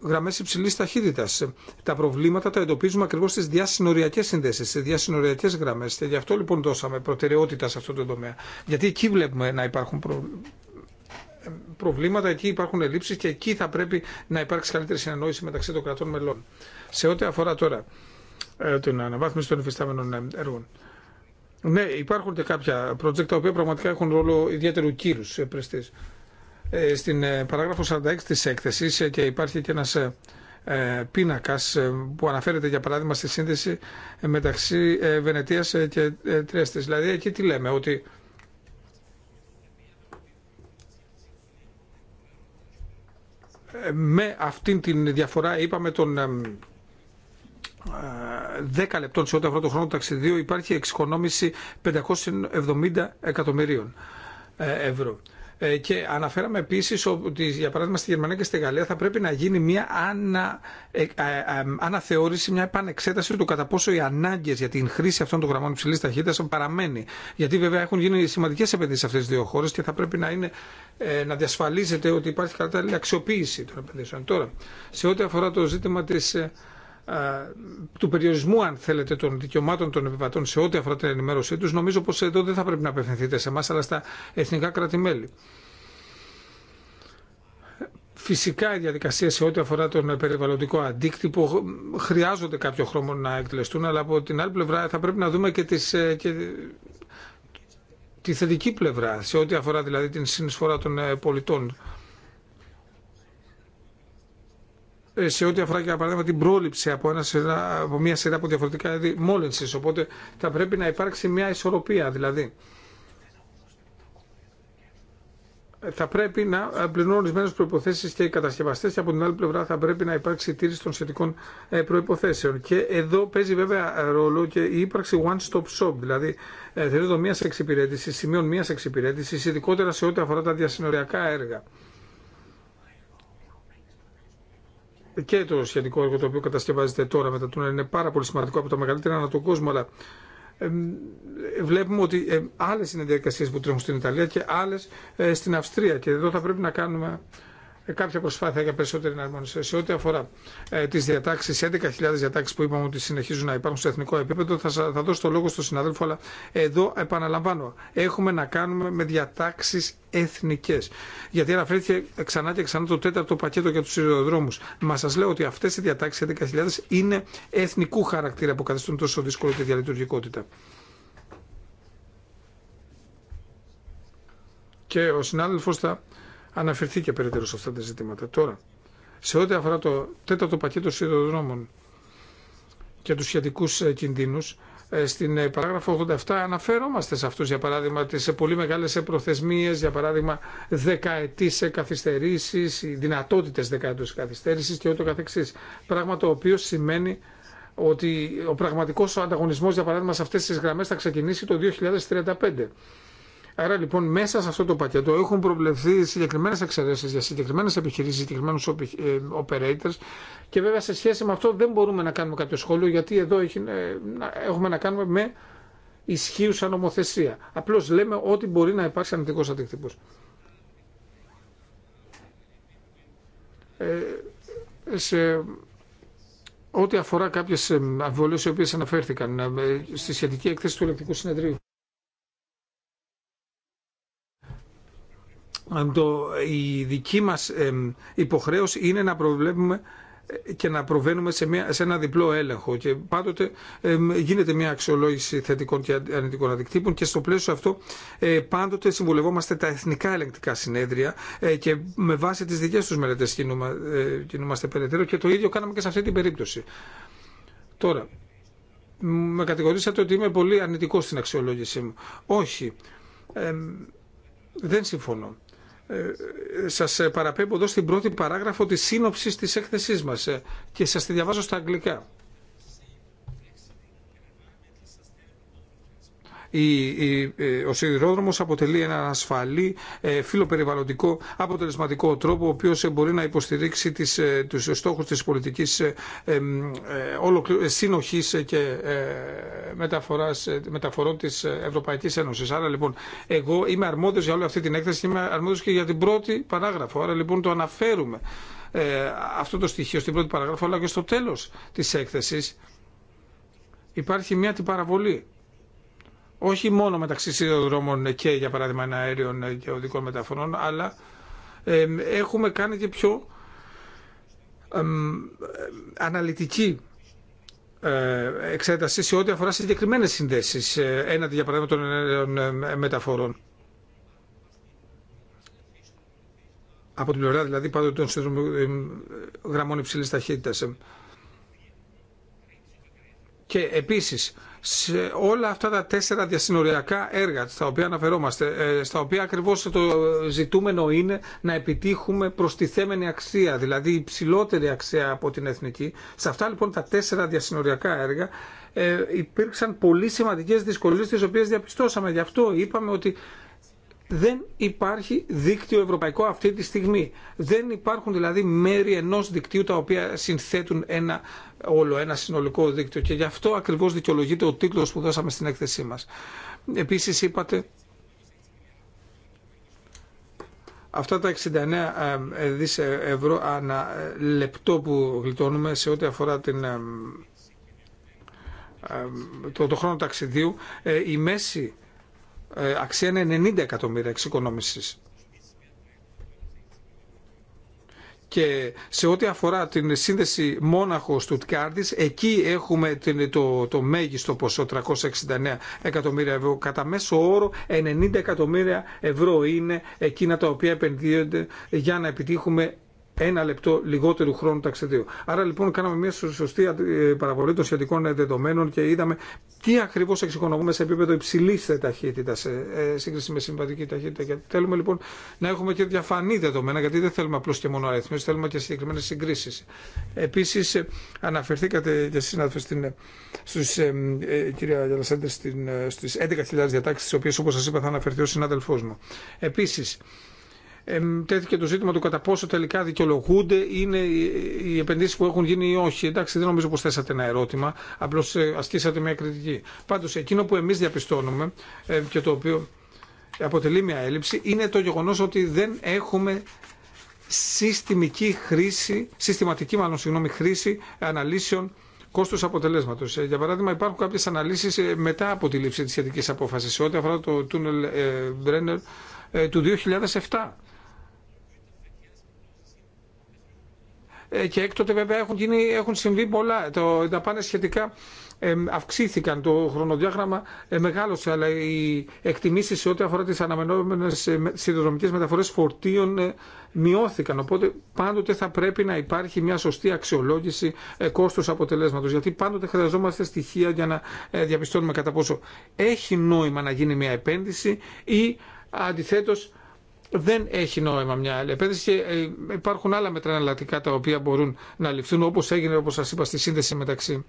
γραμμές υψηλής ταχύτητας. Τα προβλήματα τα εντοπίζουμε ακριβώς στις διασυνοριακές συνδέσεις, στις διασυνοριακές γραμμές και γι' αυτό λοιπόν δώσαμε προτεραιότητα σε αυτό το τομέα. Γιατί εκεί βλέπουμε να υπάρχουν ε, προβλήματα εκεί υπάρχουν ελλείψεις και εκεί θα πρέπει να υπάρξει καλύτερη συνεννόηση μεταξύ των κρατών μελών. Σε ό,τι αφορά τώρα την αναβάθμιση των υφιστάμενων έργων. Ναι, υπάρχουν και κάποια project τα οποία πραγματικά έχουν ρόλο ιδιαίτερου κύρου πρεστή. Ε, στην ε, παράγραφο 46 της έκθεσης ε, και υπάρχει και ένας πίνακας που αναφέρεται για παράδειγμα στη σύνδεση μεταξύ Βενετίας και τρέστη. Δηλαδή εκεί τι λέμε, ότι με αυτήν την διαφορά είπαμε τον... 10 λεπτών σε ό,τι αφορά το χρόνο του ταξιδίου υπάρχει εξοικονόμηση 570 εκατομμυρίων ε, ευρώ. Ε, και αναφέραμε επίση ότι, για παράδειγμα, στη Γερμανία και στη Γαλλία θα πρέπει να γίνει μια ανα, ε, αναθεώρηση, μια επανεξέταση του κατά πόσο οι ανάγκε για την χρήση αυτών των γραμμών υψηλή ταχύτητα παραμένει. Γιατί βέβαια έχουν γίνει σημαντικέ επενδύσει σε αυτέ τι δύο χώρε και θα πρέπει να, είναι, να διασφαλίζεται ότι υπάρχει κατάλληλη αξιοποίηση των επενδύσεων. Τώρα, σε ό,τι αφορά το ζήτημα τη του περιορισμού, αν θέλετε, των δικαιωμάτων των επιβατών σε ό,τι αφορά την ενημέρωσή του, νομίζω πω εδώ δεν θα πρέπει να απευθυνθείτε σε εμά, αλλά στα εθνικά κράτη-μέλη. Φυσικά οι διαδικασίε σε ό,τι αφορά τον περιβαλλοντικό αντίκτυπο χρειάζονται κάποιο χρόνο να εκτελεστούν, αλλά από την άλλη πλευρά θα πρέπει να δούμε και, τις, ε, και τη θετική πλευρά σε ό,τι αφορά δηλαδή την συνεισφορά των ε, πολιτών σε ό,τι αφορά για παράδειγμα την πρόληψη από, ένα από μια σειρά από διαφορετικά είδη μόλυνση. Οπότε θα πρέπει να υπάρξει μια ισορροπία. Δηλαδή, θα πρέπει να πληρώνουν ορισμένε προποθέσει και οι κατασκευαστέ και από την άλλη πλευρά θα πρέπει να υπάρξει τήρηση των σχετικών ε, προποθέσεων. Και εδώ παίζει βέβαια ρόλο και η ύπαρξη one-stop shop, δηλαδή ε, θεωρείται μια εξυπηρέτηση, σημείων μια εξυπηρέτηση, ειδικότερα σε ό,τι αφορά τα διασυνοριακά έργα. και το σχετικό έργο το οποίο κατασκευάζεται τώρα με τα τούνελ είναι πάρα πολύ σημαντικό από τα μεγαλύτερα ανά τον κόσμο, αλλά βλέπουμε ότι άλλες είναι διαδικασίες που τρέχουν στην Ιταλία και άλλες ε, στην Αυστρία και εδώ θα πρέπει να κάνουμε ε, κάποια προσπάθεια για περισσότερη εναρμόνιση. Σε ό,τι αφορά ε, τι διατάξει, 11.000 διατάξει που είπαμε ότι συνεχίζουν να υπάρχουν στο εθνικό επίπεδο, θα, θα δώσω το λόγο στον συναδέλφο, αλλά εδώ επαναλαμβάνω, έχουμε να κάνουμε με διατάξει εθνικέ. Γιατί αναφέρθηκε ξανά και ξανά το τέταρτο πακέτο για του σιδηροδρόμου. Μα σα λέω ότι αυτέ οι διατάξει 11.000 είναι εθνικού χαρακτήρα που καθιστούν τόσο δύσκολη τη διαλειτουργικότητα. Και ο συνάδελφος θα αναφερθεί και περαιτέρω σε αυτά τα ζητήματα. Τώρα, σε ό,τι αφορά το τέταρτο πακέτο σιδηροδρόμων και του σχετικού ε, κινδύνους, ε, στην ε, παράγραφο 87 αναφέρομαστε σε αυτούς, για παράδειγμα, τις πολύ μεγάλες προθεσμίες, για παράδειγμα, δεκαετής καθυστερήσεις, οι δυνατότητες δεκαετούς καθυστέρησης και ούτω καθεξής. Πράγμα το οποίο σημαίνει ότι ο πραγματικός ανταγωνισμός, για παράδειγμα, σε αυτές τις γραμμές θα ξεκινήσει το 2035. Άρα λοιπόν μέσα σε αυτό το πακέτο έχουν προβλεφθεί συγκεκριμένε εξαιρέσει για συγκεκριμένε επιχειρήσει, συγκεκριμένου ε, operators και βέβαια σε σχέση με αυτό δεν μπορούμε να κάνουμε κάποιο σχόλιο γιατί εδώ ε, έχουμε να κάνουμε με ισχύουσα νομοθεσία. Απλώ λέμε ότι μπορεί να υπάρξει αρνητικό αντίκτυπο. Ε, σε ό,τι αφορά κάποιες αμφιβολίες οι οποίες αναφέρθηκαν στη σχετική εκθέση του ελεκτικού συνεδρίου. το, η δική μας υποχρέωση είναι να προβλέπουμε ε, και να προβαίνουμε σε, μια, σε ένα διπλό έλεγχο. Και πάντοτε γίνεται μια αξιολόγηση θετικών και αρνητικών αντικτύπων και στο πλαίσιο αυτό ε, πάντοτε συμβουλευόμαστε τα εθνικά ελεγκτικά συνέδρια ε, και με βάση τις δικές τους μελέτες κινούμα, κινούμαστε περαιτέρω και το ίδιο κάναμε και σε αυτή την περίπτωση. Τώρα, με κατηγορήσατε ότι είμαι πολύ αρνητικός στην αξιολόγησή μου. Όχι, δεν συμφωνώ. Ε, σας ε, παραπέμπω εδώ στην πρώτη παράγραφο της σύνοψης της έκθεσής μας ε, και σας τη διαβάζω στα αγγλικά. Ε, ο σιδηρόδρομο αποτελεί ένα ασφαλή, ε, φιλοπεριβαλλοντικό, αποτελεσματικό τρόπο, ο οποίος ε, μπορεί να υποστηρίξει τις, τους στόχους της πολιτικής συνοχής και μεταφορών της Ευρωπαϊκής Ένωσης. Άρα λοιπόν, εγώ είμαι αρμόδιος για όλη αυτή την έκθεση και είμαι αρμόδιος και για την πρώτη παράγραφο. Άρα λοιπόν το αναφέρουμε αυτό το στοιχείο στην πρώτη παράγραφο, αλλά και στο τέλος της έκθεσης υπάρχει μια την παραβολή όχι μόνο μεταξύ σιδηροδρόμων και για παράδειγμα αέριων ε, και οδικών μεταφορών, αλλά έχουμε κάνει και πιο αναλυτική ε, εξέταση σε ό,τι αφορά συγκεκριμένες συνδέσεις ε, έναντι για παράδειγμα των αέριων μεταφορών. Από την πλευρά δηλαδή πάντων των γραμμών υψηλής ταχύτητας. Και επίσης σε όλα αυτά τα τέσσερα διασυνοριακά έργα στα οποία αναφερόμαστε, ε, στα οποία ακριβώς το ζητούμενο είναι να επιτύχουμε προστιθέμενη αξία, δηλαδή υψηλότερη αξία από την εθνική. Σε αυτά λοιπόν τα τέσσερα διασυνοριακά έργα ε, υπήρξαν πολύ σημαντικές δυσκολίες τις οποίες διαπιστώσαμε. Γι' αυτό είπαμε ότι δεν υπάρχει δίκτυο ευρωπαϊκό αυτή τη στιγμή. Δεν υπάρχουν δηλαδή μέρη ενός δικτύου τα οποία συνθέτουν ένα όλο, ένα συνολικό δίκτυο και γι' αυτό ακριβώς δικαιολογείται ο τίτλος που δώσαμε στην έκθεσή μας. Επίσης είπατε αυτά τα 69 ε, δις ευρώ ανά ε, λεπτό που γλιτώνουμε σε ό,τι αφορά την ε, το, το χρόνο ταξιδίου, η μέση ε, αξία είναι 90 εκατομμύρια εξοικονόμησης. Και σε ό,τι αφορά την σύνδεση μόναχο του Τκάρδης, εκεί έχουμε την, το, το μέγιστο ποσό 369 εκατομμύρια ευρώ. Κατά μέσο όρο 90 εκατομμύρια ευρώ είναι εκείνα τα οποία επενδύονται για να επιτύχουμε ένα λεπτό λιγότερου χρόνου ταξιδίου. Άρα λοιπόν κάναμε μια σωστή ε, παραβολή των σχετικών ε, δεδομένων και είδαμε τι ακριβώ εξοικονομούμε σε επίπεδο υψηλή ταχύτητα σε ε, σύγκριση με συμβατική ταχύτητα. Γιατί θέλουμε λοιπόν να έχουμε και διαφανή δεδομένα, γιατί δεν θέλουμε απλώ και μόνο αριθμού, θέλουμε και συγκεκριμένε συγκρίσει. Επίση, ε, αναφερθήκατε και συνάδελφε στην, ε, ε, ε, κυρία στι 11.000 διατάξει, τι οποίε όπω σα είπα θα αναφερθεί ο συνάδελφό μου. Επίση, τέθηκε το ζήτημα του κατά πόσο τελικά δικαιολογούνται είναι οι επενδύσει που έχουν γίνει ή όχι. Εντάξει, δεν νομίζω πω θέσατε ένα ερώτημα, απλώ ε, ασκήσατε μια κριτική. Πάντω, εκείνο που εμεί διαπιστώνουμε ε, και το οποίο αποτελεί μια έλλειψη είναι το γεγονό ότι δεν έχουμε συστημική χρήση, συστηματική μάλλον συγγνώμη, χρήση αναλύσεων κόστο αποτελέσματο. Ε, για παράδειγμα, υπάρχουν κάποιε αναλύσει μετά από τη λήψη τη σχετική απόφαση σε ό,τι αφορά το τούνελ Μπρένερ του 2007 Ε, και έκτοτε βέβαια έχουν, γίνει, έχουν συμβεί πολλά. Το, τα πάνε σχετικά αυξήθηκαν το χρονοδιάγραμμα ε, μεγάλωσε αλλά οι εκτιμήσει σε ό,τι αφορά τι αναμενόμενες ε, συνδρομικές μεταφορές φορτίων μειώθηκαν οπότε πάντοτε θα πρέπει να υπάρχει μια σωστή αξιολόγηση κόστους αποτελέσματος γιατί πάντοτε χρειαζόμαστε στοιχεία για να διαπιστώνουμε κατά πόσο έχει νόημα να γίνει μια επένδυση ή αντιθέτω δεν έχει νόημα μια άλλη επένδυση και ε, υπάρχουν άλλα μέτρα τα οποία μπορούν να ληφθούν όπω έγινε όπω σα είπα στη σύνδεση μεταξύ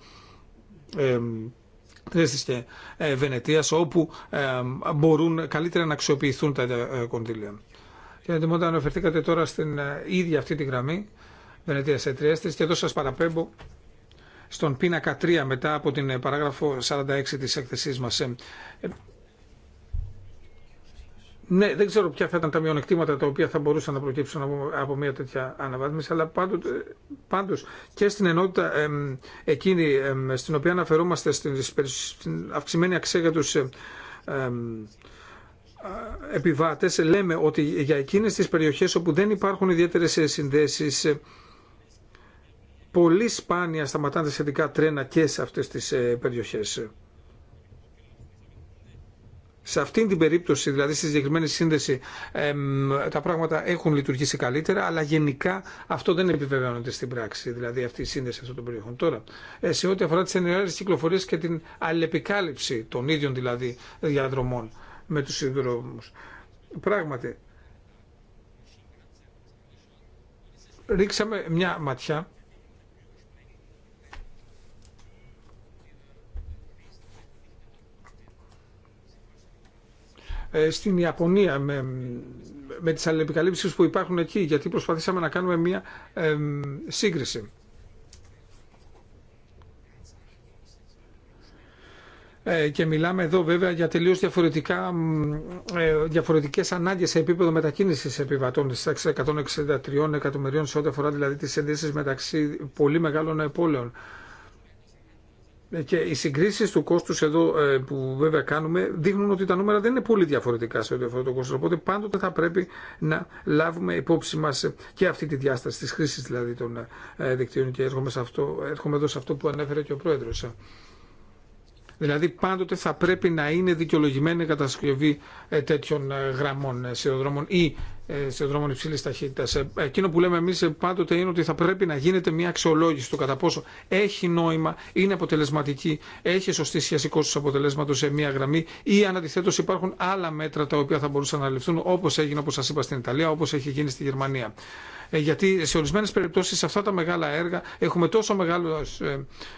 ε, και Βενετία, όπου μπορούν καλύτερα να αξιοποιηθούν τα ε, κονδύλια. Και αντιμόντα αναφερθήκατε τώρα στην ε, ίδια αυτή τη γραμμή βενετία σε Τρίστη και εδώ σα παραπέμπω στον πίνακα 3 μετά από την παράγραφο 46 της έκθεσής μας. Ναι, δεν ξέρω ποια θα ήταν τα μειονεκτήματα τα οποία θα μπορούσαν να προκύψουν από, μια τέτοια αναβάθμιση, αλλά πάντως και στην ενότητα εκείνη στην οποία αναφερόμαστε στην, στην αυξημένη αξία για του ε, επιβάτες λέμε ότι για εκείνες τις περιοχές όπου δεν υπάρχουν ιδιαίτερες συνδέσεις ε, πολύ σπάνια σταματάνε σχετικά τρένα και σε αυτές τις ε, περιοχές σε αυτήν την περίπτωση, δηλαδή στη συγκεκριμένη σύνδεση, τα πράγματα έχουν λειτουργήσει καλύτερα, αλλά γενικά αυτό δεν επιβεβαιώνεται στην πράξη, δηλαδή αυτή η σύνδεση αυτών των περιοχών. Τώρα, ε, σε ό,τι αφορά τι ενεργέ κυκλοφορίε και την αλληλεπικάλυψη των ίδιων δηλαδή διαδρομών με του σιδηρόδρομου. Πράγματι, ρίξαμε μια ματιά Ε, στην Ιαπωνία με, με τις αλληλεπικαλύψεις που υπάρχουν εκεί γιατί προσπαθήσαμε να κάνουμε μία ε, σύγκριση. και μιλάμε εδώ βέβαια για τελείως διαφορετικά, ε, διαφορετικές ανάγκες σε επίπεδο μετακίνησης επιβατών στις 163 εκατομμυρίων σε ό,τι αφορά δηλαδή τις ενδύσεις μεταξύ πολύ μεγάλων πόλεων. Και οι συγκρίσει του κόστου εδώ ε, που βέβαια κάνουμε δείχνουν ότι τα νούμερα δεν είναι πολύ διαφορετικά σε ό,τι αφορά το κόστο. Οπότε πάντοτε θα πρέπει να λάβουμε υπόψη μα και αυτή τη διάσταση τη χρήση δηλαδή των ε, δικτύων. Και έρχομαι, σε αυτό, έρχομαι εδώ σε αυτό που ανέφερε και ο Πρόεδρο. Δηλαδή πάντοτε θα πρέπει να είναι δικαιολογημένη η κατασκευή ε, τέτοιων ε, γραμμών ε, σιδηροδρόμων ή σιδηροδρόμων υψηλή ταχύτητα. Εκείνο που λέμε εμεί πάντοτε είναι ότι θα πρέπει να γίνεται μια αξιολόγηση του κατά πόσο έχει νόημα, είναι αποτελεσματική, έχει σωστή σχέση κόστου αποτελέσματο σε μια γραμμή ή αν αντιθέτω υπάρχουν άλλα μέτρα τα οποία θα μπορούσαν να ληφθούν όπω έγινε, όπω σα είπα, στην Ιταλία, όπω έχει γίνει στη Γερμανία. Ε, γιατί σε ορισμένε περιπτώσει σε αυτά τα μεγάλα έργα έχουμε τόσο μεγάλου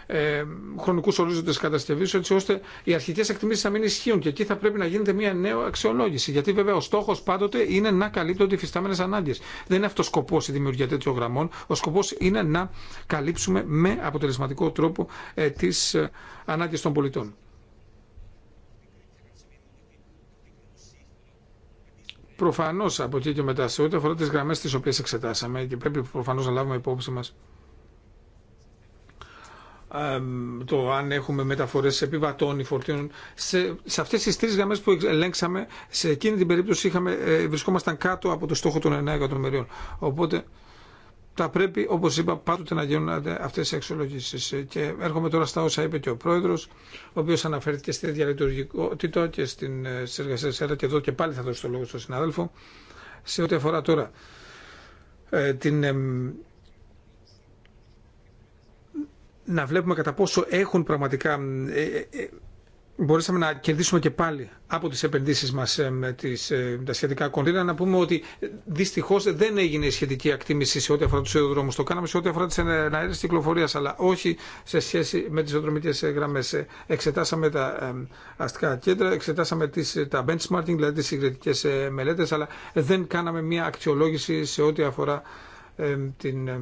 ε, ε, χρονικού ορίζοντε κατασκευή, έτσι ώστε οι αρχικέ εκτιμήσει να μην ισχύουν και εκεί θα πρέπει να γίνεται μια νέα αξιολόγηση. Γιατί βέβαια ο στόχο πάντοτε είναι να καλύπτονται οι φυστάμενε ανάγκε. Δεν είναι αυτό ο σκοπό η δημιουργία τέτοιων γραμμών. Ο σκοπό είναι να καλύψουμε με αποτελεσματικό τρόπο ε, τι ε, ανάγκε των πολιτών. Προφανώ από εκεί και μετά σε ό,τι αφορά τι γραμμέ τι οποίε εξετάσαμε και πρέπει προφανώ να λάβουμε υπόψη μα το αν έχουμε μεταφορέ επιβατών ή φορτίων. Σε, σε αυτέ τι τρει γραμμέ που ελέγξαμε, σε εκείνη την περίπτωση είχαμε, ε, βρισκόμασταν κάτω από το στόχο των 9 εκατομμυρίων. Οπότε τα πρέπει, όπω είπα, πάντοτε να γίνουν αυτέ οι αξιολογήσει. Και έρχομαι τώρα στα όσα είπε και ο πρόεδρο, ο οποίο αναφέρθηκε στη διαλειτουργικότητα και ε, στι εργασίε ΕΡΑ. Και εδώ και πάλι θα δώσω το λόγο στον συνάδελφο. Σε ό,τι αφορά τώρα ε, την. να βλέπουμε κατά πόσο έχουν πραγματικά ε, Μπορούσαμε να κερδίσουμε και πάλι από τις επενδύσεις μας ε, με τις, ε, τα σχετικά κονδύλια. Να πούμε ότι ε, δυστυχώς δεν έγινε η σχετική εκτίμηση σε ό,τι αφορά τους αεροδρόμους. Το κάναμε σε ό,τι αφορά τις αέρες κυκλοφορίας, αλλά όχι σε σχέση με τις οδρομικές γραμμές. Εξετάσαμε τα αστικά κέντρα, εξετάσαμε τις, τα benchmarking, δηλαδή τις συγκριτικές μελέτες, αλλά δεν κάναμε μια αξιολόγηση σε ό,τι αφορά ε, την, ε,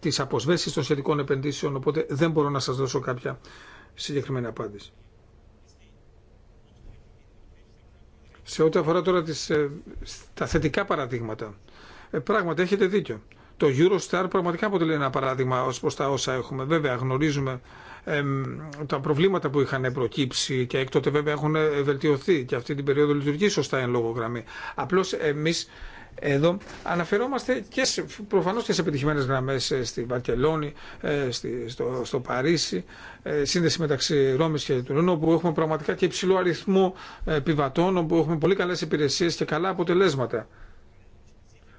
τις αποσβέσεις των σχετικών επενδύσεων, οπότε δεν μπορώ να σας δώσω κάποια συγκεκριμένη απάντηση. Σε ό,τι αφορά τώρα τις, ε, τα θετικά παραδείγματα, ε, πράγματι έχετε δίκιο. Το Eurostar πραγματικά αποτελεί ένα παράδειγμα ως προς τα όσα έχουμε. Βέβαια γνωρίζουμε τα προβλήματα που είχαν προκύψει και τότε βέβαια έχουν ε, βελτιωθεί και αυτή την περίοδο λειτουργεί σωστά εν λόγω γραμμή. Απλώς εμείς εδώ αναφερόμαστε και σε, προφανώς και σε επιτυχημένες γραμμές ε, στη Βαρκελόνη, ε, στο, στο Παρίσι, ε, σύνδεση μεταξύ Ρώμης και Τουρίνου, όπου έχουμε πραγματικά και υψηλό αριθμό επιβατών, όπου έχουμε πολύ καλές υπηρεσίες και καλά αποτελέσματα.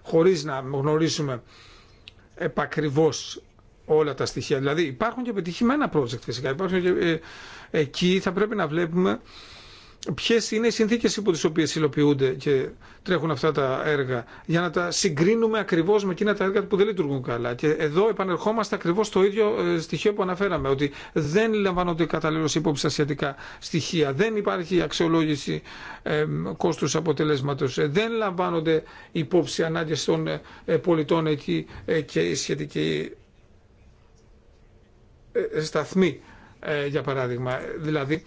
Χωρίς να γνωρίσουμε επακριβώς όλα τα στοιχεία. Δηλαδή υπάρχουν και επιτυχημένα project φυσικά. Υπάρχουν και, εκεί θα πρέπει να βλέπουμε ποιε είναι οι συνθήκε υπό τι οποίε υλοποιούνται και τρέχουν αυτά τα έργα, για να τα συγκρίνουμε ακριβώ με εκείνα τα έργα που δεν λειτουργούν καλά. Και εδώ επανερχόμαστε ακριβώ στο ίδιο ε, στοιχείο που αναφέραμε, ότι δεν λαμβάνονται καταλήλω υπόψη ασιατικά σχετικά στοιχεία, δεν υπάρχει αξιολόγηση ε, κόστου αποτελέσματο, ε, δεν λαμβάνονται υπόψη ανάγκε των ε, πολιτών εκεί και οι σχετικοί σταθμοί, για παράδειγμα. Δηλαδή,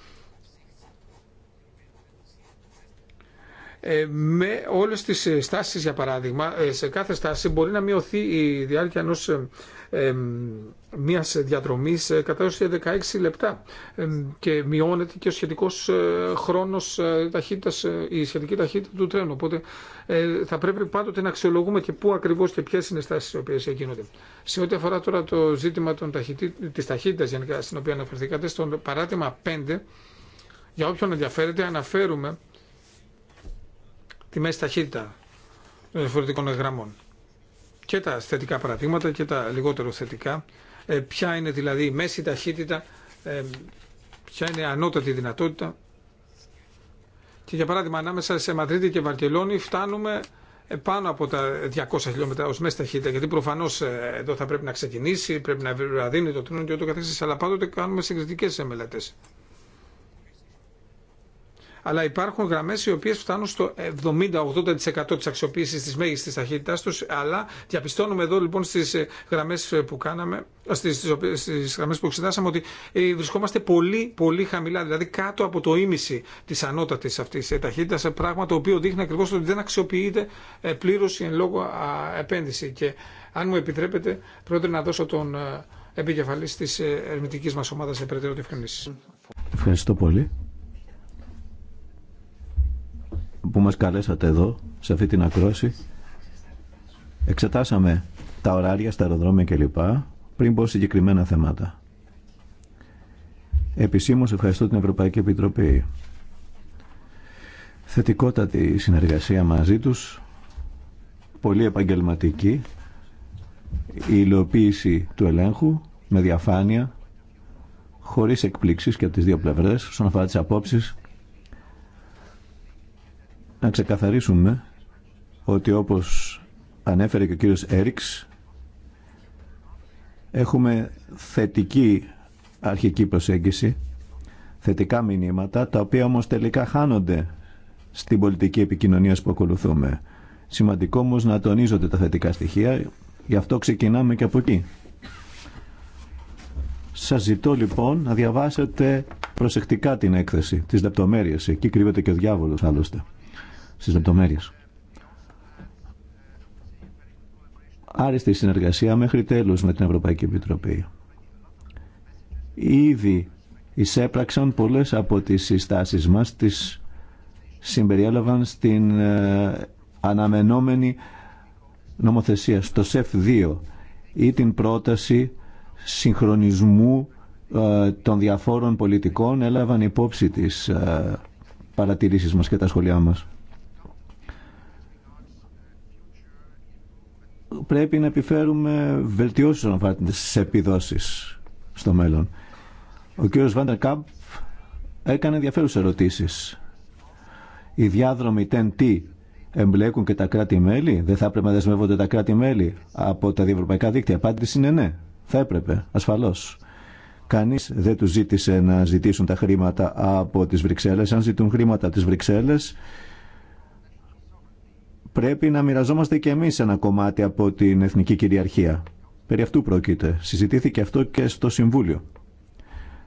Ε, με όλες τις ε, στάσεις για παράδειγμα ε, σε κάθε στάση μπορεί να μειωθεί η διάρκεια ενός μια διαδρομή διαδρομής κατά έως 16 λεπτά και μειώνεται και ο σχετικός χρόνος ταχύτητας, η σχετική ταχύτητα του τρένου οπότε θα πρέπει πάντοτε να αξιολογούμε και πού ακριβώς και ποιες είναι οι στάσεις οι οποίες γίνονται. Σε ό,τι αφορά τώρα το ζήτημα τη ταχύτητα, της ταχύτητας γενικά στην οποία αναφερθήκατε στον παράδειγμα 5 για όποιον ενδιαφέρεται αναφέρουμε τη μέση ταχύτητα των ε, διαφορετικών γραμμών. Και τα θετικά παραδείγματα και τα λιγότερο θετικά. Ε, ποια είναι δηλαδή η μέση ταχύτητα, ε, ποια είναι η ανώτατη δυνατότητα. Και για παράδειγμα ανάμεσα σε Μαδρίτη και Βαρκελόνη φτάνουμε πάνω από τα 200 χιλιόμετρα ω μέση ταχύτητα. Γιατί προφανώ εδώ θα πρέπει να ξεκινήσει, πρέπει να δίνει το τρένο και ούτω καθεξή. Αλλά πάντοτε κάνουμε συγκριτικέ μελέτε αλλά υπάρχουν γραμμές οι οποίες φτάνουν στο 70-80% της αξιοποίησης της μέγιστης ταχύτητάς τους, αλλά διαπιστώνουμε εδώ λοιπόν στις ε, γραμμές ε, που κάναμε, ε, στις, στις που εξετάσαμε ότι βρισκόμαστε πολύ πολύ χαμηλά, δηλαδή κάτω από το ίμιση της ανώτατης αυτής ταχύτητας, πράγμα το οποίο δείχνει ακριβώς ότι δεν αξιοποιείται πλήρως εν λόγω επένδυση. Και αν μου επιτρέπετε, πρόεδρε, να δώσω τον επικεφαλής της ερμητικής μας ομάδας σε περαιτέρω διευκρινήσει. Ευχαριστώ πολύ που μας καλέσατε εδώ, σε αυτή την ακρόση. Εξετάσαμε τα ωράρια στα αεροδρόμια κλπ. πριν πω συγκεκριμένα θέματα. Επισήμως ευχαριστώ την Ευρωπαϊκή Επιτροπή. Θετικότατη συνεργασία μαζί τους, πολύ επαγγελματική, η υλοποίηση του ελέγχου με διαφάνεια, χωρίς εκπλήξεις και από τις δύο πλευρές, όσον αφορά να ξεκαθαρίσουμε ότι όπως ανέφερε και ο κύριος Έριξ, έχουμε θετική αρχική προσέγγιση, θετικά μηνύματα, τα οποία όμως τελικά χάνονται στην πολιτική επικοινωνία που ακολουθούμε. Σημαντικό όμω να τονίζονται τα θετικά στοιχεία, γι' αυτό ξεκινάμε και από εκεί. Σας ζητώ λοιπόν να διαβάσετε προσεκτικά την έκθεση, τις λεπτομέρειες. Εκεί κρύβεται και ο διάβολος άλλωστε. Στι λεπτομέρειε. Άριστη συνεργασία μέχρι τέλους με την Ευρωπαϊκή Επιτροπή. Ήδη εισέπραξαν πολλές από τις συστάσεις μας, τις συμπεριέλαβαν στην ε, αναμενόμενη νομοθεσία, στο ΣΕΦ 2 ή την πρόταση συγχρονισμού ε, των διαφόρων πολιτικών έλαβαν υπόψη τις ε, παρατηρήσεις μας και τα σχολιά μας. πρέπει να επιφέρουμε βελτιώσεις όσον αφορά επιδόσεις στο μέλλον. Ο κύριος Βάντερ Κάμπ έκανε ενδιαφέρουσε ερωτήσεις. Οι διάδρομοι TEN-T εμπλέκουν και τα κράτη-μέλη. Δεν θα έπρεπε να δεσμεύονται τα κράτη-μέλη από τα διευρωπαϊκά δίκτυα. Απάντηση είναι ναι. Θα έπρεπε, ασφαλώς. Κανείς δεν του ζήτησε να ζητήσουν τα χρήματα από τι Βρυξέλλε. Αν ζητούν χρήματα από τις Βρυξέλλε, πρέπει να μοιραζόμαστε και εμείς ένα κομμάτι από την εθνική κυριαρχία. Περί αυτού πρόκειται. Συζητήθηκε αυτό και στο Συμβούλιο.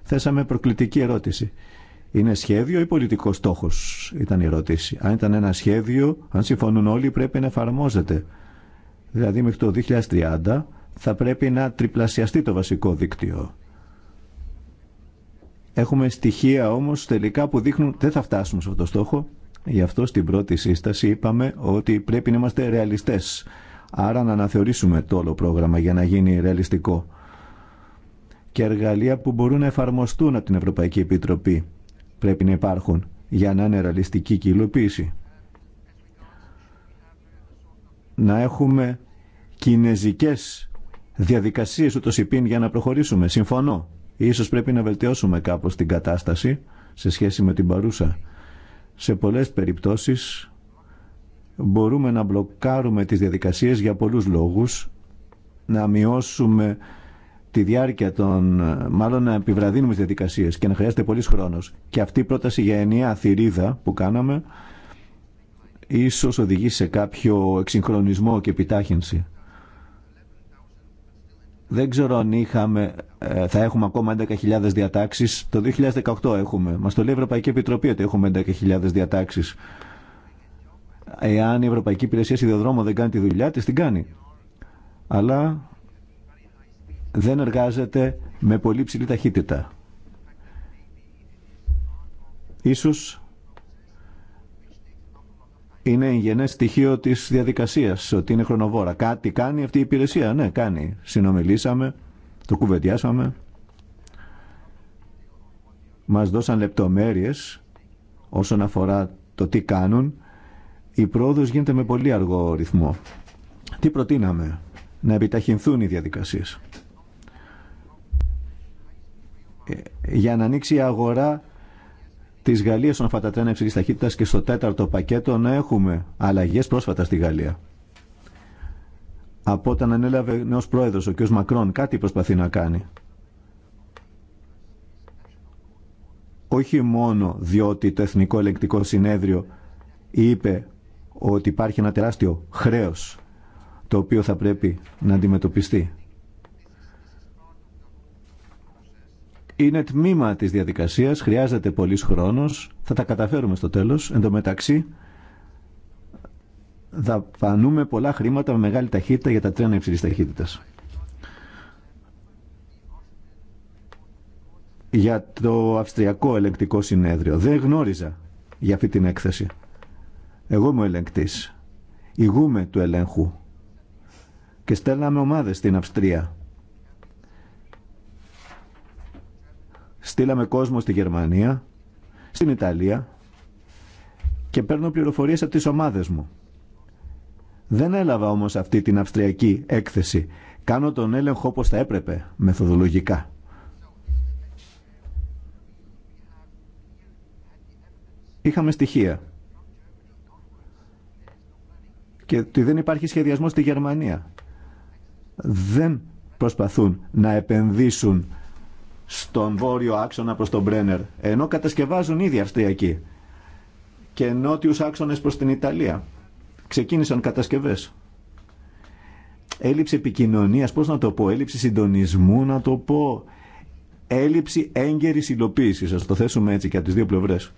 Θέσαμε προκλητική ερώτηση. Είναι σχέδιο ή πολιτικό στόχο, ήταν η ερώτηση. Αν ήταν ένα σχέδιο, αν συμφωνούν όλοι, πρέπει να εφαρμόζεται. Δηλαδή, μέχρι το 2030 θα πρέπει να τριπλασιαστεί το βασικό δίκτυο. Έχουμε στοιχεία όμω τελικά που δείχνουν δεν θα φτάσουμε σε αυτό το στόχο. Γι' αυτό στην πρώτη σύσταση είπαμε ότι πρέπει να είμαστε ρεαλιστές. Άρα να αναθεωρήσουμε το όλο πρόγραμμα για να γίνει ρεαλιστικό. Και εργαλεία που μπορούν να εφαρμοστούν από την Ευρωπαϊκή Επιτροπή πρέπει να υπάρχουν για να είναι ρεαλιστική και υλοποίηση. Να έχουμε κινέζικες διαδικασίες ούτως πίν για να προχωρήσουμε. Συμφωνώ. Ίσως πρέπει να βελτιώσουμε κάπως την κατάσταση σε σχέση με την παρούσα σε πολλές περιπτώσεις μπορούμε να μπλοκάρουμε τις διαδικασίες για πολλούς λόγους, να μειώσουμε τη διάρκεια των, μάλλον να επιβραδύνουμε τις διαδικασίες και να χρειάζεται πολλής χρόνος. Και αυτή η πρόταση για ενιαία θηρίδα που κάναμε ίσως οδηγεί σε κάποιο εξυγχρονισμό και επιτάχυνση. Δεν ξέρω αν είχαμε, ε, θα έχουμε ακόμα 11.000 διατάξεις. Το 2018 έχουμε. Μας το λέει η Ευρωπαϊκή Επιτροπή ότι έχουμε 11.000 διατάξεις. Εάν η Ευρωπαϊκή Υπηρεσία Σιδεοδρόμου δεν κάνει τη δουλειά της, την κάνει. Αλλά δεν εργάζεται με πολύ ψηλή ταχύτητα. Ίσως είναι γενέ στοιχείο τη διαδικασίας, ότι είναι χρονοβόρα. Κάτι κάνει αυτή η υπηρεσία, ναι, κάνει. Συνομιλήσαμε, το κουβεντιάσαμε, μας δώσαν λεπτομέρειες όσον αφορά το τι κάνουν. Η πρόοδος γίνεται με πολύ αργό ρυθμό. Τι προτείναμε, να επιταχυνθούν οι διαδικασίες. Ε, για να ανοίξει η αγορά τη Γαλλία στον αφορά τα τρένα υψηλή ταχύτητα και στο τέταρτο πακέτο να έχουμε αλλαγέ πρόσφατα στη Γαλλία. Από όταν ανέλαβε νέο πρόεδρο ο κ. Μακρόν, κάτι προσπαθεί να κάνει. Όχι μόνο διότι το Εθνικό ελεκτικό Συνέδριο είπε ότι υπάρχει ένα τεράστιο χρέος το οποίο θα πρέπει να αντιμετωπιστεί. Είναι τμήμα της διαδικασίας, χρειάζεται πολύς χρόνος, θα τα καταφέρουμε στο τέλος. Εν τω μεταξύ, δαπανούμε πολλά χρήματα με μεγάλη ταχύτητα για τα τρένα υψηλής ταχύτητας. Για το Αυστριακό Ελεγκτικό Συνέδριο. Δεν γνώριζα για αυτή την έκθεση. Εγώ είμαι ο ελεγκτής. Ηγούμε του ελέγχου. Και στέλναμε ομάδες στην Αυστρία Στείλαμε κόσμο στη Γερμανία, στην Ιταλία και παίρνω πληροφορίες από τις ομάδες μου. Δεν έλαβα όμως αυτή την αυστριακή έκθεση. Κάνω τον έλεγχο όπως θα έπρεπε, μεθοδολογικά. Είχαμε στοιχεία. Και ότι δεν υπάρχει σχεδιασμό στη Γερμανία. Δεν προσπαθούν να επενδύσουν στον βόρειο άξονα προς τον Μπρένερ, ενώ κατασκευάζουν ήδη Αυστριακοί και νότιους άξονες προς την Ιταλία. Ξεκίνησαν κατασκευές. Έλλειψη επικοινωνίας, πώς να το πω, έλλειψη συντονισμού, να το πω, έλλειψη έγκαιρης υλοποίησης, ας το θέσουμε έτσι και από τις δύο πλευρές.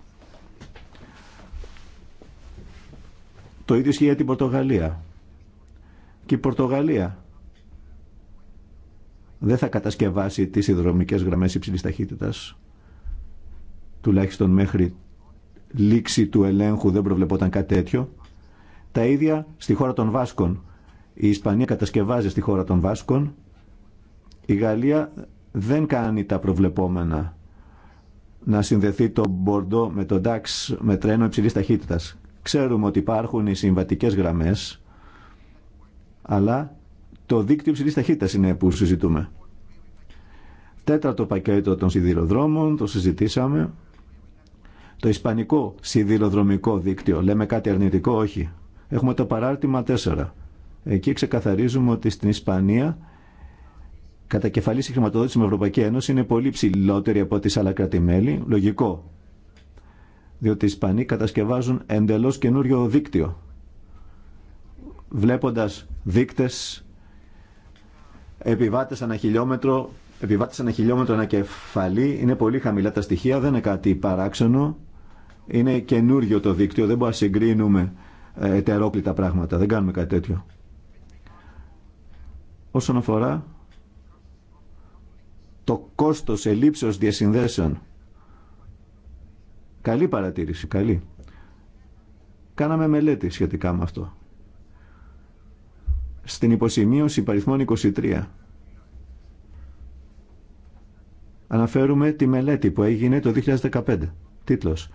Το ίδιο ισχύει για την Πορτογαλία. Και η Πορτογαλία δεν θα κατασκευάσει τις υδρομικές γραμμές υψηλής ταχύτητας. Τουλάχιστον μέχρι λήξη του ελέγχου δεν προβλεπόταν κάτι τέτοιο. Τα ίδια στη χώρα των Βάσκων. Η Ισπανία κατασκευάζει στη χώρα των Βάσκων. Η Γαλλία δεν κάνει τα προβλεπόμενα να συνδεθεί το Μπορντό με το Ντάξ με τρένο υψηλής ταχύτητας. Ξέρουμε ότι υπάρχουν οι συμβατικές γραμμές, αλλά το δίκτυο υψηλή ταχύτητα είναι που συζητούμε. Τέταρτο πακέτο των σιδηροδρόμων, το συζητήσαμε. Το ισπανικό σιδηροδρομικό δίκτυο, λέμε κάτι αρνητικό, όχι. Έχουμε το παράρτημα 4. Εκεί ξεκαθαρίζουμε ότι στην Ισπανία κατά κεφαλή η χρηματοδότηση με Ευρωπαϊκή Ένωση είναι πολύ ψηλότερη από τις άλλα Λογικό. Διότι οι Ισπανοί κατασκευάζουν εντελώς καινούριο δίκτυο. Βλέποντας δίκτες Επιβάτε ένα χιλιόμετρο, επιβάτες ανά χιλιόμετρο κεφαλή. Είναι πολύ χαμηλά τα στοιχεία, δεν είναι κάτι παράξενο. Είναι καινούριο το δίκτυο, δεν μπορούμε να συγκρίνουμε ε, ετερόκλητα πράγματα. Δεν κάνουμε κάτι τέτοιο. Όσον αφορά το κόστος ελήψεως διασυνδέσεων. Καλή παρατήρηση, καλή. Κάναμε μελέτη σχετικά με αυτό στην υποσημείωση παριθμών 23. Αναφέρουμε τη μελέτη που έγινε το 2015. Τίτλος.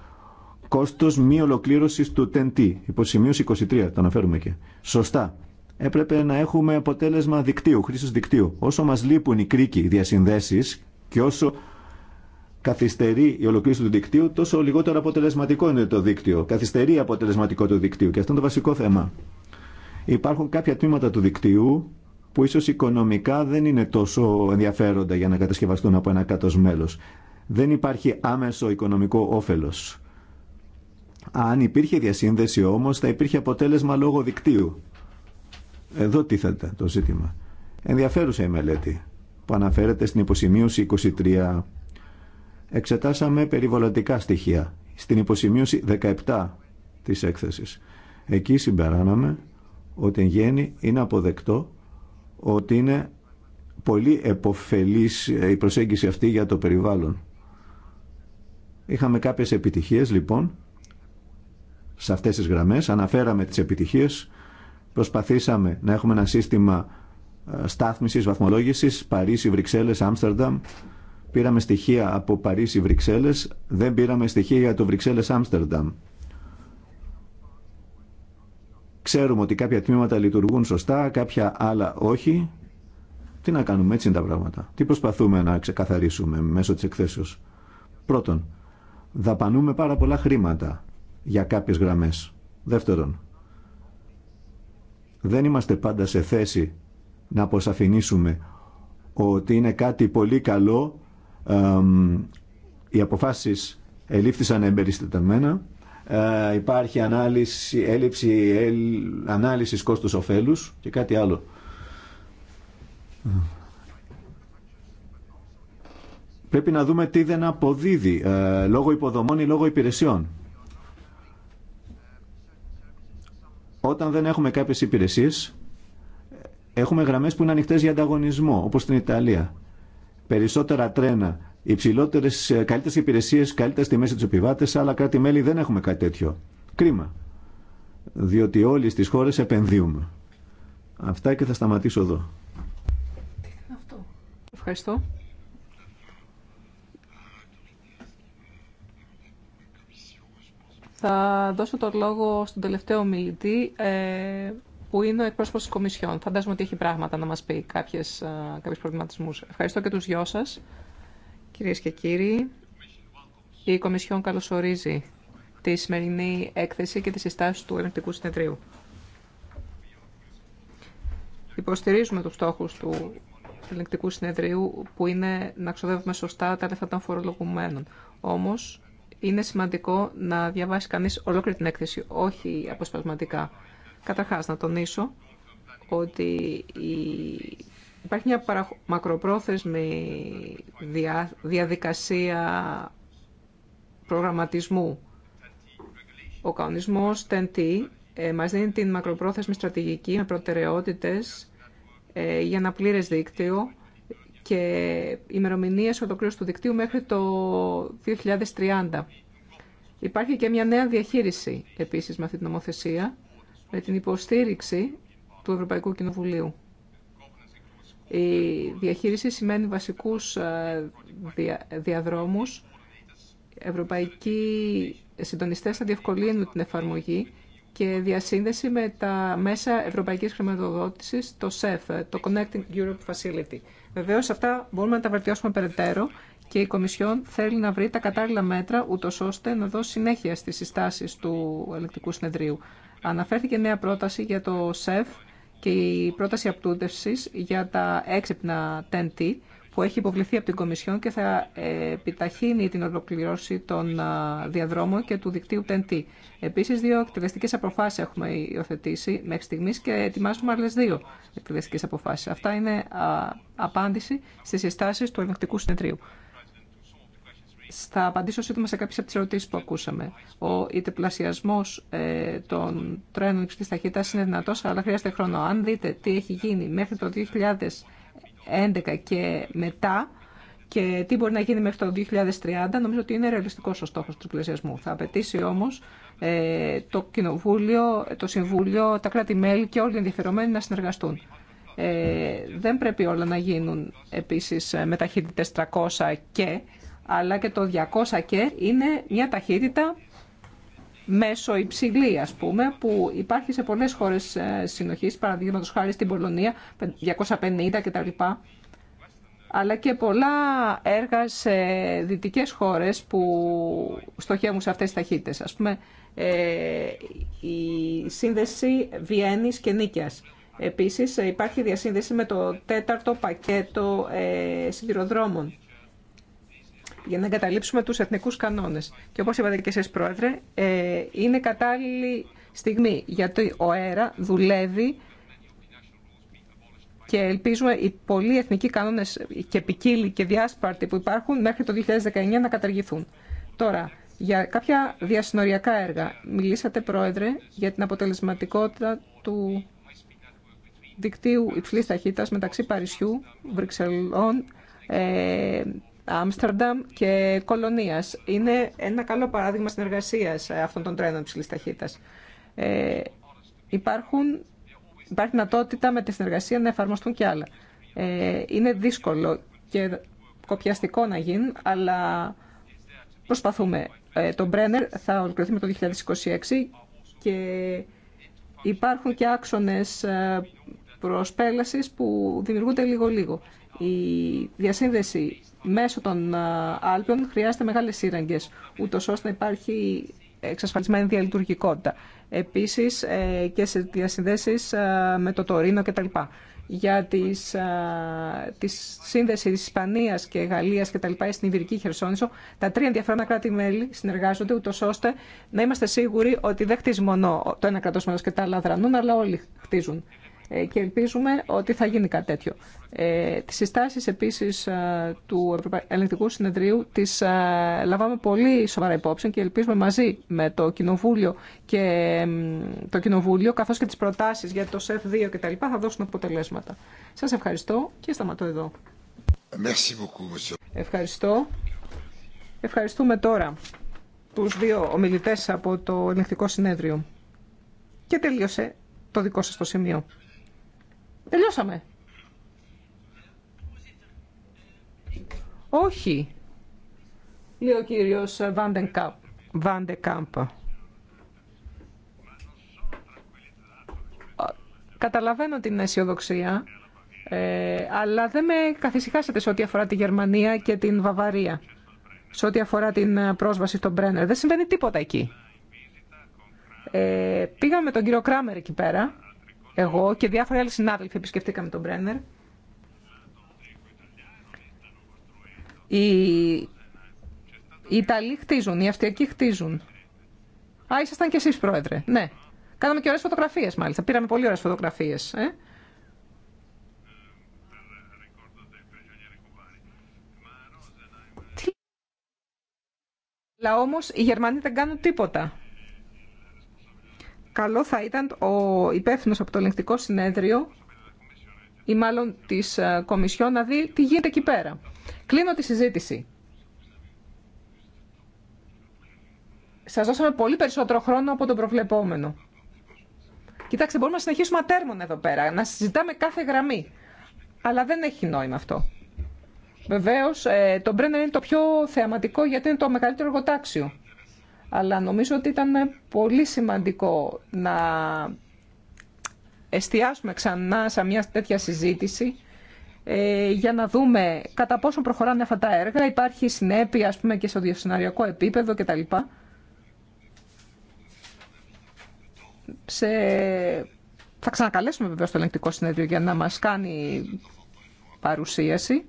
Κόστος μη ολοκλήρωσης του ΤΕΝΤΗ». Υποσημείωση 23. Το αναφέρουμε και. Σωστά. Έπρεπε να έχουμε αποτέλεσμα δικτύου, χρήσης δικτύου. Όσο μας λείπουν οι κρίκοι, διασυνδέσεις και όσο καθυστερεί η ολοκλήρωση του δικτύου, τόσο λιγότερο αποτελεσματικό είναι το δίκτυο. Καθυστερεί η αποτελεσματικό του δικτύου. Και αυτό είναι το βασικό θέμα. Υπάρχουν κάποια τμήματα του δικτύου που ίσως οικονομικά δεν είναι τόσο ενδιαφέροντα για να κατασκευαστούν από ένα κάτω μέλος. Δεν υπάρχει άμεσο οικονομικό όφελος. Αν υπήρχε διασύνδεση όμως θα υπήρχε αποτέλεσμα λόγω δικτύου. Εδώ τίθεται το ζήτημα. Ενδιαφέρουσα η μελέτη που αναφέρεται στην υποσημείωση 23. Εξετάσαμε περιβολατικά στοιχεία. Στην υποσημείωση 17 της έκθεσης. Εκεί συμπεράναμε ότι εν γέννη είναι αποδεκτό ότι είναι πολύ εποφελής ε, η προσέγγιση αυτή για το περιβάλλον. Είχαμε κάποιες επιτυχίες λοιπόν σε αυτές τις γραμμές, αναφέραμε τις επιτυχίες, προσπαθήσαμε να έχουμε ένα σύστημα ε, στάθμισης, βαθμολόγησης, Παρίσι, Βρυξέλλες, Άμστερνταμ, πήραμε στοιχεία από Παρίσι, Βρυξέλλες, δεν πήραμε στοιχεία για το Βρυξέλλες, Άμστερνταμ. Ξέρουμε ότι κάποια τμήματα λειτουργούν σωστά, κάποια άλλα όχι. Τι να κάνουμε, έτσι είναι τα πράγματα. Τι προσπαθούμε να ξεκαθαρίσουμε μέσω της εκθέσεως. Πρώτον, δαπανούμε πάρα πολλά χρήματα για κάποιες γραμμές. Δεύτερον, δεν είμαστε πάντα σε θέση να αποσαφηνίσουμε ότι είναι κάτι πολύ καλό. Ε, οι αποφάσεις ελήφθησαν εμπεριστατωμένα ε, υπάρχει ανάλυση, έλλειψη ελ, ανάλυσης κόστους κόστους-οφέλους και κάτι άλλο. Πρέπει να δούμε τι δεν αποδίδει ε, λόγω υποδομών ή λόγω υπηρεσιών. Όταν δεν έχουμε κάποιες υπηρεσίες, έχουμε γραμμές που είναι ανοιχτές για ανταγωνισμό, όπως στην Ιταλία. Περισσότερα τρένα υψηλότερε, καλύτερε υπηρεσίε, καλύτερε τιμέ για του επιβάτε. άλλα κράτη-μέλη δεν έχουμε κάτι τέτοιο. Κρίμα. Διότι όλοι στι χώρε επενδύουμε. Αυτά και θα σταματήσω εδώ. Τι είναι αυτό. Ευχαριστώ. Θα δώσω το λόγο στον τελευταίο μιλητή ε, που είναι ο εκπρόσωπος της Κομισιόν. Φαντάζομαι ότι έχει πράγματα να μας πει κάποιες, ε, προβληματισμούς. Ευχαριστώ και τους δυο σας. Κυρίες και κύριοι, η Κομισιόν καλωσορίζει τη σημερινή έκθεση και τις συστάσεις του ελληνικού Συνεδρίου. Υποστηρίζουμε τους στόχους του Ελεκτικού Συνεδρίου που είναι να ξοδεύουμε σωστά τα λεφτά των φορολογουμένων. Όμως, είναι σημαντικό να διαβάσει κανείς ολόκληρη την έκθεση, όχι αποσπασματικά. Καταρχάς, να τονίσω ότι η Υπάρχει μια μακροπρόθεσμη διαδικασία προγραμματισμού. Ο κανονισμός TEN-T ε, μας δίνει την μακροπρόθεσμη στρατηγική με προτεραιότητες ε, για ένα πλήρες δίκτυο και ημερομηνίε οδοκλήρωση του δικτύου μέχρι το 2030. Υπάρχει και μια νέα διαχείριση επίσης με αυτή την νομοθεσία, με την υποστήριξη του Ευρωπαϊκού Κοινοβουλίου. Η διαχείριση σημαίνει βασικούς ε, διαδρόμους. Ευρωπαϊκοί συντονιστές θα διευκολύνουν την εφαρμογή και διασύνδεση με τα μέσα ευρωπαϊκής χρηματοδότησης, το ΣΕΦ, το Connecting Europe Facility. Βεβαίως αυτά μπορούμε να τα βελτιώσουμε περαιτέρω και η Κομισιόν θέλει να βρει τα κατάλληλα μέτρα ούτω ώστε να δώσει συνέχεια στις συστάσεις του ελεκτικού συνεδρίου. Αναφέρθηκε νέα πρόταση για το ΣΕΦ και η πρόταση απτούντευσης για τα έξυπνα TNT που έχει υποβληθεί από την Κομισιόν και θα ε, επιταχύνει την ολοκληρώση των διαδρόμων και του δικτύου TNT. Επίσης, δύο εκτελεστικές αποφάσεις έχουμε υιοθετήσει μέχρι στιγμή και ετοιμάζουμε άλλε δύο εκτελεστικές αποφάσεις. Αυτά είναι απάντηση στι συστάσεις του ελεγκτικού συνεδρίου. Θα απαντήσω σύντομα σε κάποιες από τις ερωτήσεις που ακούσαμε. Ο ιτεπλασιασμός ε, των τρένων υψηλής ταχύτητας είναι δυνατός, αλλά χρειάζεται χρόνο. Αν δείτε τι έχει γίνει μέχρι το 2011 και μετά, και τι μπορεί να γίνει μέχρι το 2030, νομίζω ότι είναι ρεαλιστικό ο στόχο του πλαισιασμού. Θα απαιτήσει όμω ε, το Κοινοβούλιο, το Συμβούλιο, τα κράτη-μέλη και όλοι οι ενδιαφερομένοι να συνεργαστούν. Ε, δεν πρέπει όλα να γίνουν επίση ε, με ταχύτητε 300 και, αλλά και το 200 και είναι μια ταχύτητα μέσω υψηλή, ας πούμε, που υπάρχει σε πολλές χώρες ε, συνοχής, παραδείγματος χάρη στην Πολωνία, 250 κτλ. Αλλά και πολλά έργα σε δυτικές χώρες που στοχεύουν σε αυτές τις ταχύτητες. Ας πούμε, ε, η σύνδεση Βιέννης και Νίκιας. Επίσης, ε, υπάρχει διασύνδεση με το τέταρτο πακέτο συντηροδρόμων για να εγκαταλείψουμε τους εθνικούς κανόνες. Και όπως είπατε και εσείς Πρόεδρε, ε, είναι κατάλληλη στιγμή, γιατί ο ΑΕΡΑ δουλεύει και ελπίζουμε οι πολλοί εθνικοί κανόνες και ποικίλοι και διάσπαρτοι που υπάρχουν μέχρι το 2019 να καταργηθούν. Τώρα, για κάποια διασυνοριακά έργα, μιλήσατε Πρόεδρε για την αποτελεσματικότητα του δικτύου υψηλής ταχύτητας μεταξύ Παρισιού, Βρυξελών, ε, Άμστερνταμ και Κολονίας. Είναι ένα καλό παράδειγμα συνεργασία ε, αυτών των τρένων ψηλή ταχύτητα. Ε, υπάρχουν, υπάρχει δυνατότητα με τη συνεργασία να εφαρμοστούν και άλλα. Ε, είναι δύσκολο και κοπιαστικό να γίνει, αλλά προσπαθούμε. Ε, το Brenner θα ολοκληρωθεί με το 2026 και υπάρχουν και άξονες ε, προσπέλασης που δημιουργούνται λίγο-λίγο. Η διασύνδεση μέσω των Άλπιων χρειάζεται μεγάλες σύραγγε, ούτω ώστε να υπάρχει εξασφαλισμένη διαλειτουργικότητα. Επίσης ε, και σε διασυνδέσεις με το Τωρίνο κτλ. Για τις, τη σύνδεση της Ισπανίας και Γαλλίας κτλ. στην Ιβυρική Χερσόνησο, τα τρία ενδιαφέροντα κράτη-μέλη συνεργάζονται ούτως ώστε να είμαστε σίγουροι ότι δεν χτίζει μόνο το ένα κράτος και τα άλλα δρανούν, αλλά όλοι χτίζουν. Ε, και ελπίζουμε ότι θα γίνει κάτι τέτοιο. Ε, τις συστάσεις επίσης ε, του Ελληνικού Συνεδρίου τις ε, λαμβάνουμε πολύ σοβαρά υπόψη και ελπίζουμε μαζί με το Κοινοβούλιο, και, το Κοινοβούλιο καθώς και τις προτάσεις για το ΣΕΦ2 κτλ. θα δώσουν αποτελέσματα. Σας ευχαριστώ και σταματώ εδώ. Ευχαριστώ. Ευχαριστούμε τώρα τους δύο ομιλητές από το Ελεκτικό Συνέδριο. Και τελείωσε το δικό σας το σημείο. Τελειώσαμε. Όχι, λέει ο κύριος Βάντεκάμπ. Καταλαβαίνω την αισιοδοξία, ε, αλλά δεν με καθησυχάσετε σε ό,τι αφορά τη Γερμανία και την Βαβαρία, σε ό,τι αφορά την ε, πρόσβαση στον Μπρένερ. Δεν συμβαίνει τίποτα εκεί. Ε, πήγαμε τον κύριο Κράμερ εκεί πέρα εγώ και διάφοροι άλλοι συνάδελφοι επισκεφτήκαμε τον Μπρένερ. Οι... οι Ιταλοί χτίζουν, οι Αυστριακοί χτίζουν. Α, ήσασταν κι εσεί πρόεδρε. Ναι. Κάναμε και ωραίες φωτογραφίε μάλιστα. Πήραμε πολύ ωραίες φωτογραφίε. Ε? Αλλά όμως οι Γερμανοί δεν κάνουν τίποτα καλό θα ήταν ο υπεύθυνο από το ελεγκτικό συνέδριο ή μάλλον της ε, Κομισιόν να δει τι γίνεται εκεί πέρα. Κλείνω τη συζήτηση. Σας δώσαμε πολύ περισσότερο χρόνο από τον προβλεπόμενο. Κοιτάξτε, μπορούμε να συνεχίσουμε ατέρμον εδώ πέρα, να συζητάμε κάθε γραμμή. Αλλά δεν έχει νόημα αυτό. Βεβαίω, ε, το Brenner είναι το πιο θεαματικό γιατί είναι το μεγαλύτερο εργοτάξιο αλλά νομίζω ότι ήταν πολύ σημαντικό να εστιάσουμε ξανά σε μια τέτοια συζήτηση ε, για να δούμε κατά πόσο προχωράνε αυτά τα έργα. Υπάρχει συνέπεια, ας πούμε, και στο διοσυναριακό επίπεδο κτλ. Σε... Θα ξανακαλέσουμε βέβαια στο ελεγκτικό συνέδριο για να μας κάνει παρουσίαση.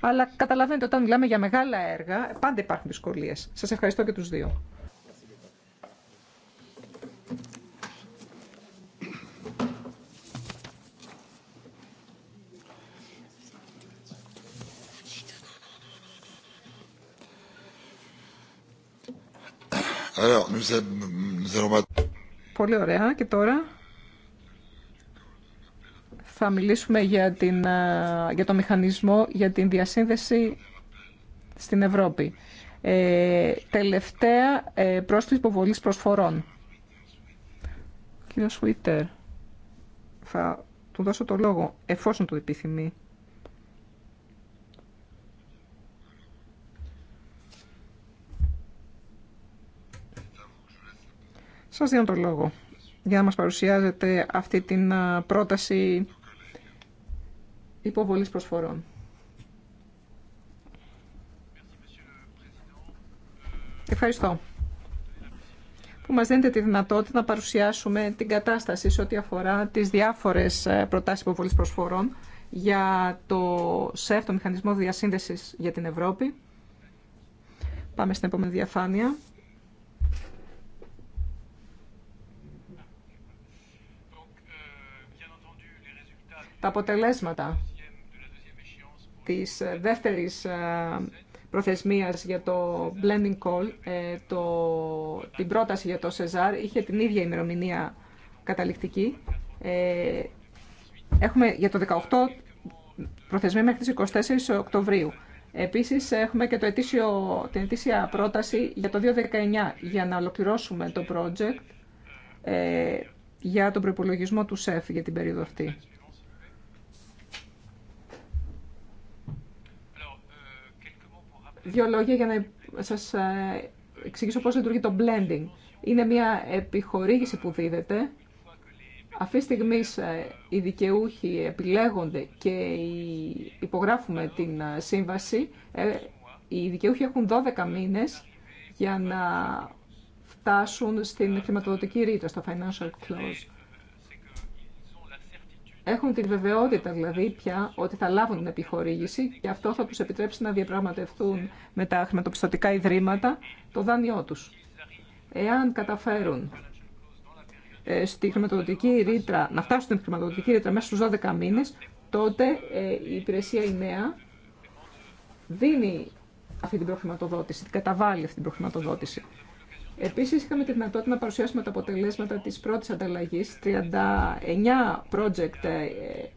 Αλλά καταλαβαίνετε, όταν μιλάμε για μεγάλα έργα, πάντα υπάρχουν δυσκολίες. Σας ευχαριστώ και τους δύο. Πολύ ωραία. Και τώρα θα μιλήσουμε για, την, ε, για το μηχανισμό για την διασύνδεση στην Ευρώπη. Ε, τελευταία ε, πρόσκληση υποβολή προσφορών. Κύριο Σουίτερ, θα του δώσω το λόγο, εφόσον το επιθυμεί. Σας δίνω το λόγο για να μας παρουσιάζετε αυτή την πρόταση υποβολής προσφορών. Ευχαριστώ που μας δίνετε τη δυνατότητα να παρουσιάσουμε την κατάσταση σε ό,τι αφορά τις διάφορες ε, προτάσεις υποβολής προσφορών για το ΣΕΦ, το Μηχανισμό Διασύνδεσης για την Ευρώπη. Πάμε στην επόμενη διαφάνεια. τα αποτελέσματα της δεύτερης ε, προθεσμίας για το blending call, ε, το, την πρόταση για το ΣΕΖΑΡ είχε την ίδια ημερομηνία καταληκτική. Ε, έχουμε για το 18 προθεσμία μέχρι τις 24 Οκτωβρίου. Επίσης έχουμε και το ετήσιο, την ετήσια πρόταση για το 2019 για να ολοκληρώσουμε το project για τον προπολογισμό του ΣΕΦ για την περίοδο αυτή. δύο λόγια για να σας ε, εξηγήσω πώς λειτουργεί το blending. Είναι μια επιχορήγηση που δίδεται. Αυτή τη στιγμή ε, οι δικαιούχοι επιλέγονται και υπογράφουμε την ε, σύμβαση. Οι δικαιούχοι έχουν 12 μήνες για να φτάσουν στην χρηματοδοτική ρήτρα, στο financial close. Έχουν την βεβαιότητα δηλαδή πια ότι θα λάβουν την επιχορήγηση και αυτό θα τους επιτρέψει να διαπραγματευτούν με τα χρηματοπιστωτικά ιδρύματα το δάνειό τους. Εάν καταφέρουν ε, στη χρηματοδοτική ρήτρα, να φτάσουν στην χρηματοδοτική ρήτρα μέσα στους 12 μήνες, τότε ε, η υπηρεσία η νέα δίνει αυτή την προχρηματοδότηση, την καταβάλει αυτή την προχρηματοδότηση. Επίση, είχαμε τη δυνατότητα να παρουσιάσουμε τα αποτελέσματα τη πρώτη ανταλλαγή. 39 project ε, ε,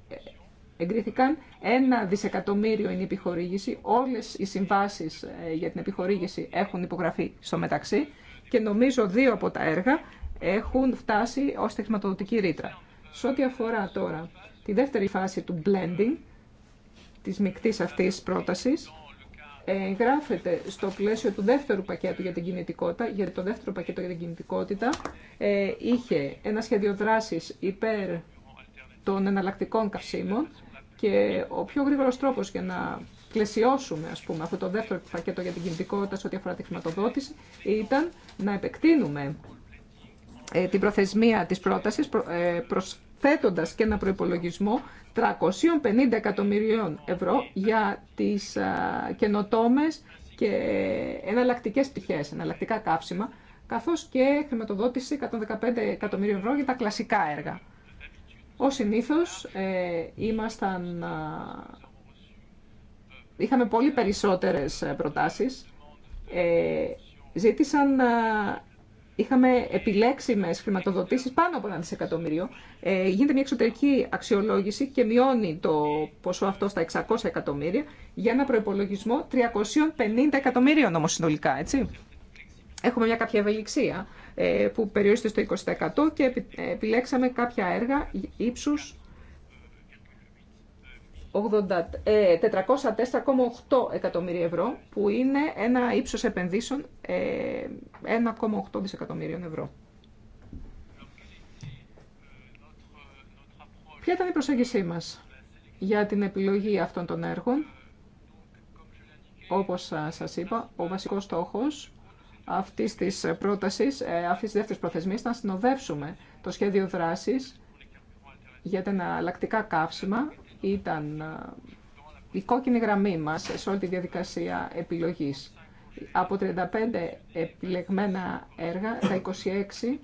εγκρίθηκαν. Ένα δισεκατομμύριο είναι η επιχορήγηση. Όλε οι συμβάσει ε, για την επιχορήγηση έχουν υπογραφεί στο μεταξύ. Και νομίζω δύο από τα έργα έχουν φτάσει ω χρηματοδοτική ρήτρα. Σε ό,τι αφορά τώρα τη δεύτερη φάση του blending, της μεικτής αυτής πρότασης, γράφεται στο πλαίσιο του δεύτερου πακέτου για την κινητικότητα, γιατί το δεύτερο πακέτο για την κινητικότητα ε, είχε ένα σχέδιο δράση υπέρ των εναλλακτικών καυσίμων και ο πιο γρήγορος τρόπος για να πλαισιώσουμε ας πούμε, αυτό το δεύτερο πακέτο για την κινητικότητα σε ό,τι αφορά τη χρηματοδότηση ήταν να επεκτείνουμε ε, την προθεσμία της πρότασης ε, προς θέτοντας και ένα προϋπολογισμό 350 εκατομμυρίων ευρώ για τις καινοτόμες και εναλλακτικές πτυχές, εναλλακτικά κάψιμα, καθώς και χρηματοδότηση 115 εκατομμυρίων ευρώ για τα κλασικά έργα. Ως συνήθως, ε, είχαμε πολύ περισσότερες ε, προτάσεις. Ε, ζήτησαν είχαμε με χρηματοδοτήσει πάνω από ένα δισεκατομμύριο. Ε, γίνεται μια εξωτερική αξιολόγηση και μειώνει το ποσό αυτό στα 600 εκατομμύρια για ένα προπολογισμό 350 εκατομμύριων όμω συνολικά, έτσι. Έχουμε μια κάποια ευελιξία ε, που περιορίζεται στο 20% και ε, επιλέξαμε κάποια έργα ύψους 404,8 ε, εκατομμύρια ευρώ, που είναι ένα ύψος επενδύσεων 1,8 ε, δισεκατομμύριων ευρώ. Ποια ήταν η προσέγγισή μας για την επιλογή αυτών των έργων. Όπως σας είπα, ο βασικός στόχος αυτής της πρότασης, ε, αυτής της δεύτερης προθεσμής, ήταν να συνοδεύσουμε το σχέδιο δράσης για τα εναλλακτικά καύσιμα ήταν η κόκκινη γραμμή μας σε όλη τη διαδικασία επιλογής. Από 35 επιλεγμένα έργα, τα 26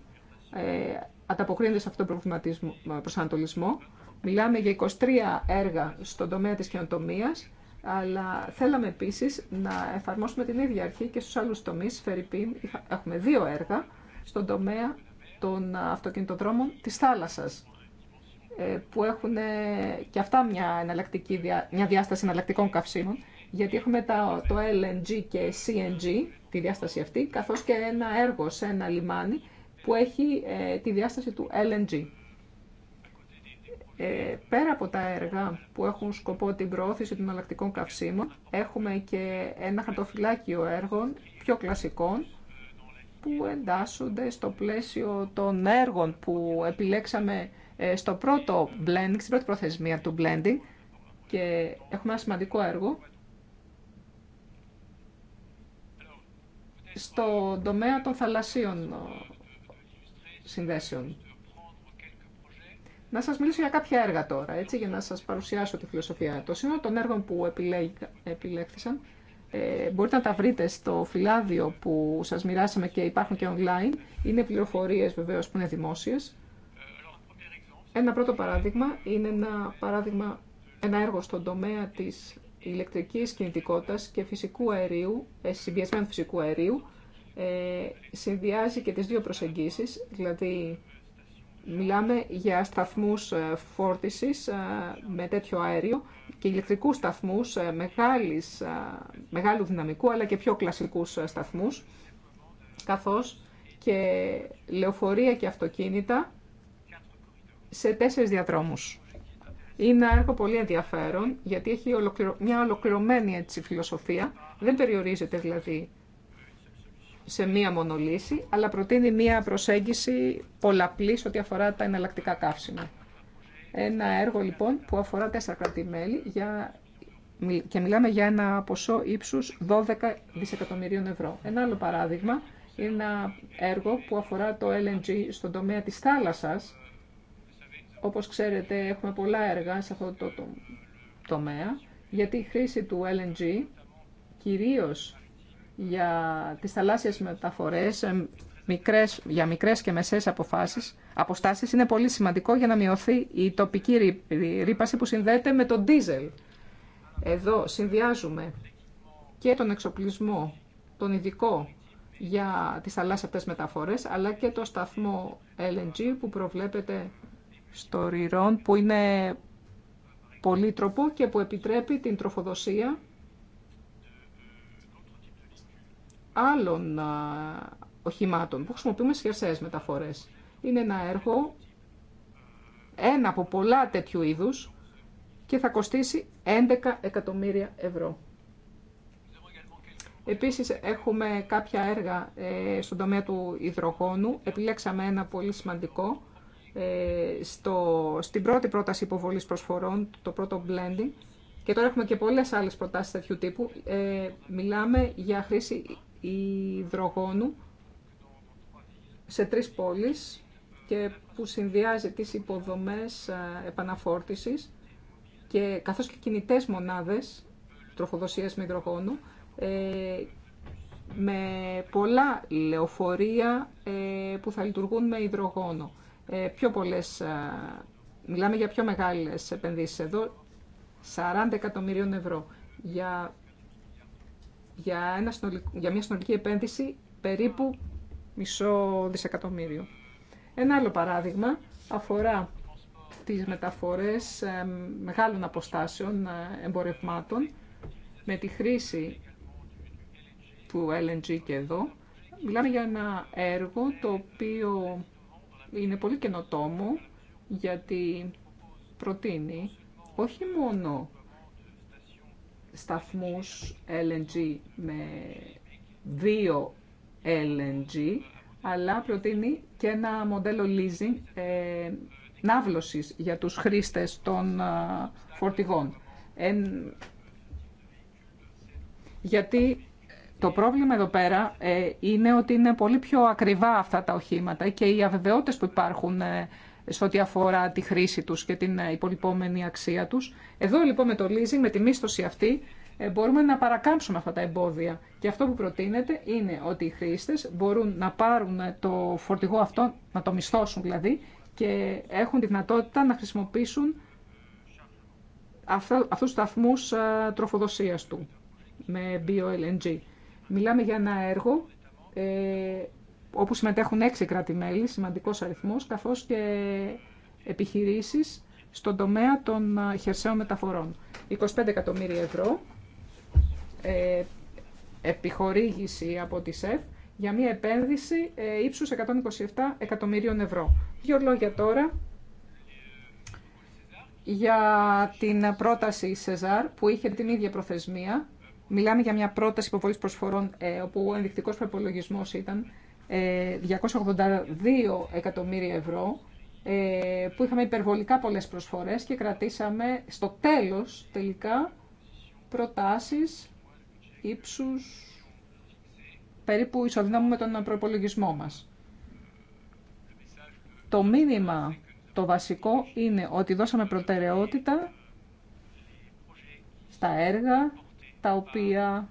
ε, ανταποκρίνονται σε αυτόν τον ε, προσανατολισμό. Μιλάμε για 23 έργα στον τομέα της καινοτομίας, αλλά θέλαμε επίσης να εφαρμόσουμε την ίδια αρχή και στους άλλους τομείς. Φερρυπίν, έχουμε δύο έργα στον τομέα των αυτοκινητοδρόμων της θάλασσας. Ε, που έχουν ε, και αυτά μια, εναλλακτική, μια διάσταση εναλλακτικών καυσίμων, γιατί έχουμε το LNG και CNG, τη διάσταση αυτή, καθώς και ένα έργο σε ένα λιμάνι που έχει ε, τη διάσταση του LNG. πέρα από τα έργα που έχουν σκοπό την προώθηση των εναλλακτικών καυσίμων, έχουμε και ένα χαρτοφυλάκιο έργων πιο κλασικών, που εντάσσονται στο πλαίσιο των έργων που επιλέξαμε ε, στο πρώτο blending, στην πρώτη προθεσμία του blending και έχουμε ένα σημαντικό έργο στο τομέα των θαλασσίων συνδέσεων. Να σας μιλήσω για κάποια έργα τώρα, έτσι, για να σας παρουσιάσω τη φιλοσοφία. Το σύνολο των έργων που επιλέχθησαν ε, μπορείτε να τα βρείτε στο φυλάδιο που σας μοιράσαμε και υπάρχουν και online. Είναι πληροφορίες βεβαίως που είναι δημόσιες. Ένα πρώτο παράδειγμα είναι ένα, παράδειγμα, ένα έργο στον τομέα της ηλεκτρικής κινητικότητας και φυσικού αερίου, ε, συμπιεσμένου φυσικού αερίου, ε, συνδυάζει και τις δύο προσεγγίσεις, δηλαδή μιλάμε για σταθμούς ε, φόρτισης με τέτοιο αέριο και ηλεκτρικούς σταθμούς μεγάλου δυναμικού αλλά και πιο κλασικούς σταθμούς, καθώς και λεωφορεία και αυτοκίνητα σε τέσσερις διαδρόμους. Είναι ένα έργο πολύ ενδιαφέρον, γιατί έχει ολοκληρω... μια ολοκληρωμένη έτσι, φιλοσοφία. Δεν περιορίζεται δηλαδή σε μία μονολύση, αλλά προτείνει μία προσέγγιση πολλαπλή ό,τι αφορά τα εναλλακτικά καύσιμα. Ένα έργο λοιπόν που αφορά τέσσερα κρατημέλη για... και μιλάμε για ένα ποσό ύψους 12 δισεκατομμυρίων ευρώ. Ένα άλλο παράδειγμα είναι ένα έργο που αφορά το LNG στον τομέα της θάλασσας όπως ξέρετε έχουμε πολλά έργα σε αυτό το τομέα, γιατί η χρήση του LNG κυρίως για τις θαλάσσιες μεταφορές ε, μικρές, για μικρές και μεσές αποφάσεις, αποστάσεις είναι πολύ σημαντικό για να μειωθεί η τοπική ρήπαση που συνδέεται με τον ντίζελ. Εδώ συνδυάζουμε και τον εξοπλισμό, τον ειδικό για τις θαλάσσιες μεταφορές, αλλά και το σταθμό LNG που προβλέπεται στο που είναι πολύτροπο και που επιτρέπει την τροφοδοσία άλλων οχημάτων που χρησιμοποιούμε σε χερσαίες μεταφορές. Είναι ένα έργο, ένα από πολλά τέτοιου είδους και θα κοστίσει 11 εκατομμύρια ευρώ. Επίσης έχουμε κάποια έργα ε, στον τομέα του υδρογόνου. Επιλέξαμε ένα πολύ σημαντικό ε, στο, στην πρώτη πρόταση υποβολής προσφορών, το πρώτο blending, και τώρα έχουμε και πολλές άλλες προτάσεις τέτοιου τύπου, ε, μιλάμε για χρήση υδρογόνου σε τρεις πόλεις και που συνδυάζει τις υποδομές ε, επαναφόρτησης και καθώς και κινητές μονάδες τροφοδοσίας με υδρογόνου με πολλά λεωφορεία που θα λειτουργούν με υδρογόνο. Ε, πιο πολλές, ε, μιλάμε για πιο μεγάλες επενδύσεις εδώ, 40 εκατομμυρίων ευρώ για, για, μια συνολική επένδυση περίπου μισό δισεκατομμύριο. Ένα άλλο παράδειγμα αφορά τις μεταφορές ε, μεγάλων αποστάσεων εμπορευμάτων με τη χρήση του LNG και εδώ. Μιλάμε για ένα έργο το οποίο είναι πολύ καινοτόμο γιατί προτείνει όχι μόνο σταθμούς LNG με δύο LNG, αλλά προτείνει και ένα μοντέλο leasing ε, ναύλωσης για τους χρήστες των ε, φορτηγών. γιατί το πρόβλημα εδώ πέρα ε, είναι ότι είναι πολύ πιο ακριβά αυτά τα οχήματα και οι αβεβαιότητες που υπάρχουν ε, σε ό,τι αφορά τη χρήση τους και την ε, υπολοιπόμενη αξία τους. Εδώ λοιπόν με το leasing, με τη μίσθωση αυτή, μπορούμε να παρακάμψουμε αυτά τα εμπόδια. Και αυτό που προτείνεται είναι ότι οι χρήστες μπορούν να πάρουν το φορτηγό αυτό, να το μισθώσουν δηλαδή, και έχουν τη δυνατότητα να χρησιμοποιήσουν αυτούς τους σταθμού τροφοδοσίας του με BOLNG. Μιλάμε για ένα έργο ε, όπου συμμετέχουν έξι κράτη-μέλη, σημαντικός αριθμός, καθώς και επιχειρήσεις στον τομέα των ε, χερσαίων μεταφορών. 25 εκατομμύρια ευρώ ε, επιχορήγηση από τη ΣΕΦ για μια επένδυση ε, ύψους 127 εκατομμύριων ευρώ. Δύο λόγια τώρα για την πρόταση ΣΕΖΑΡ που είχε την ίδια προθεσμία Μιλάμε για μια πρόταση υποβολή προσφορών, ε, όπου ο ενδεικτικό προπολογισμό ήταν 282 ε, εκατομμύρια ευρώ, ε, που είχαμε υπερβολικά πολλές προσφορές και κρατήσαμε στο τέλος τελικά προτάσεις ύψους περίπου ισοδυνάμου με τον προπολογισμό μας. Το μήνυμα το βασικό είναι ότι δώσαμε προτεραιότητα στα έργα τα οποία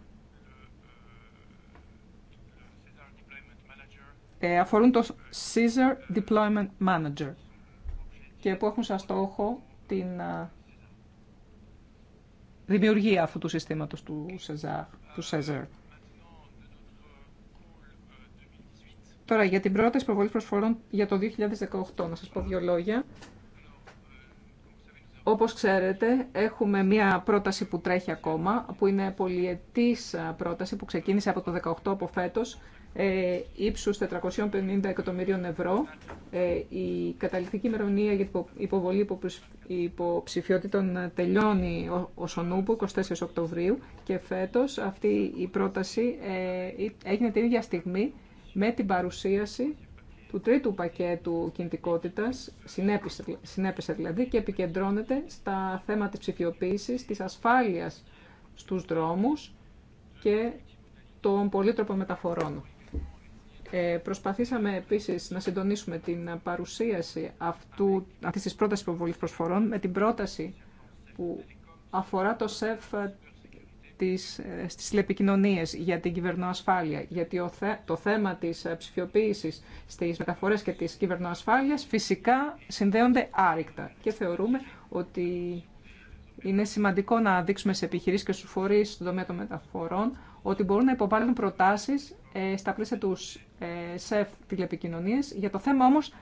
ε, αφορούν το Caesar Deployment Manager και που έχουν σαν στόχο την ε, δημιουργία αυτού του συστήματος του Caesar. Του Caesar. Τώρα για την πρώτη προβολής προσφορών για το 2018, να σας πω δύο λόγια. Όπως ξέρετε, έχουμε μία πρόταση που τρέχει ακόμα, που είναι πολυετής πρόταση που ξεκίνησε από το 18 από φέτος, ε, ύψους 450 εκατομμυρίων ευρώ. Ε, η καταληκτική ημερομηνία για την υποβολή υποψηφιότητων τελειώνει ο ούπο 24 Οκτωβρίου και φέτος αυτή η πρόταση ε, έγινε την ίδια στιγμή με την παρουσίαση του τρίτου πακέτου κινητικότητας, συνέπεσε δηλαδή, και επικεντρώνεται στα θέματα της ψηφιοποίησης, της ασφάλειας στους δρόμους και των πολύτροπων μεταφορών. Ε, προσπαθήσαμε επίσης να συντονίσουμε την παρουσίαση αυτού, αυτής της πρότασης προβολής προσφορών με την πρόταση που αφορά το ΣΕΦ τις, ε, στις τηλεπικοινωνίες, για την κυβερνοασφάλεια, γιατί το θέμα της ε, ψηφιοποίησης στις μεταφορές και της κυβερνοασφάλειας φυσικά συνδέονται άρρηκτα και θεωρούμε ότι είναι σημαντικό να δείξουμε σε επιχειρήσεις και στους φορείς στον τομέα των μεταφορών ότι μπορούν να υποβάλουν προτάσεις ε, στα πλαίσια του ΣΕΦ τηλεπικοινωνίες για το θέμα όμως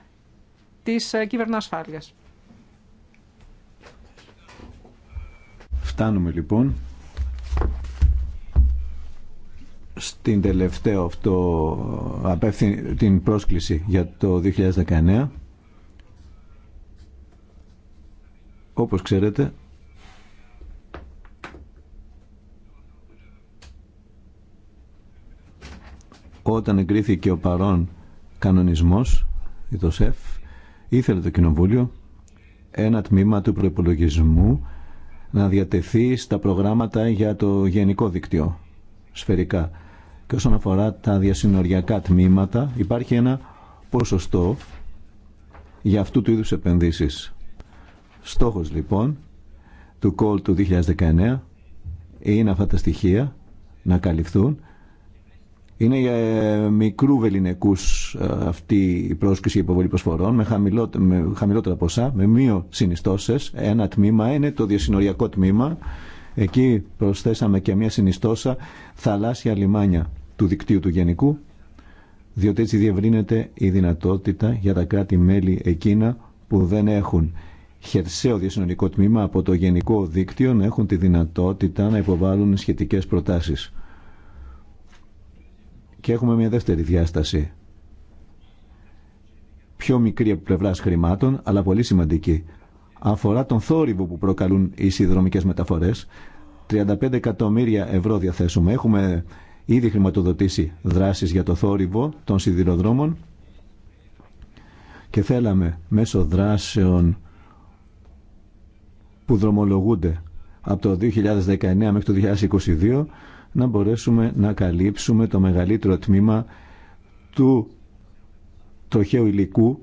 της κυβερνοασφάλειας. Φτάνουμε λοιπόν στην τελευταία αυτό την πρόσκληση για το 2019 όπως ξέρετε όταν εγκρίθηκε ο παρόν κανονισμός το ΣΕΦ ήθελε το Κοινοβούλιο ένα τμήμα του προϋπολογισμού να διατεθεί στα προγράμματα για το γενικό δίκτυο σφαιρικά και όσον αφορά τα διασυνοριακά τμήματα, υπάρχει ένα ποσοστό για αυτού του είδους επενδύσεις. Στόχος λοιπόν του κόλ του 2019 είναι αυτά τα στοιχεία να καλυφθούν. Είναι για ε, μικρού βεληνικού ε, αυτή η πρόσκληση υποβολή προσφορών με, χαμηλότερα, με χαμηλότερα ποσά, με μείο συνιστώσεις. Ένα τμήμα είναι το διασυνοριακό τμήμα. Εκεί προσθέσαμε και μια συνιστόσα θαλάσσια λιμάνια του δικτύου του γενικού, διότι έτσι διευρύνεται η δυνατότητα για τα κράτη-μέλη εκείνα που δεν έχουν χερσαίο διασυνολικό τμήμα από το γενικό δίκτυο να έχουν τη δυνατότητα να υποβάλουν σχετικές προτάσεις. Και έχουμε μια δεύτερη διάσταση. Πιο μικρή από πλευρά χρημάτων, αλλά πολύ σημαντική. Αφορά τον θόρυβο που προκαλούν οι συνδρομικές μεταφορές. 35 εκατομμύρια ευρώ διαθέσουμε. Έχουμε ήδη χρηματοδοτήσει δράσεις για το θόρυβο των σιδηροδρόμων και θέλαμε μέσω δράσεων που δρομολογούνται από το 2019 μέχρι το 2022 να μπορέσουμε να καλύψουμε το μεγαλύτερο τμήμα του τροχαίου υλικού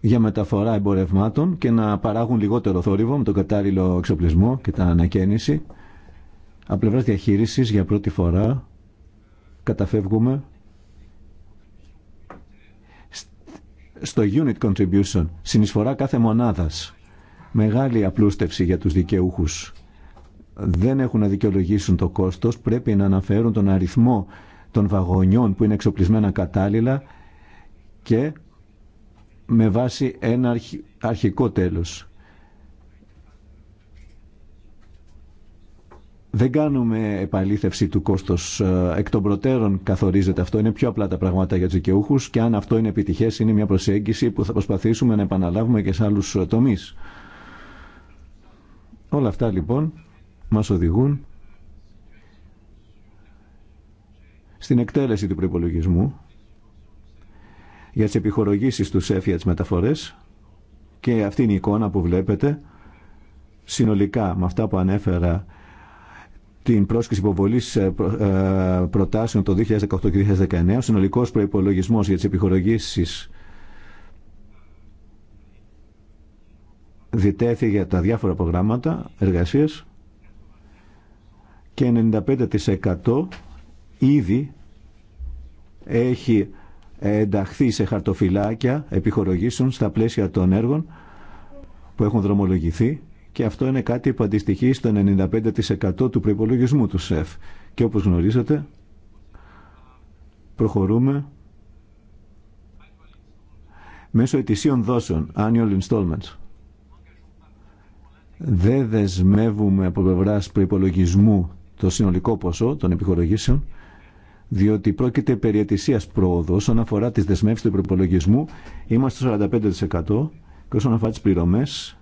για μεταφορά εμπορευμάτων και να παράγουν λιγότερο θόρυβο με τον κατάλληλο εξοπλισμό και τα ανακαίνιση. Από πλευράς διαχείρισης για πρώτη φορά καταφεύγουμε στο unit contribution, συνεισφορά κάθε μονάδας. Μεγάλη απλούστευση για τους δικαιούχους. Δεν έχουν να δικαιολογήσουν το κόστος, πρέπει να αναφέρουν τον αριθμό των βαγονιών που είναι εξοπλισμένα κατάλληλα και με βάση ένα αρχικό τέλος. δεν κάνουμε επαλήθευση του κόστο ε, Εκ των προτέρων καθορίζεται αυτό. Είναι πιο απλά τα πράγματα για του δικαιούχου και αν αυτό είναι επιτυχές είναι μια προσέγγιση που θα προσπαθήσουμε να επαναλάβουμε και σε άλλους ε, τομεί. Όλα αυτά λοιπόν μας οδηγούν στην εκτέλεση του προπολογισμού για τις επιχορογήσεις του ΣΕΦ για μεταφορές και αυτή είναι η εικόνα που βλέπετε συνολικά με αυτά που ανέφερα την πρόσκληση υποβολή ε, ε, προτάσεων το 2018 και 2019, ο συνολικό προπολογισμό για τι επιχορηγήσει διτέθη για τα διάφορα προγράμματα εργασία και 95% ήδη έχει ενταχθεί σε χαρτοφυλάκια επιχορηγήσεων στα πλαίσια των έργων που έχουν δρομολογηθεί και αυτό είναι κάτι που αντιστοιχεί στο 95% του προϋπολογισμού του ΣΕΦ. Και όπως γνωρίζετε, προχωρούμε μέσω ετησίων δόσεων, annual installments. Δεν δεσμεύουμε από πλευρά προπολογισμού το συνολικό ποσό των επιχορηγήσεων, διότι πρόκειται περί ετησίας πρόοδο όσον αφορά τις δεσμεύσεις του προπολογισμού. Είμαστε στο 45% και όσον αφορά τις πληρωμές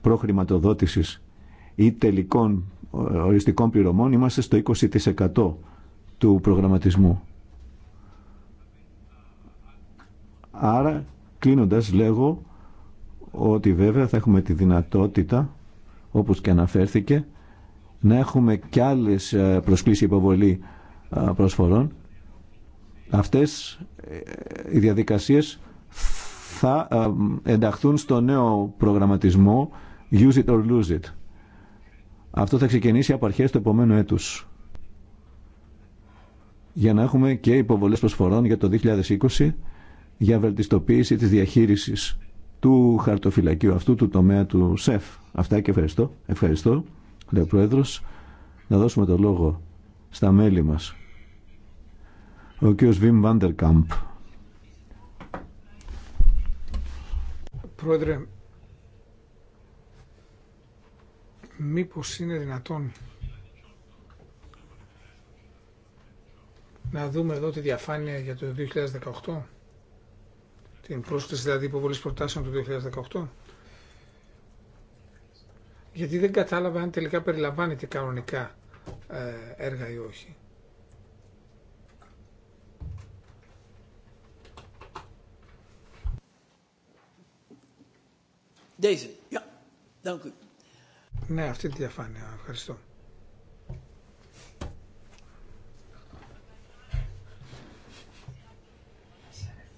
προχρηματοδότησης ή τελικών ε, οριστικών πληρωμών είμαστε στο 20% του προγραμματισμού. Άρα, κλείνοντας, λέγω ότι βέβαια θα έχουμε τη δυνατότητα, όπως και αναφέρθηκε, να έχουμε και άλλες ε, προσκλήσεις υποβολή ε, προσφορών. Αυτές οι διαδικασίες θα ενταχθούν στο νέο προγραμματισμό Use it or lose it. Αυτό θα ξεκινήσει από αρχές του επόμενου έτους. Για να έχουμε και υποβολές προσφορών για το 2020 για βελτιστοποίηση της διαχείρισης του χαρτοφυλακίου αυτού του τομέα του ΣΕΦ. Αυτά και ευχαριστώ. Ευχαριστώ, λέει ο Πρόεδρος. Να δώσουμε το λόγο στα μέλη μας. Ο κ. Βιμ Βάντερκαμπ. Πρόεδρε, μήπως είναι δυνατόν να δούμε εδώ τη διαφάνεια για το 2018, την πρόσθεση δηλαδή υποβολή προτάσεων του 2018. Γιατί δεν κατάλαβα αν τελικά περιλαμβάνεται κανονικά ε, έργα ή όχι. Deze, ja, dank u. Ναι, αυτή τη διαφάνεια. Ευχαριστώ.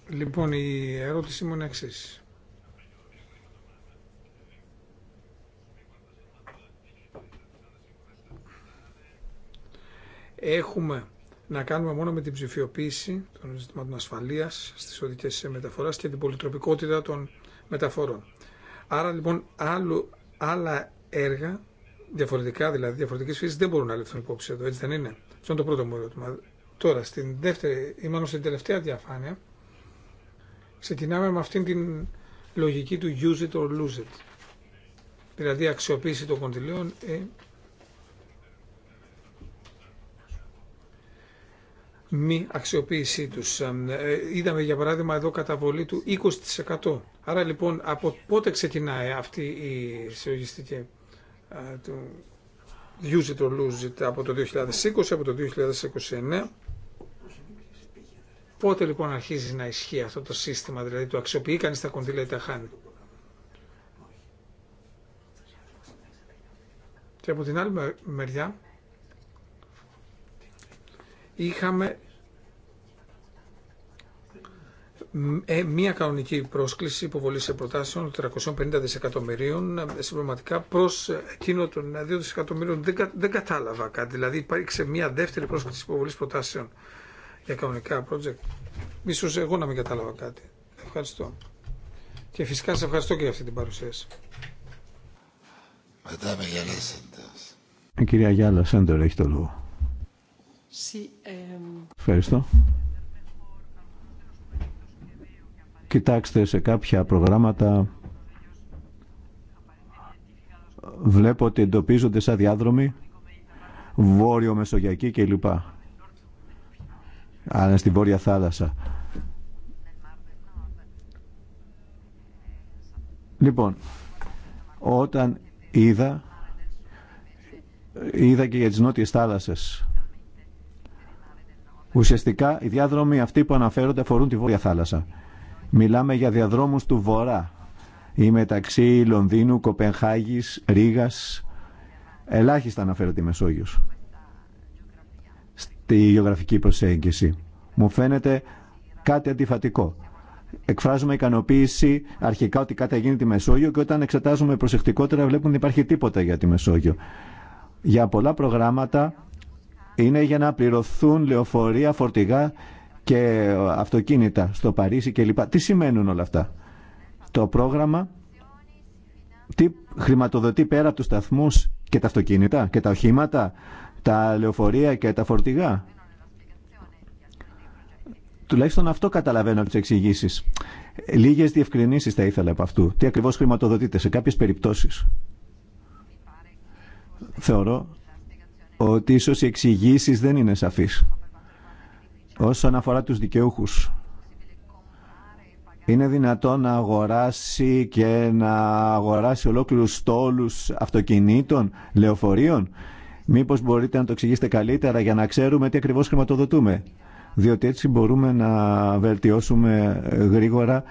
Λοιπόν, η ερώτησή μου είναι εξή. Έχουμε να κάνουμε μόνο με την ψηφιοποίηση των ζητημάτων ασφαλεία στις οδικέ μεταφορά και την πολυτροπικότητα των μεταφορών. Άρα λοιπόν άλλο, άλλα έργα διαφορετικά, δηλαδή διαφορετική φύση, δεν μπορούν να ληφθούν υπόψη εδώ, έτσι δεν είναι. Αυτό είναι το πρώτο μου ερώτημα. Τώρα, στην δεύτερη, ή μάλλον στην τελευταία διαφάνεια, ξεκινάμε με αυτήν την λογική του use it or lose it. Δηλαδή αξιοποίηση των κοντιλίων. Ε, μη αξιοποίησή τους. Ε, είδαμε για παράδειγμα εδώ καταβολή του 20%. Άρα λοιπόν από πότε ξεκινάει αυτή η συλλογιστική ε, του Use it or lose it από το 2020, από το 2029. Πότε λοιπόν αρχίζει να ισχύει αυτό το σύστημα, δηλαδή το αξιοποιεί κανείς τα κονδύλια ή τα χάνει. Και από την άλλη μεριά είχαμε ε, μία κανονική πρόσκληση υποβολή σε προτάσεων 350 δισεκατομμυρίων ε, συμπληρωματικά προ εκείνο των 2 δισεκατομμυρίων. Δεν, κα, δεν κατάλαβα κάτι. Δηλαδή υπάρχει μία δεύτερη πρόσκληση υποβολή προτάσεων για κανονικά project. σω εγώ να μην κατάλαβα κάτι. Ευχαριστώ. Και φυσικά σε ευχαριστώ και για αυτή την παρουσίαση. Μετά με κυρία Γιάλα Σέντορ έχει το λόγο. Ευχαριστώ. Κοιτάξτε σε κάποια προγράμματα βλέπω ότι εντοπίζονται σαν διάδρομοι βόρειο Μεσογειακή κλπ. Αλλά στη Βόρεια Θάλασσα. Λοιπόν, όταν είδα, είδα και για τις νότιες θάλασσες. Ουσιαστικά οι διάδρομοι αυτοί που αναφέρονται αφορούν τη Βόρεια Θάλασσα. Μιλάμε για διαδρόμους του Βορρά ή μεταξύ Λονδίνου, Κοπενχάγης, Ρήγας. Ελάχιστα αναφέρω τη Μεσόγειος στη γεωγραφική προσέγγιση. Μου φαίνεται κάτι αντιφατικό. Εκφράζουμε ικανοποίηση αρχικά ότι κάτι έγινε τη Μεσόγειο και όταν εξετάζουμε προσεκτικότερα βλέπουμε ότι υπάρχει τίποτα για τη Μεσόγειο. Για πολλά προγράμματα είναι για να πληρωθούν λεωφορεία, φορτηγά και αυτοκίνητα στο Παρίσι κλπ. Τι σημαίνουν όλα αυτά. Το πρόγραμμα τι χρηματοδοτεί πέρα από τους σταθμούς και τα αυτοκίνητα και τα οχήματα, τα λεωφορεία και τα φορτηγά. Τουλάχιστον αυτό καταλαβαίνω από τις εξηγήσει. Λίγε διευκρινήσει θα ήθελα από αυτού. Τι ακριβώς χρηματοδοτείται σε κάποιες περιπτώσεις. Θεωρώ ότι ίσως οι εξηγήσει δεν είναι σαφείς. Όσον αφορά τους δικαιούχους, είναι δυνατόν να αγοράσει και να αγοράσει ολόκληρους στόλους αυτοκινήτων, λεωφορείων. Μήπως μπορείτε να το εξηγήσετε καλύτερα για να ξέρουμε τι ακριβώς χρηματοδοτούμε. Διότι έτσι μπορούμε να βελτιώσουμε γρήγορα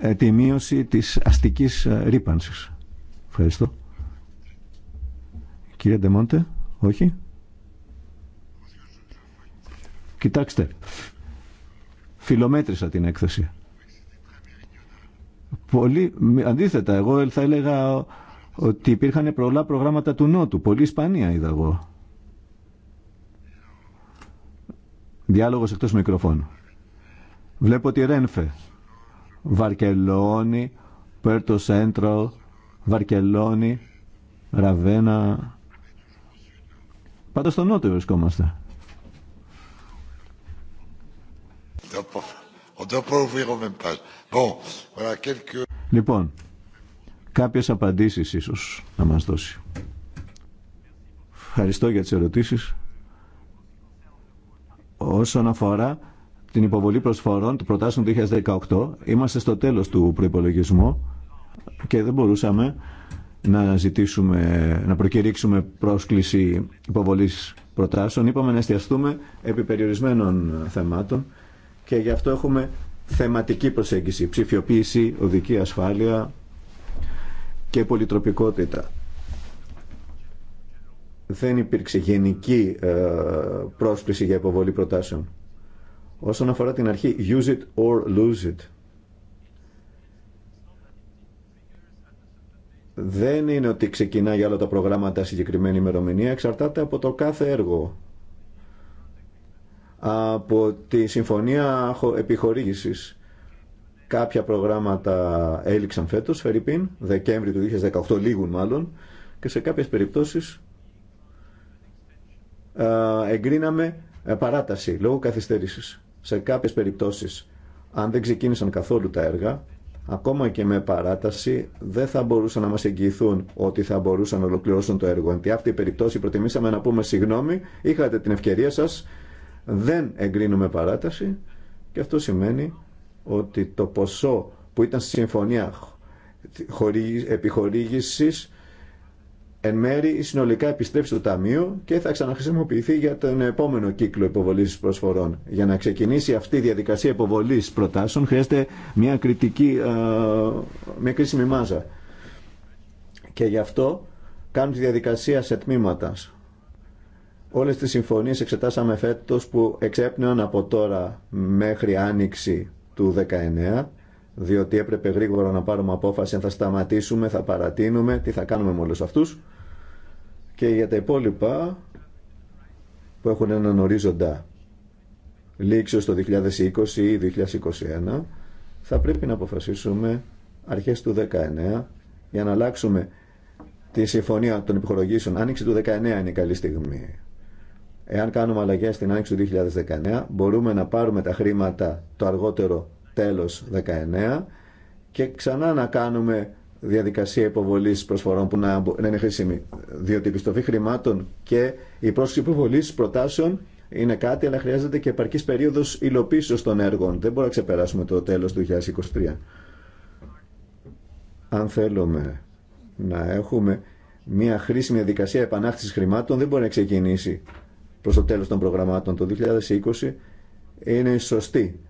ε, τη μείωση της αστικής ε, ρήπανσης. Ευχαριστώ. Κύριε Ντεμόντε, όχι. Κοιτάξτε, φιλομέτρησα την έκθεση. Πολύ, αντίθετα, εγώ θα έλεγα ότι υπήρχαν προλά προγράμματα του Νότου. Πολύ Ισπανία είδα εγώ. Διάλογος εκτός μικροφώνου. Βλέπω ότι Ρένφε, Βαρκελόνη, Πέρτο Σέντρο, Βαρκελόνη, Ραβένα. Πάντα στο Νότο βρισκόμαστε. Λοιπόν, κάποιες απαντήσεις ίσως να μας δώσει. Ευχαριστώ για τις ερωτήσεις. Όσον αφορά την υποβολή προσφορών του προτάσεων του 2018, είμαστε στο τέλος του προϋπολογισμού και δεν μπορούσαμε να ζητήσουμε, να προκηρύξουμε πρόσκληση υποβολής προτάσεων. Είπαμε να εστιαστούμε επί περιορισμένων θεμάτων και γι' αυτό έχουμε θεματική προσέγγιση, ψηφιοποίηση, οδική ασφάλεια και πολυτροπικότητα. Δεν υπήρξε γενική ε, πρόσκληση για υποβολή προτάσεων. Όσον αφορά την αρχή «use it or lose it», δεν είναι ότι ξεκινά για όλα τα προγράμματα συγκεκριμένη ημερομηνία, εξαρτάται από το κάθε έργο από τη Συμφωνία Επιχορήγησης. Κάποια προγράμματα έληξαν φέτος, Φερρυπίν, Δεκέμβρη του 2018, λίγουν μάλλον, και σε κάποιες περιπτώσεις εγκρίναμε ε, παράταση λόγω καθυστέρησης. Σε κάποιες περιπτώσεις, αν δεν ξεκίνησαν καθόλου τα έργα, ακόμα και με παράταση δεν θα μπορούσαν να μας εγγυηθούν ότι θα μπορούσαν να ολοκληρώσουν το έργο. Εν αυτή η περιπτώση προτιμήσαμε να πούμε συγγνώμη, είχατε την ευκαιρία σας, δεν εγκρίνουμε παράταση και αυτό σημαίνει ότι το ποσό που ήταν στη συμφωνία επιχορήγησης εν μέρη συνολικά επιστρέψει στο Ταμείο και θα ξαναχρησιμοποιηθεί για τον επόμενο κύκλο υποβολή προσφορών. Για να ξεκινήσει αυτή η διαδικασία υποβολή προτάσεων χρειάζεται μια, κριτική, ε, μια κρίσιμη μάζα. Και γι' αυτό κάνουν τη διαδικασία σε τμήματα. Όλες τις συμφωνίες εξετάσαμε φέτος που εξέπνεαν από τώρα μέχρι άνοιξη του 19 διότι έπρεπε γρήγορα να πάρουμε απόφαση αν θα σταματήσουμε, θα παρατείνουμε, τι θα κάνουμε με όλους αυτούς. Και για τα υπόλοιπα που έχουν έναν ορίζοντα λήξεως το 2020 ή 2021 θα πρέπει να αποφασίσουμε αρχές του 19 για να αλλάξουμε τη συμφωνία των υποχρεωγήσεων Άνοιξη του 19 είναι η καλή στιγμή. Εάν κάνουμε αλλαγέ στην άνοιξη του 2019, μπορούμε να πάρουμε τα χρήματα το αργότερο τέλο 19 και ξανά να κάνουμε διαδικασία υποβολή προσφορών που να, είναι χρήσιμη. Διότι η επιστροφή χρημάτων και η πρόσκληση υποβολή προτάσεων είναι κάτι, αλλά χρειάζεται και επαρκή περίοδο υλοποίηση των έργων. Δεν μπορούμε να ξεπεράσουμε το τέλο του 2023. Αν θέλουμε να έχουμε μια χρήσιμη διαδικασία επανάκτηση χρημάτων, δεν μπορεί να ξεκινήσει προς το τέλος των προγραμμάτων. Το 2020 είναι η σωστή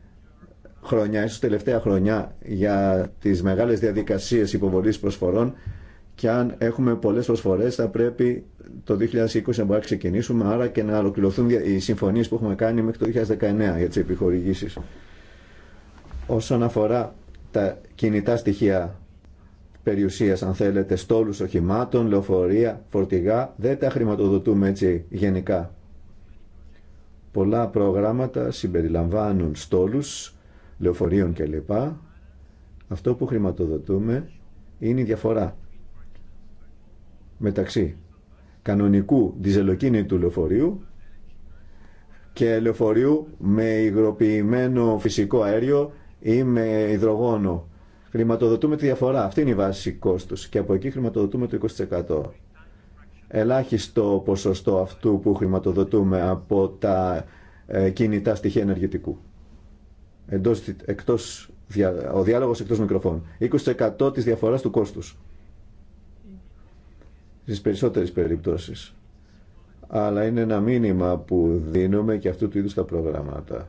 χρονιά, ίσως τελευταία χρονιά για τις μεγάλες διαδικασίες υποβολής προσφορών και αν έχουμε πολλές προσφορές θα πρέπει το 2020 να μπορούμε να ξεκινήσουμε άρα και να ολοκληρωθούν οι συμφωνίες που έχουμε κάνει μέχρι το 2019 για τις επιχορηγήσεις. Όσον αφορά τα κινητά στοιχεία περιουσίας αν θέλετε, στόλους οχημάτων, λεωφορεία, φορτηγά, δεν τα χρηματοδοτούμε έτσι γενικά. Πολλά προγράμματα συμπεριλαμβάνουν στόλους, λεωφορείων κλπ. Αυτό που χρηματοδοτούμε είναι η διαφορά μεταξύ κανονικού διζελοκίνητου λεωφορείου και λεωφορείου με υγροποιημένο φυσικό αέριο ή με υδρογόνο. Χρηματοδοτούμε τη διαφορά. Αυτή είναι η βάση κόστος και από εκεί χρηματοδοτούμε το 20% ελάχιστο ποσοστό αυτού που χρηματοδοτούμε από τα ε, κινητά στοιχεία ενεργητικού. Εντός, εκτός, ο διάλογος εκτός μικροφών. 20% της διαφοράς του κόστους. Στις περισσότερες περιπτώσεις. Αλλά είναι ένα μήνυμα που δίνουμε και αυτού του είδους τα προγράμματα.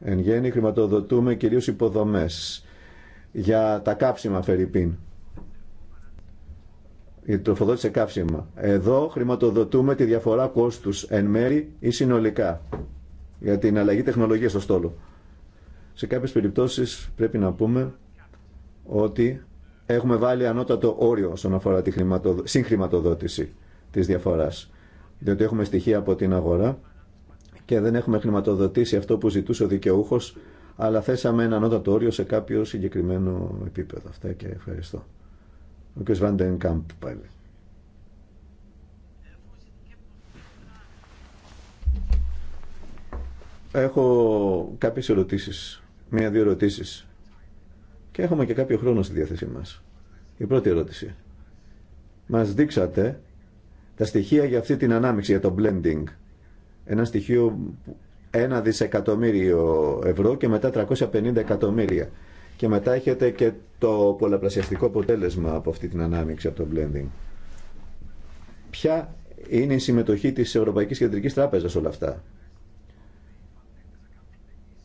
Εν γέννη χρηματοδοτούμε κυρίως υποδομές για τα κάψιμα Φερρυπίν η τροφοδότηση καύσιμα. Εδώ χρηματοδοτούμε τη διαφορά κόστους εν μέρη ή συνολικά για την αλλαγή τεχνολογίας στο στόλο. Σε κάποιες περιπτώσεις πρέπει να πούμε ότι έχουμε βάλει ανώτατο όριο όσον αφορά τη συγχρηματοδότηση της διαφοράς. Διότι έχουμε στοιχεία από την αγορά και δεν έχουμε χρηματοδοτήσει αυτό που ζητούσε ο δικαιούχος αλλά θέσαμε ένα ανώτατο όριο σε κάποιο συγκεκριμένο επίπεδο. Αυτά και ευχαριστώ. Ο κ. Καμπ παλι πάλι. Έχω κάποιες ερωτήσεις, μία-δύο ερωτήσεις και έχουμε και κάποιο χρόνο στη διάθεσή μας. Η πρώτη ερώτηση. Μας δείξατε τα στοιχεία για αυτή την ανάμειξη, για το blending. Ένα στοιχείο ένα δισεκατομμύριο ευρώ και μετά 350 εκατομμύρια και μετά έχετε και το πολλαπλασιαστικό αποτέλεσμα από αυτή την ανάμειξη από το blending. Ποια είναι η συμμετοχή της Ευρωπαϊκής Κεντρικής Τράπεζας όλα αυτά.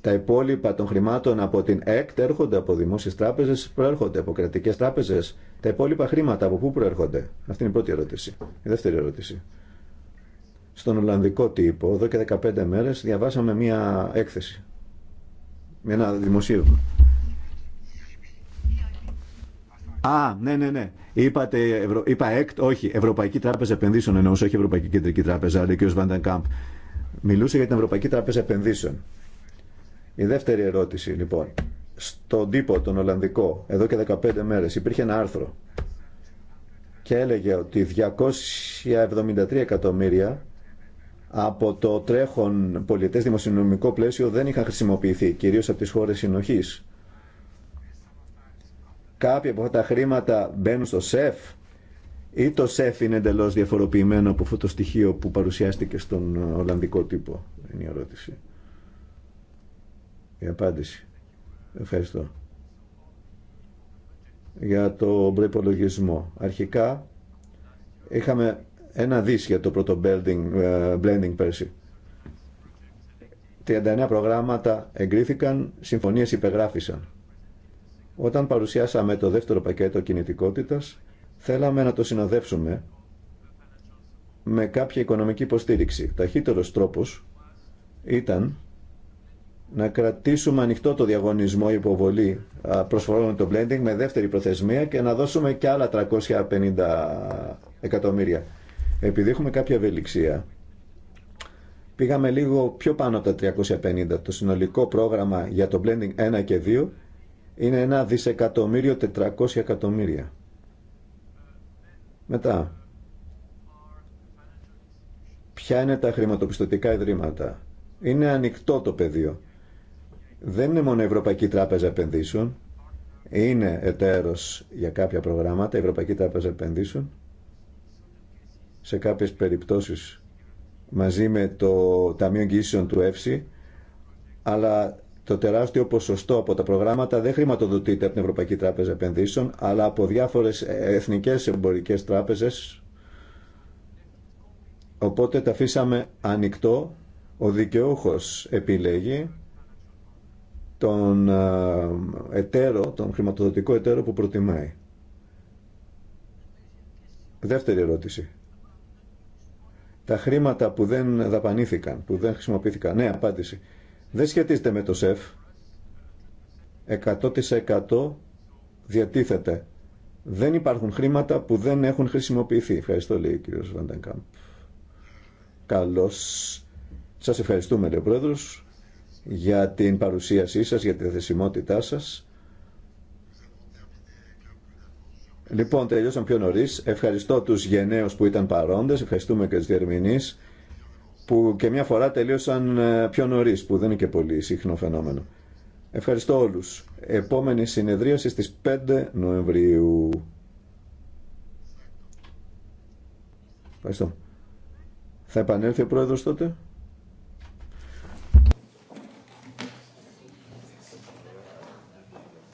Τα υπόλοιπα των χρημάτων από την ΕΚΤ έρχονται από δημόσιες τράπεζες, προέρχονται από κρατικές τράπεζες. Τα υπόλοιπα χρήματα από πού προέρχονται. Αυτή είναι η πρώτη ερώτηση. Η δεύτερη ερώτηση. Στον Ολλανδικό τύπο, εδώ και 15 μέρες, διαβάσαμε μία έκθεση. Με ένα δημοσίευμα. Α, ναι, ναι, ναι. Είπατε, Ευρω... είπα ΕΚΤ, όχι, Ευρωπαϊκή Τράπεζα Επενδύσεων εννοούσα, όχι Ευρωπαϊκή Κεντρική Τράπεζα, αλλά ο Βαντεν Κάμπ». Μιλούσε για την Ευρωπαϊκή Τράπεζα Επενδύσεων. Η δεύτερη ερώτηση, λοιπόν. Στον τύπο, τον Ολλανδικό, εδώ και 15 μέρες, υπήρχε ένα άρθρο και έλεγε ότι 273 εκατομμύρια από το τρέχον πολιτές δημοσιονομικό πλαίσιο δεν είχαν χρησιμοποιηθεί, κυρίως από τις χώρες συνοχής κάποια από αυτά τα χρήματα μπαίνουν στο ΣΕΦ ή το ΣΕΦ είναι εντελώ διαφοροποιημένο από αυτό το στοιχείο που παρουσιάστηκε στον Ολλανδικό τύπο. Είναι η ερώτηση. Η απάντηση. Ευχαριστώ. Για το προπολογισμό. Αρχικά είχαμε ένα δις για το πρώτο building, ε, blending πέρσι. 39 προγράμματα εγκρίθηκαν, συμφωνίες υπεγράφησαν. Όταν παρουσιάσαμε το δεύτερο πακέτο κινητικότητας, θέλαμε να το συνοδεύσουμε με κάποια οικονομική υποστήριξη. Ταχύτερος τρόπος ήταν να κρατήσουμε ανοιχτό το διαγωνισμό υποβολή προσφορών με το blending με δεύτερη προθεσμία και να δώσουμε και άλλα 350 εκατομμύρια. Επειδή έχουμε κάποια ευελιξία, πήγαμε λίγο πιο πάνω από τα 350. Το συνολικό πρόγραμμα για το blending 1 και 2 είναι ένα δισεκατομμύριο τετρακόσια εκατομμύρια. Μετά, ποια είναι τα χρηματοπιστωτικά ιδρύματα. Είναι ανοιχτό το πεδίο. Δεν είναι μόνο η Ευρωπαϊκή Τράπεζα Επενδύσεων, είναι εταίρος για κάποια προγράμματα, η Ευρωπαϊκή Τράπεζα Επενδύσεων, σε κάποιες περιπτώσεις μαζί με το Ταμείο Εγγύσεων του ΕΦΣΥ, αλλά το τεράστιο ποσοστό από τα προγράμματα δεν χρηματοδοτείται από την Ευρωπαϊκή Τράπεζα Επενδύσεων, αλλά από διάφορες εθνικές εμπορικές τράπεζες. Οπότε τα αφήσαμε ανοιχτό. Ο δικαιούχο επιλέγει τον ε, εταίρο, τον χρηματοδοτικό εταίρο που προτιμάει. Δεύτερη ερώτηση. Τα χρήματα που δεν δαπανήθηκαν, που δεν χρησιμοποιήθηκαν. Ναι, απάντηση δεν σχετίζεται με το ΣΕΦ. 100% διατίθεται. Δεν υπάρχουν χρήματα που δεν έχουν χρησιμοποιηθεί. Ευχαριστώ, λέει ο κύριος Βαντεγκάμπ. Καλώς. Σας ευχαριστούμε, λέει ο Πρόεδρος, για την παρουσίασή σας, για τη θεσιμότητά σας. Λοιπόν, τελειώσαμε πιο νωρί. Ευχαριστώ του γενναίου που ήταν παρόντε. Ευχαριστούμε και του διερμηνεί που και μια φορά τελείωσαν ε, πιο νωρί που δεν είναι και πολύ συχνό φαινόμενο. Ευχαριστώ όλους. Επόμενη συνεδρίαση στις 5 Νοεμβρίου. Ευχαριστώ. Θα επανέλθει ο πρόεδρος τότε.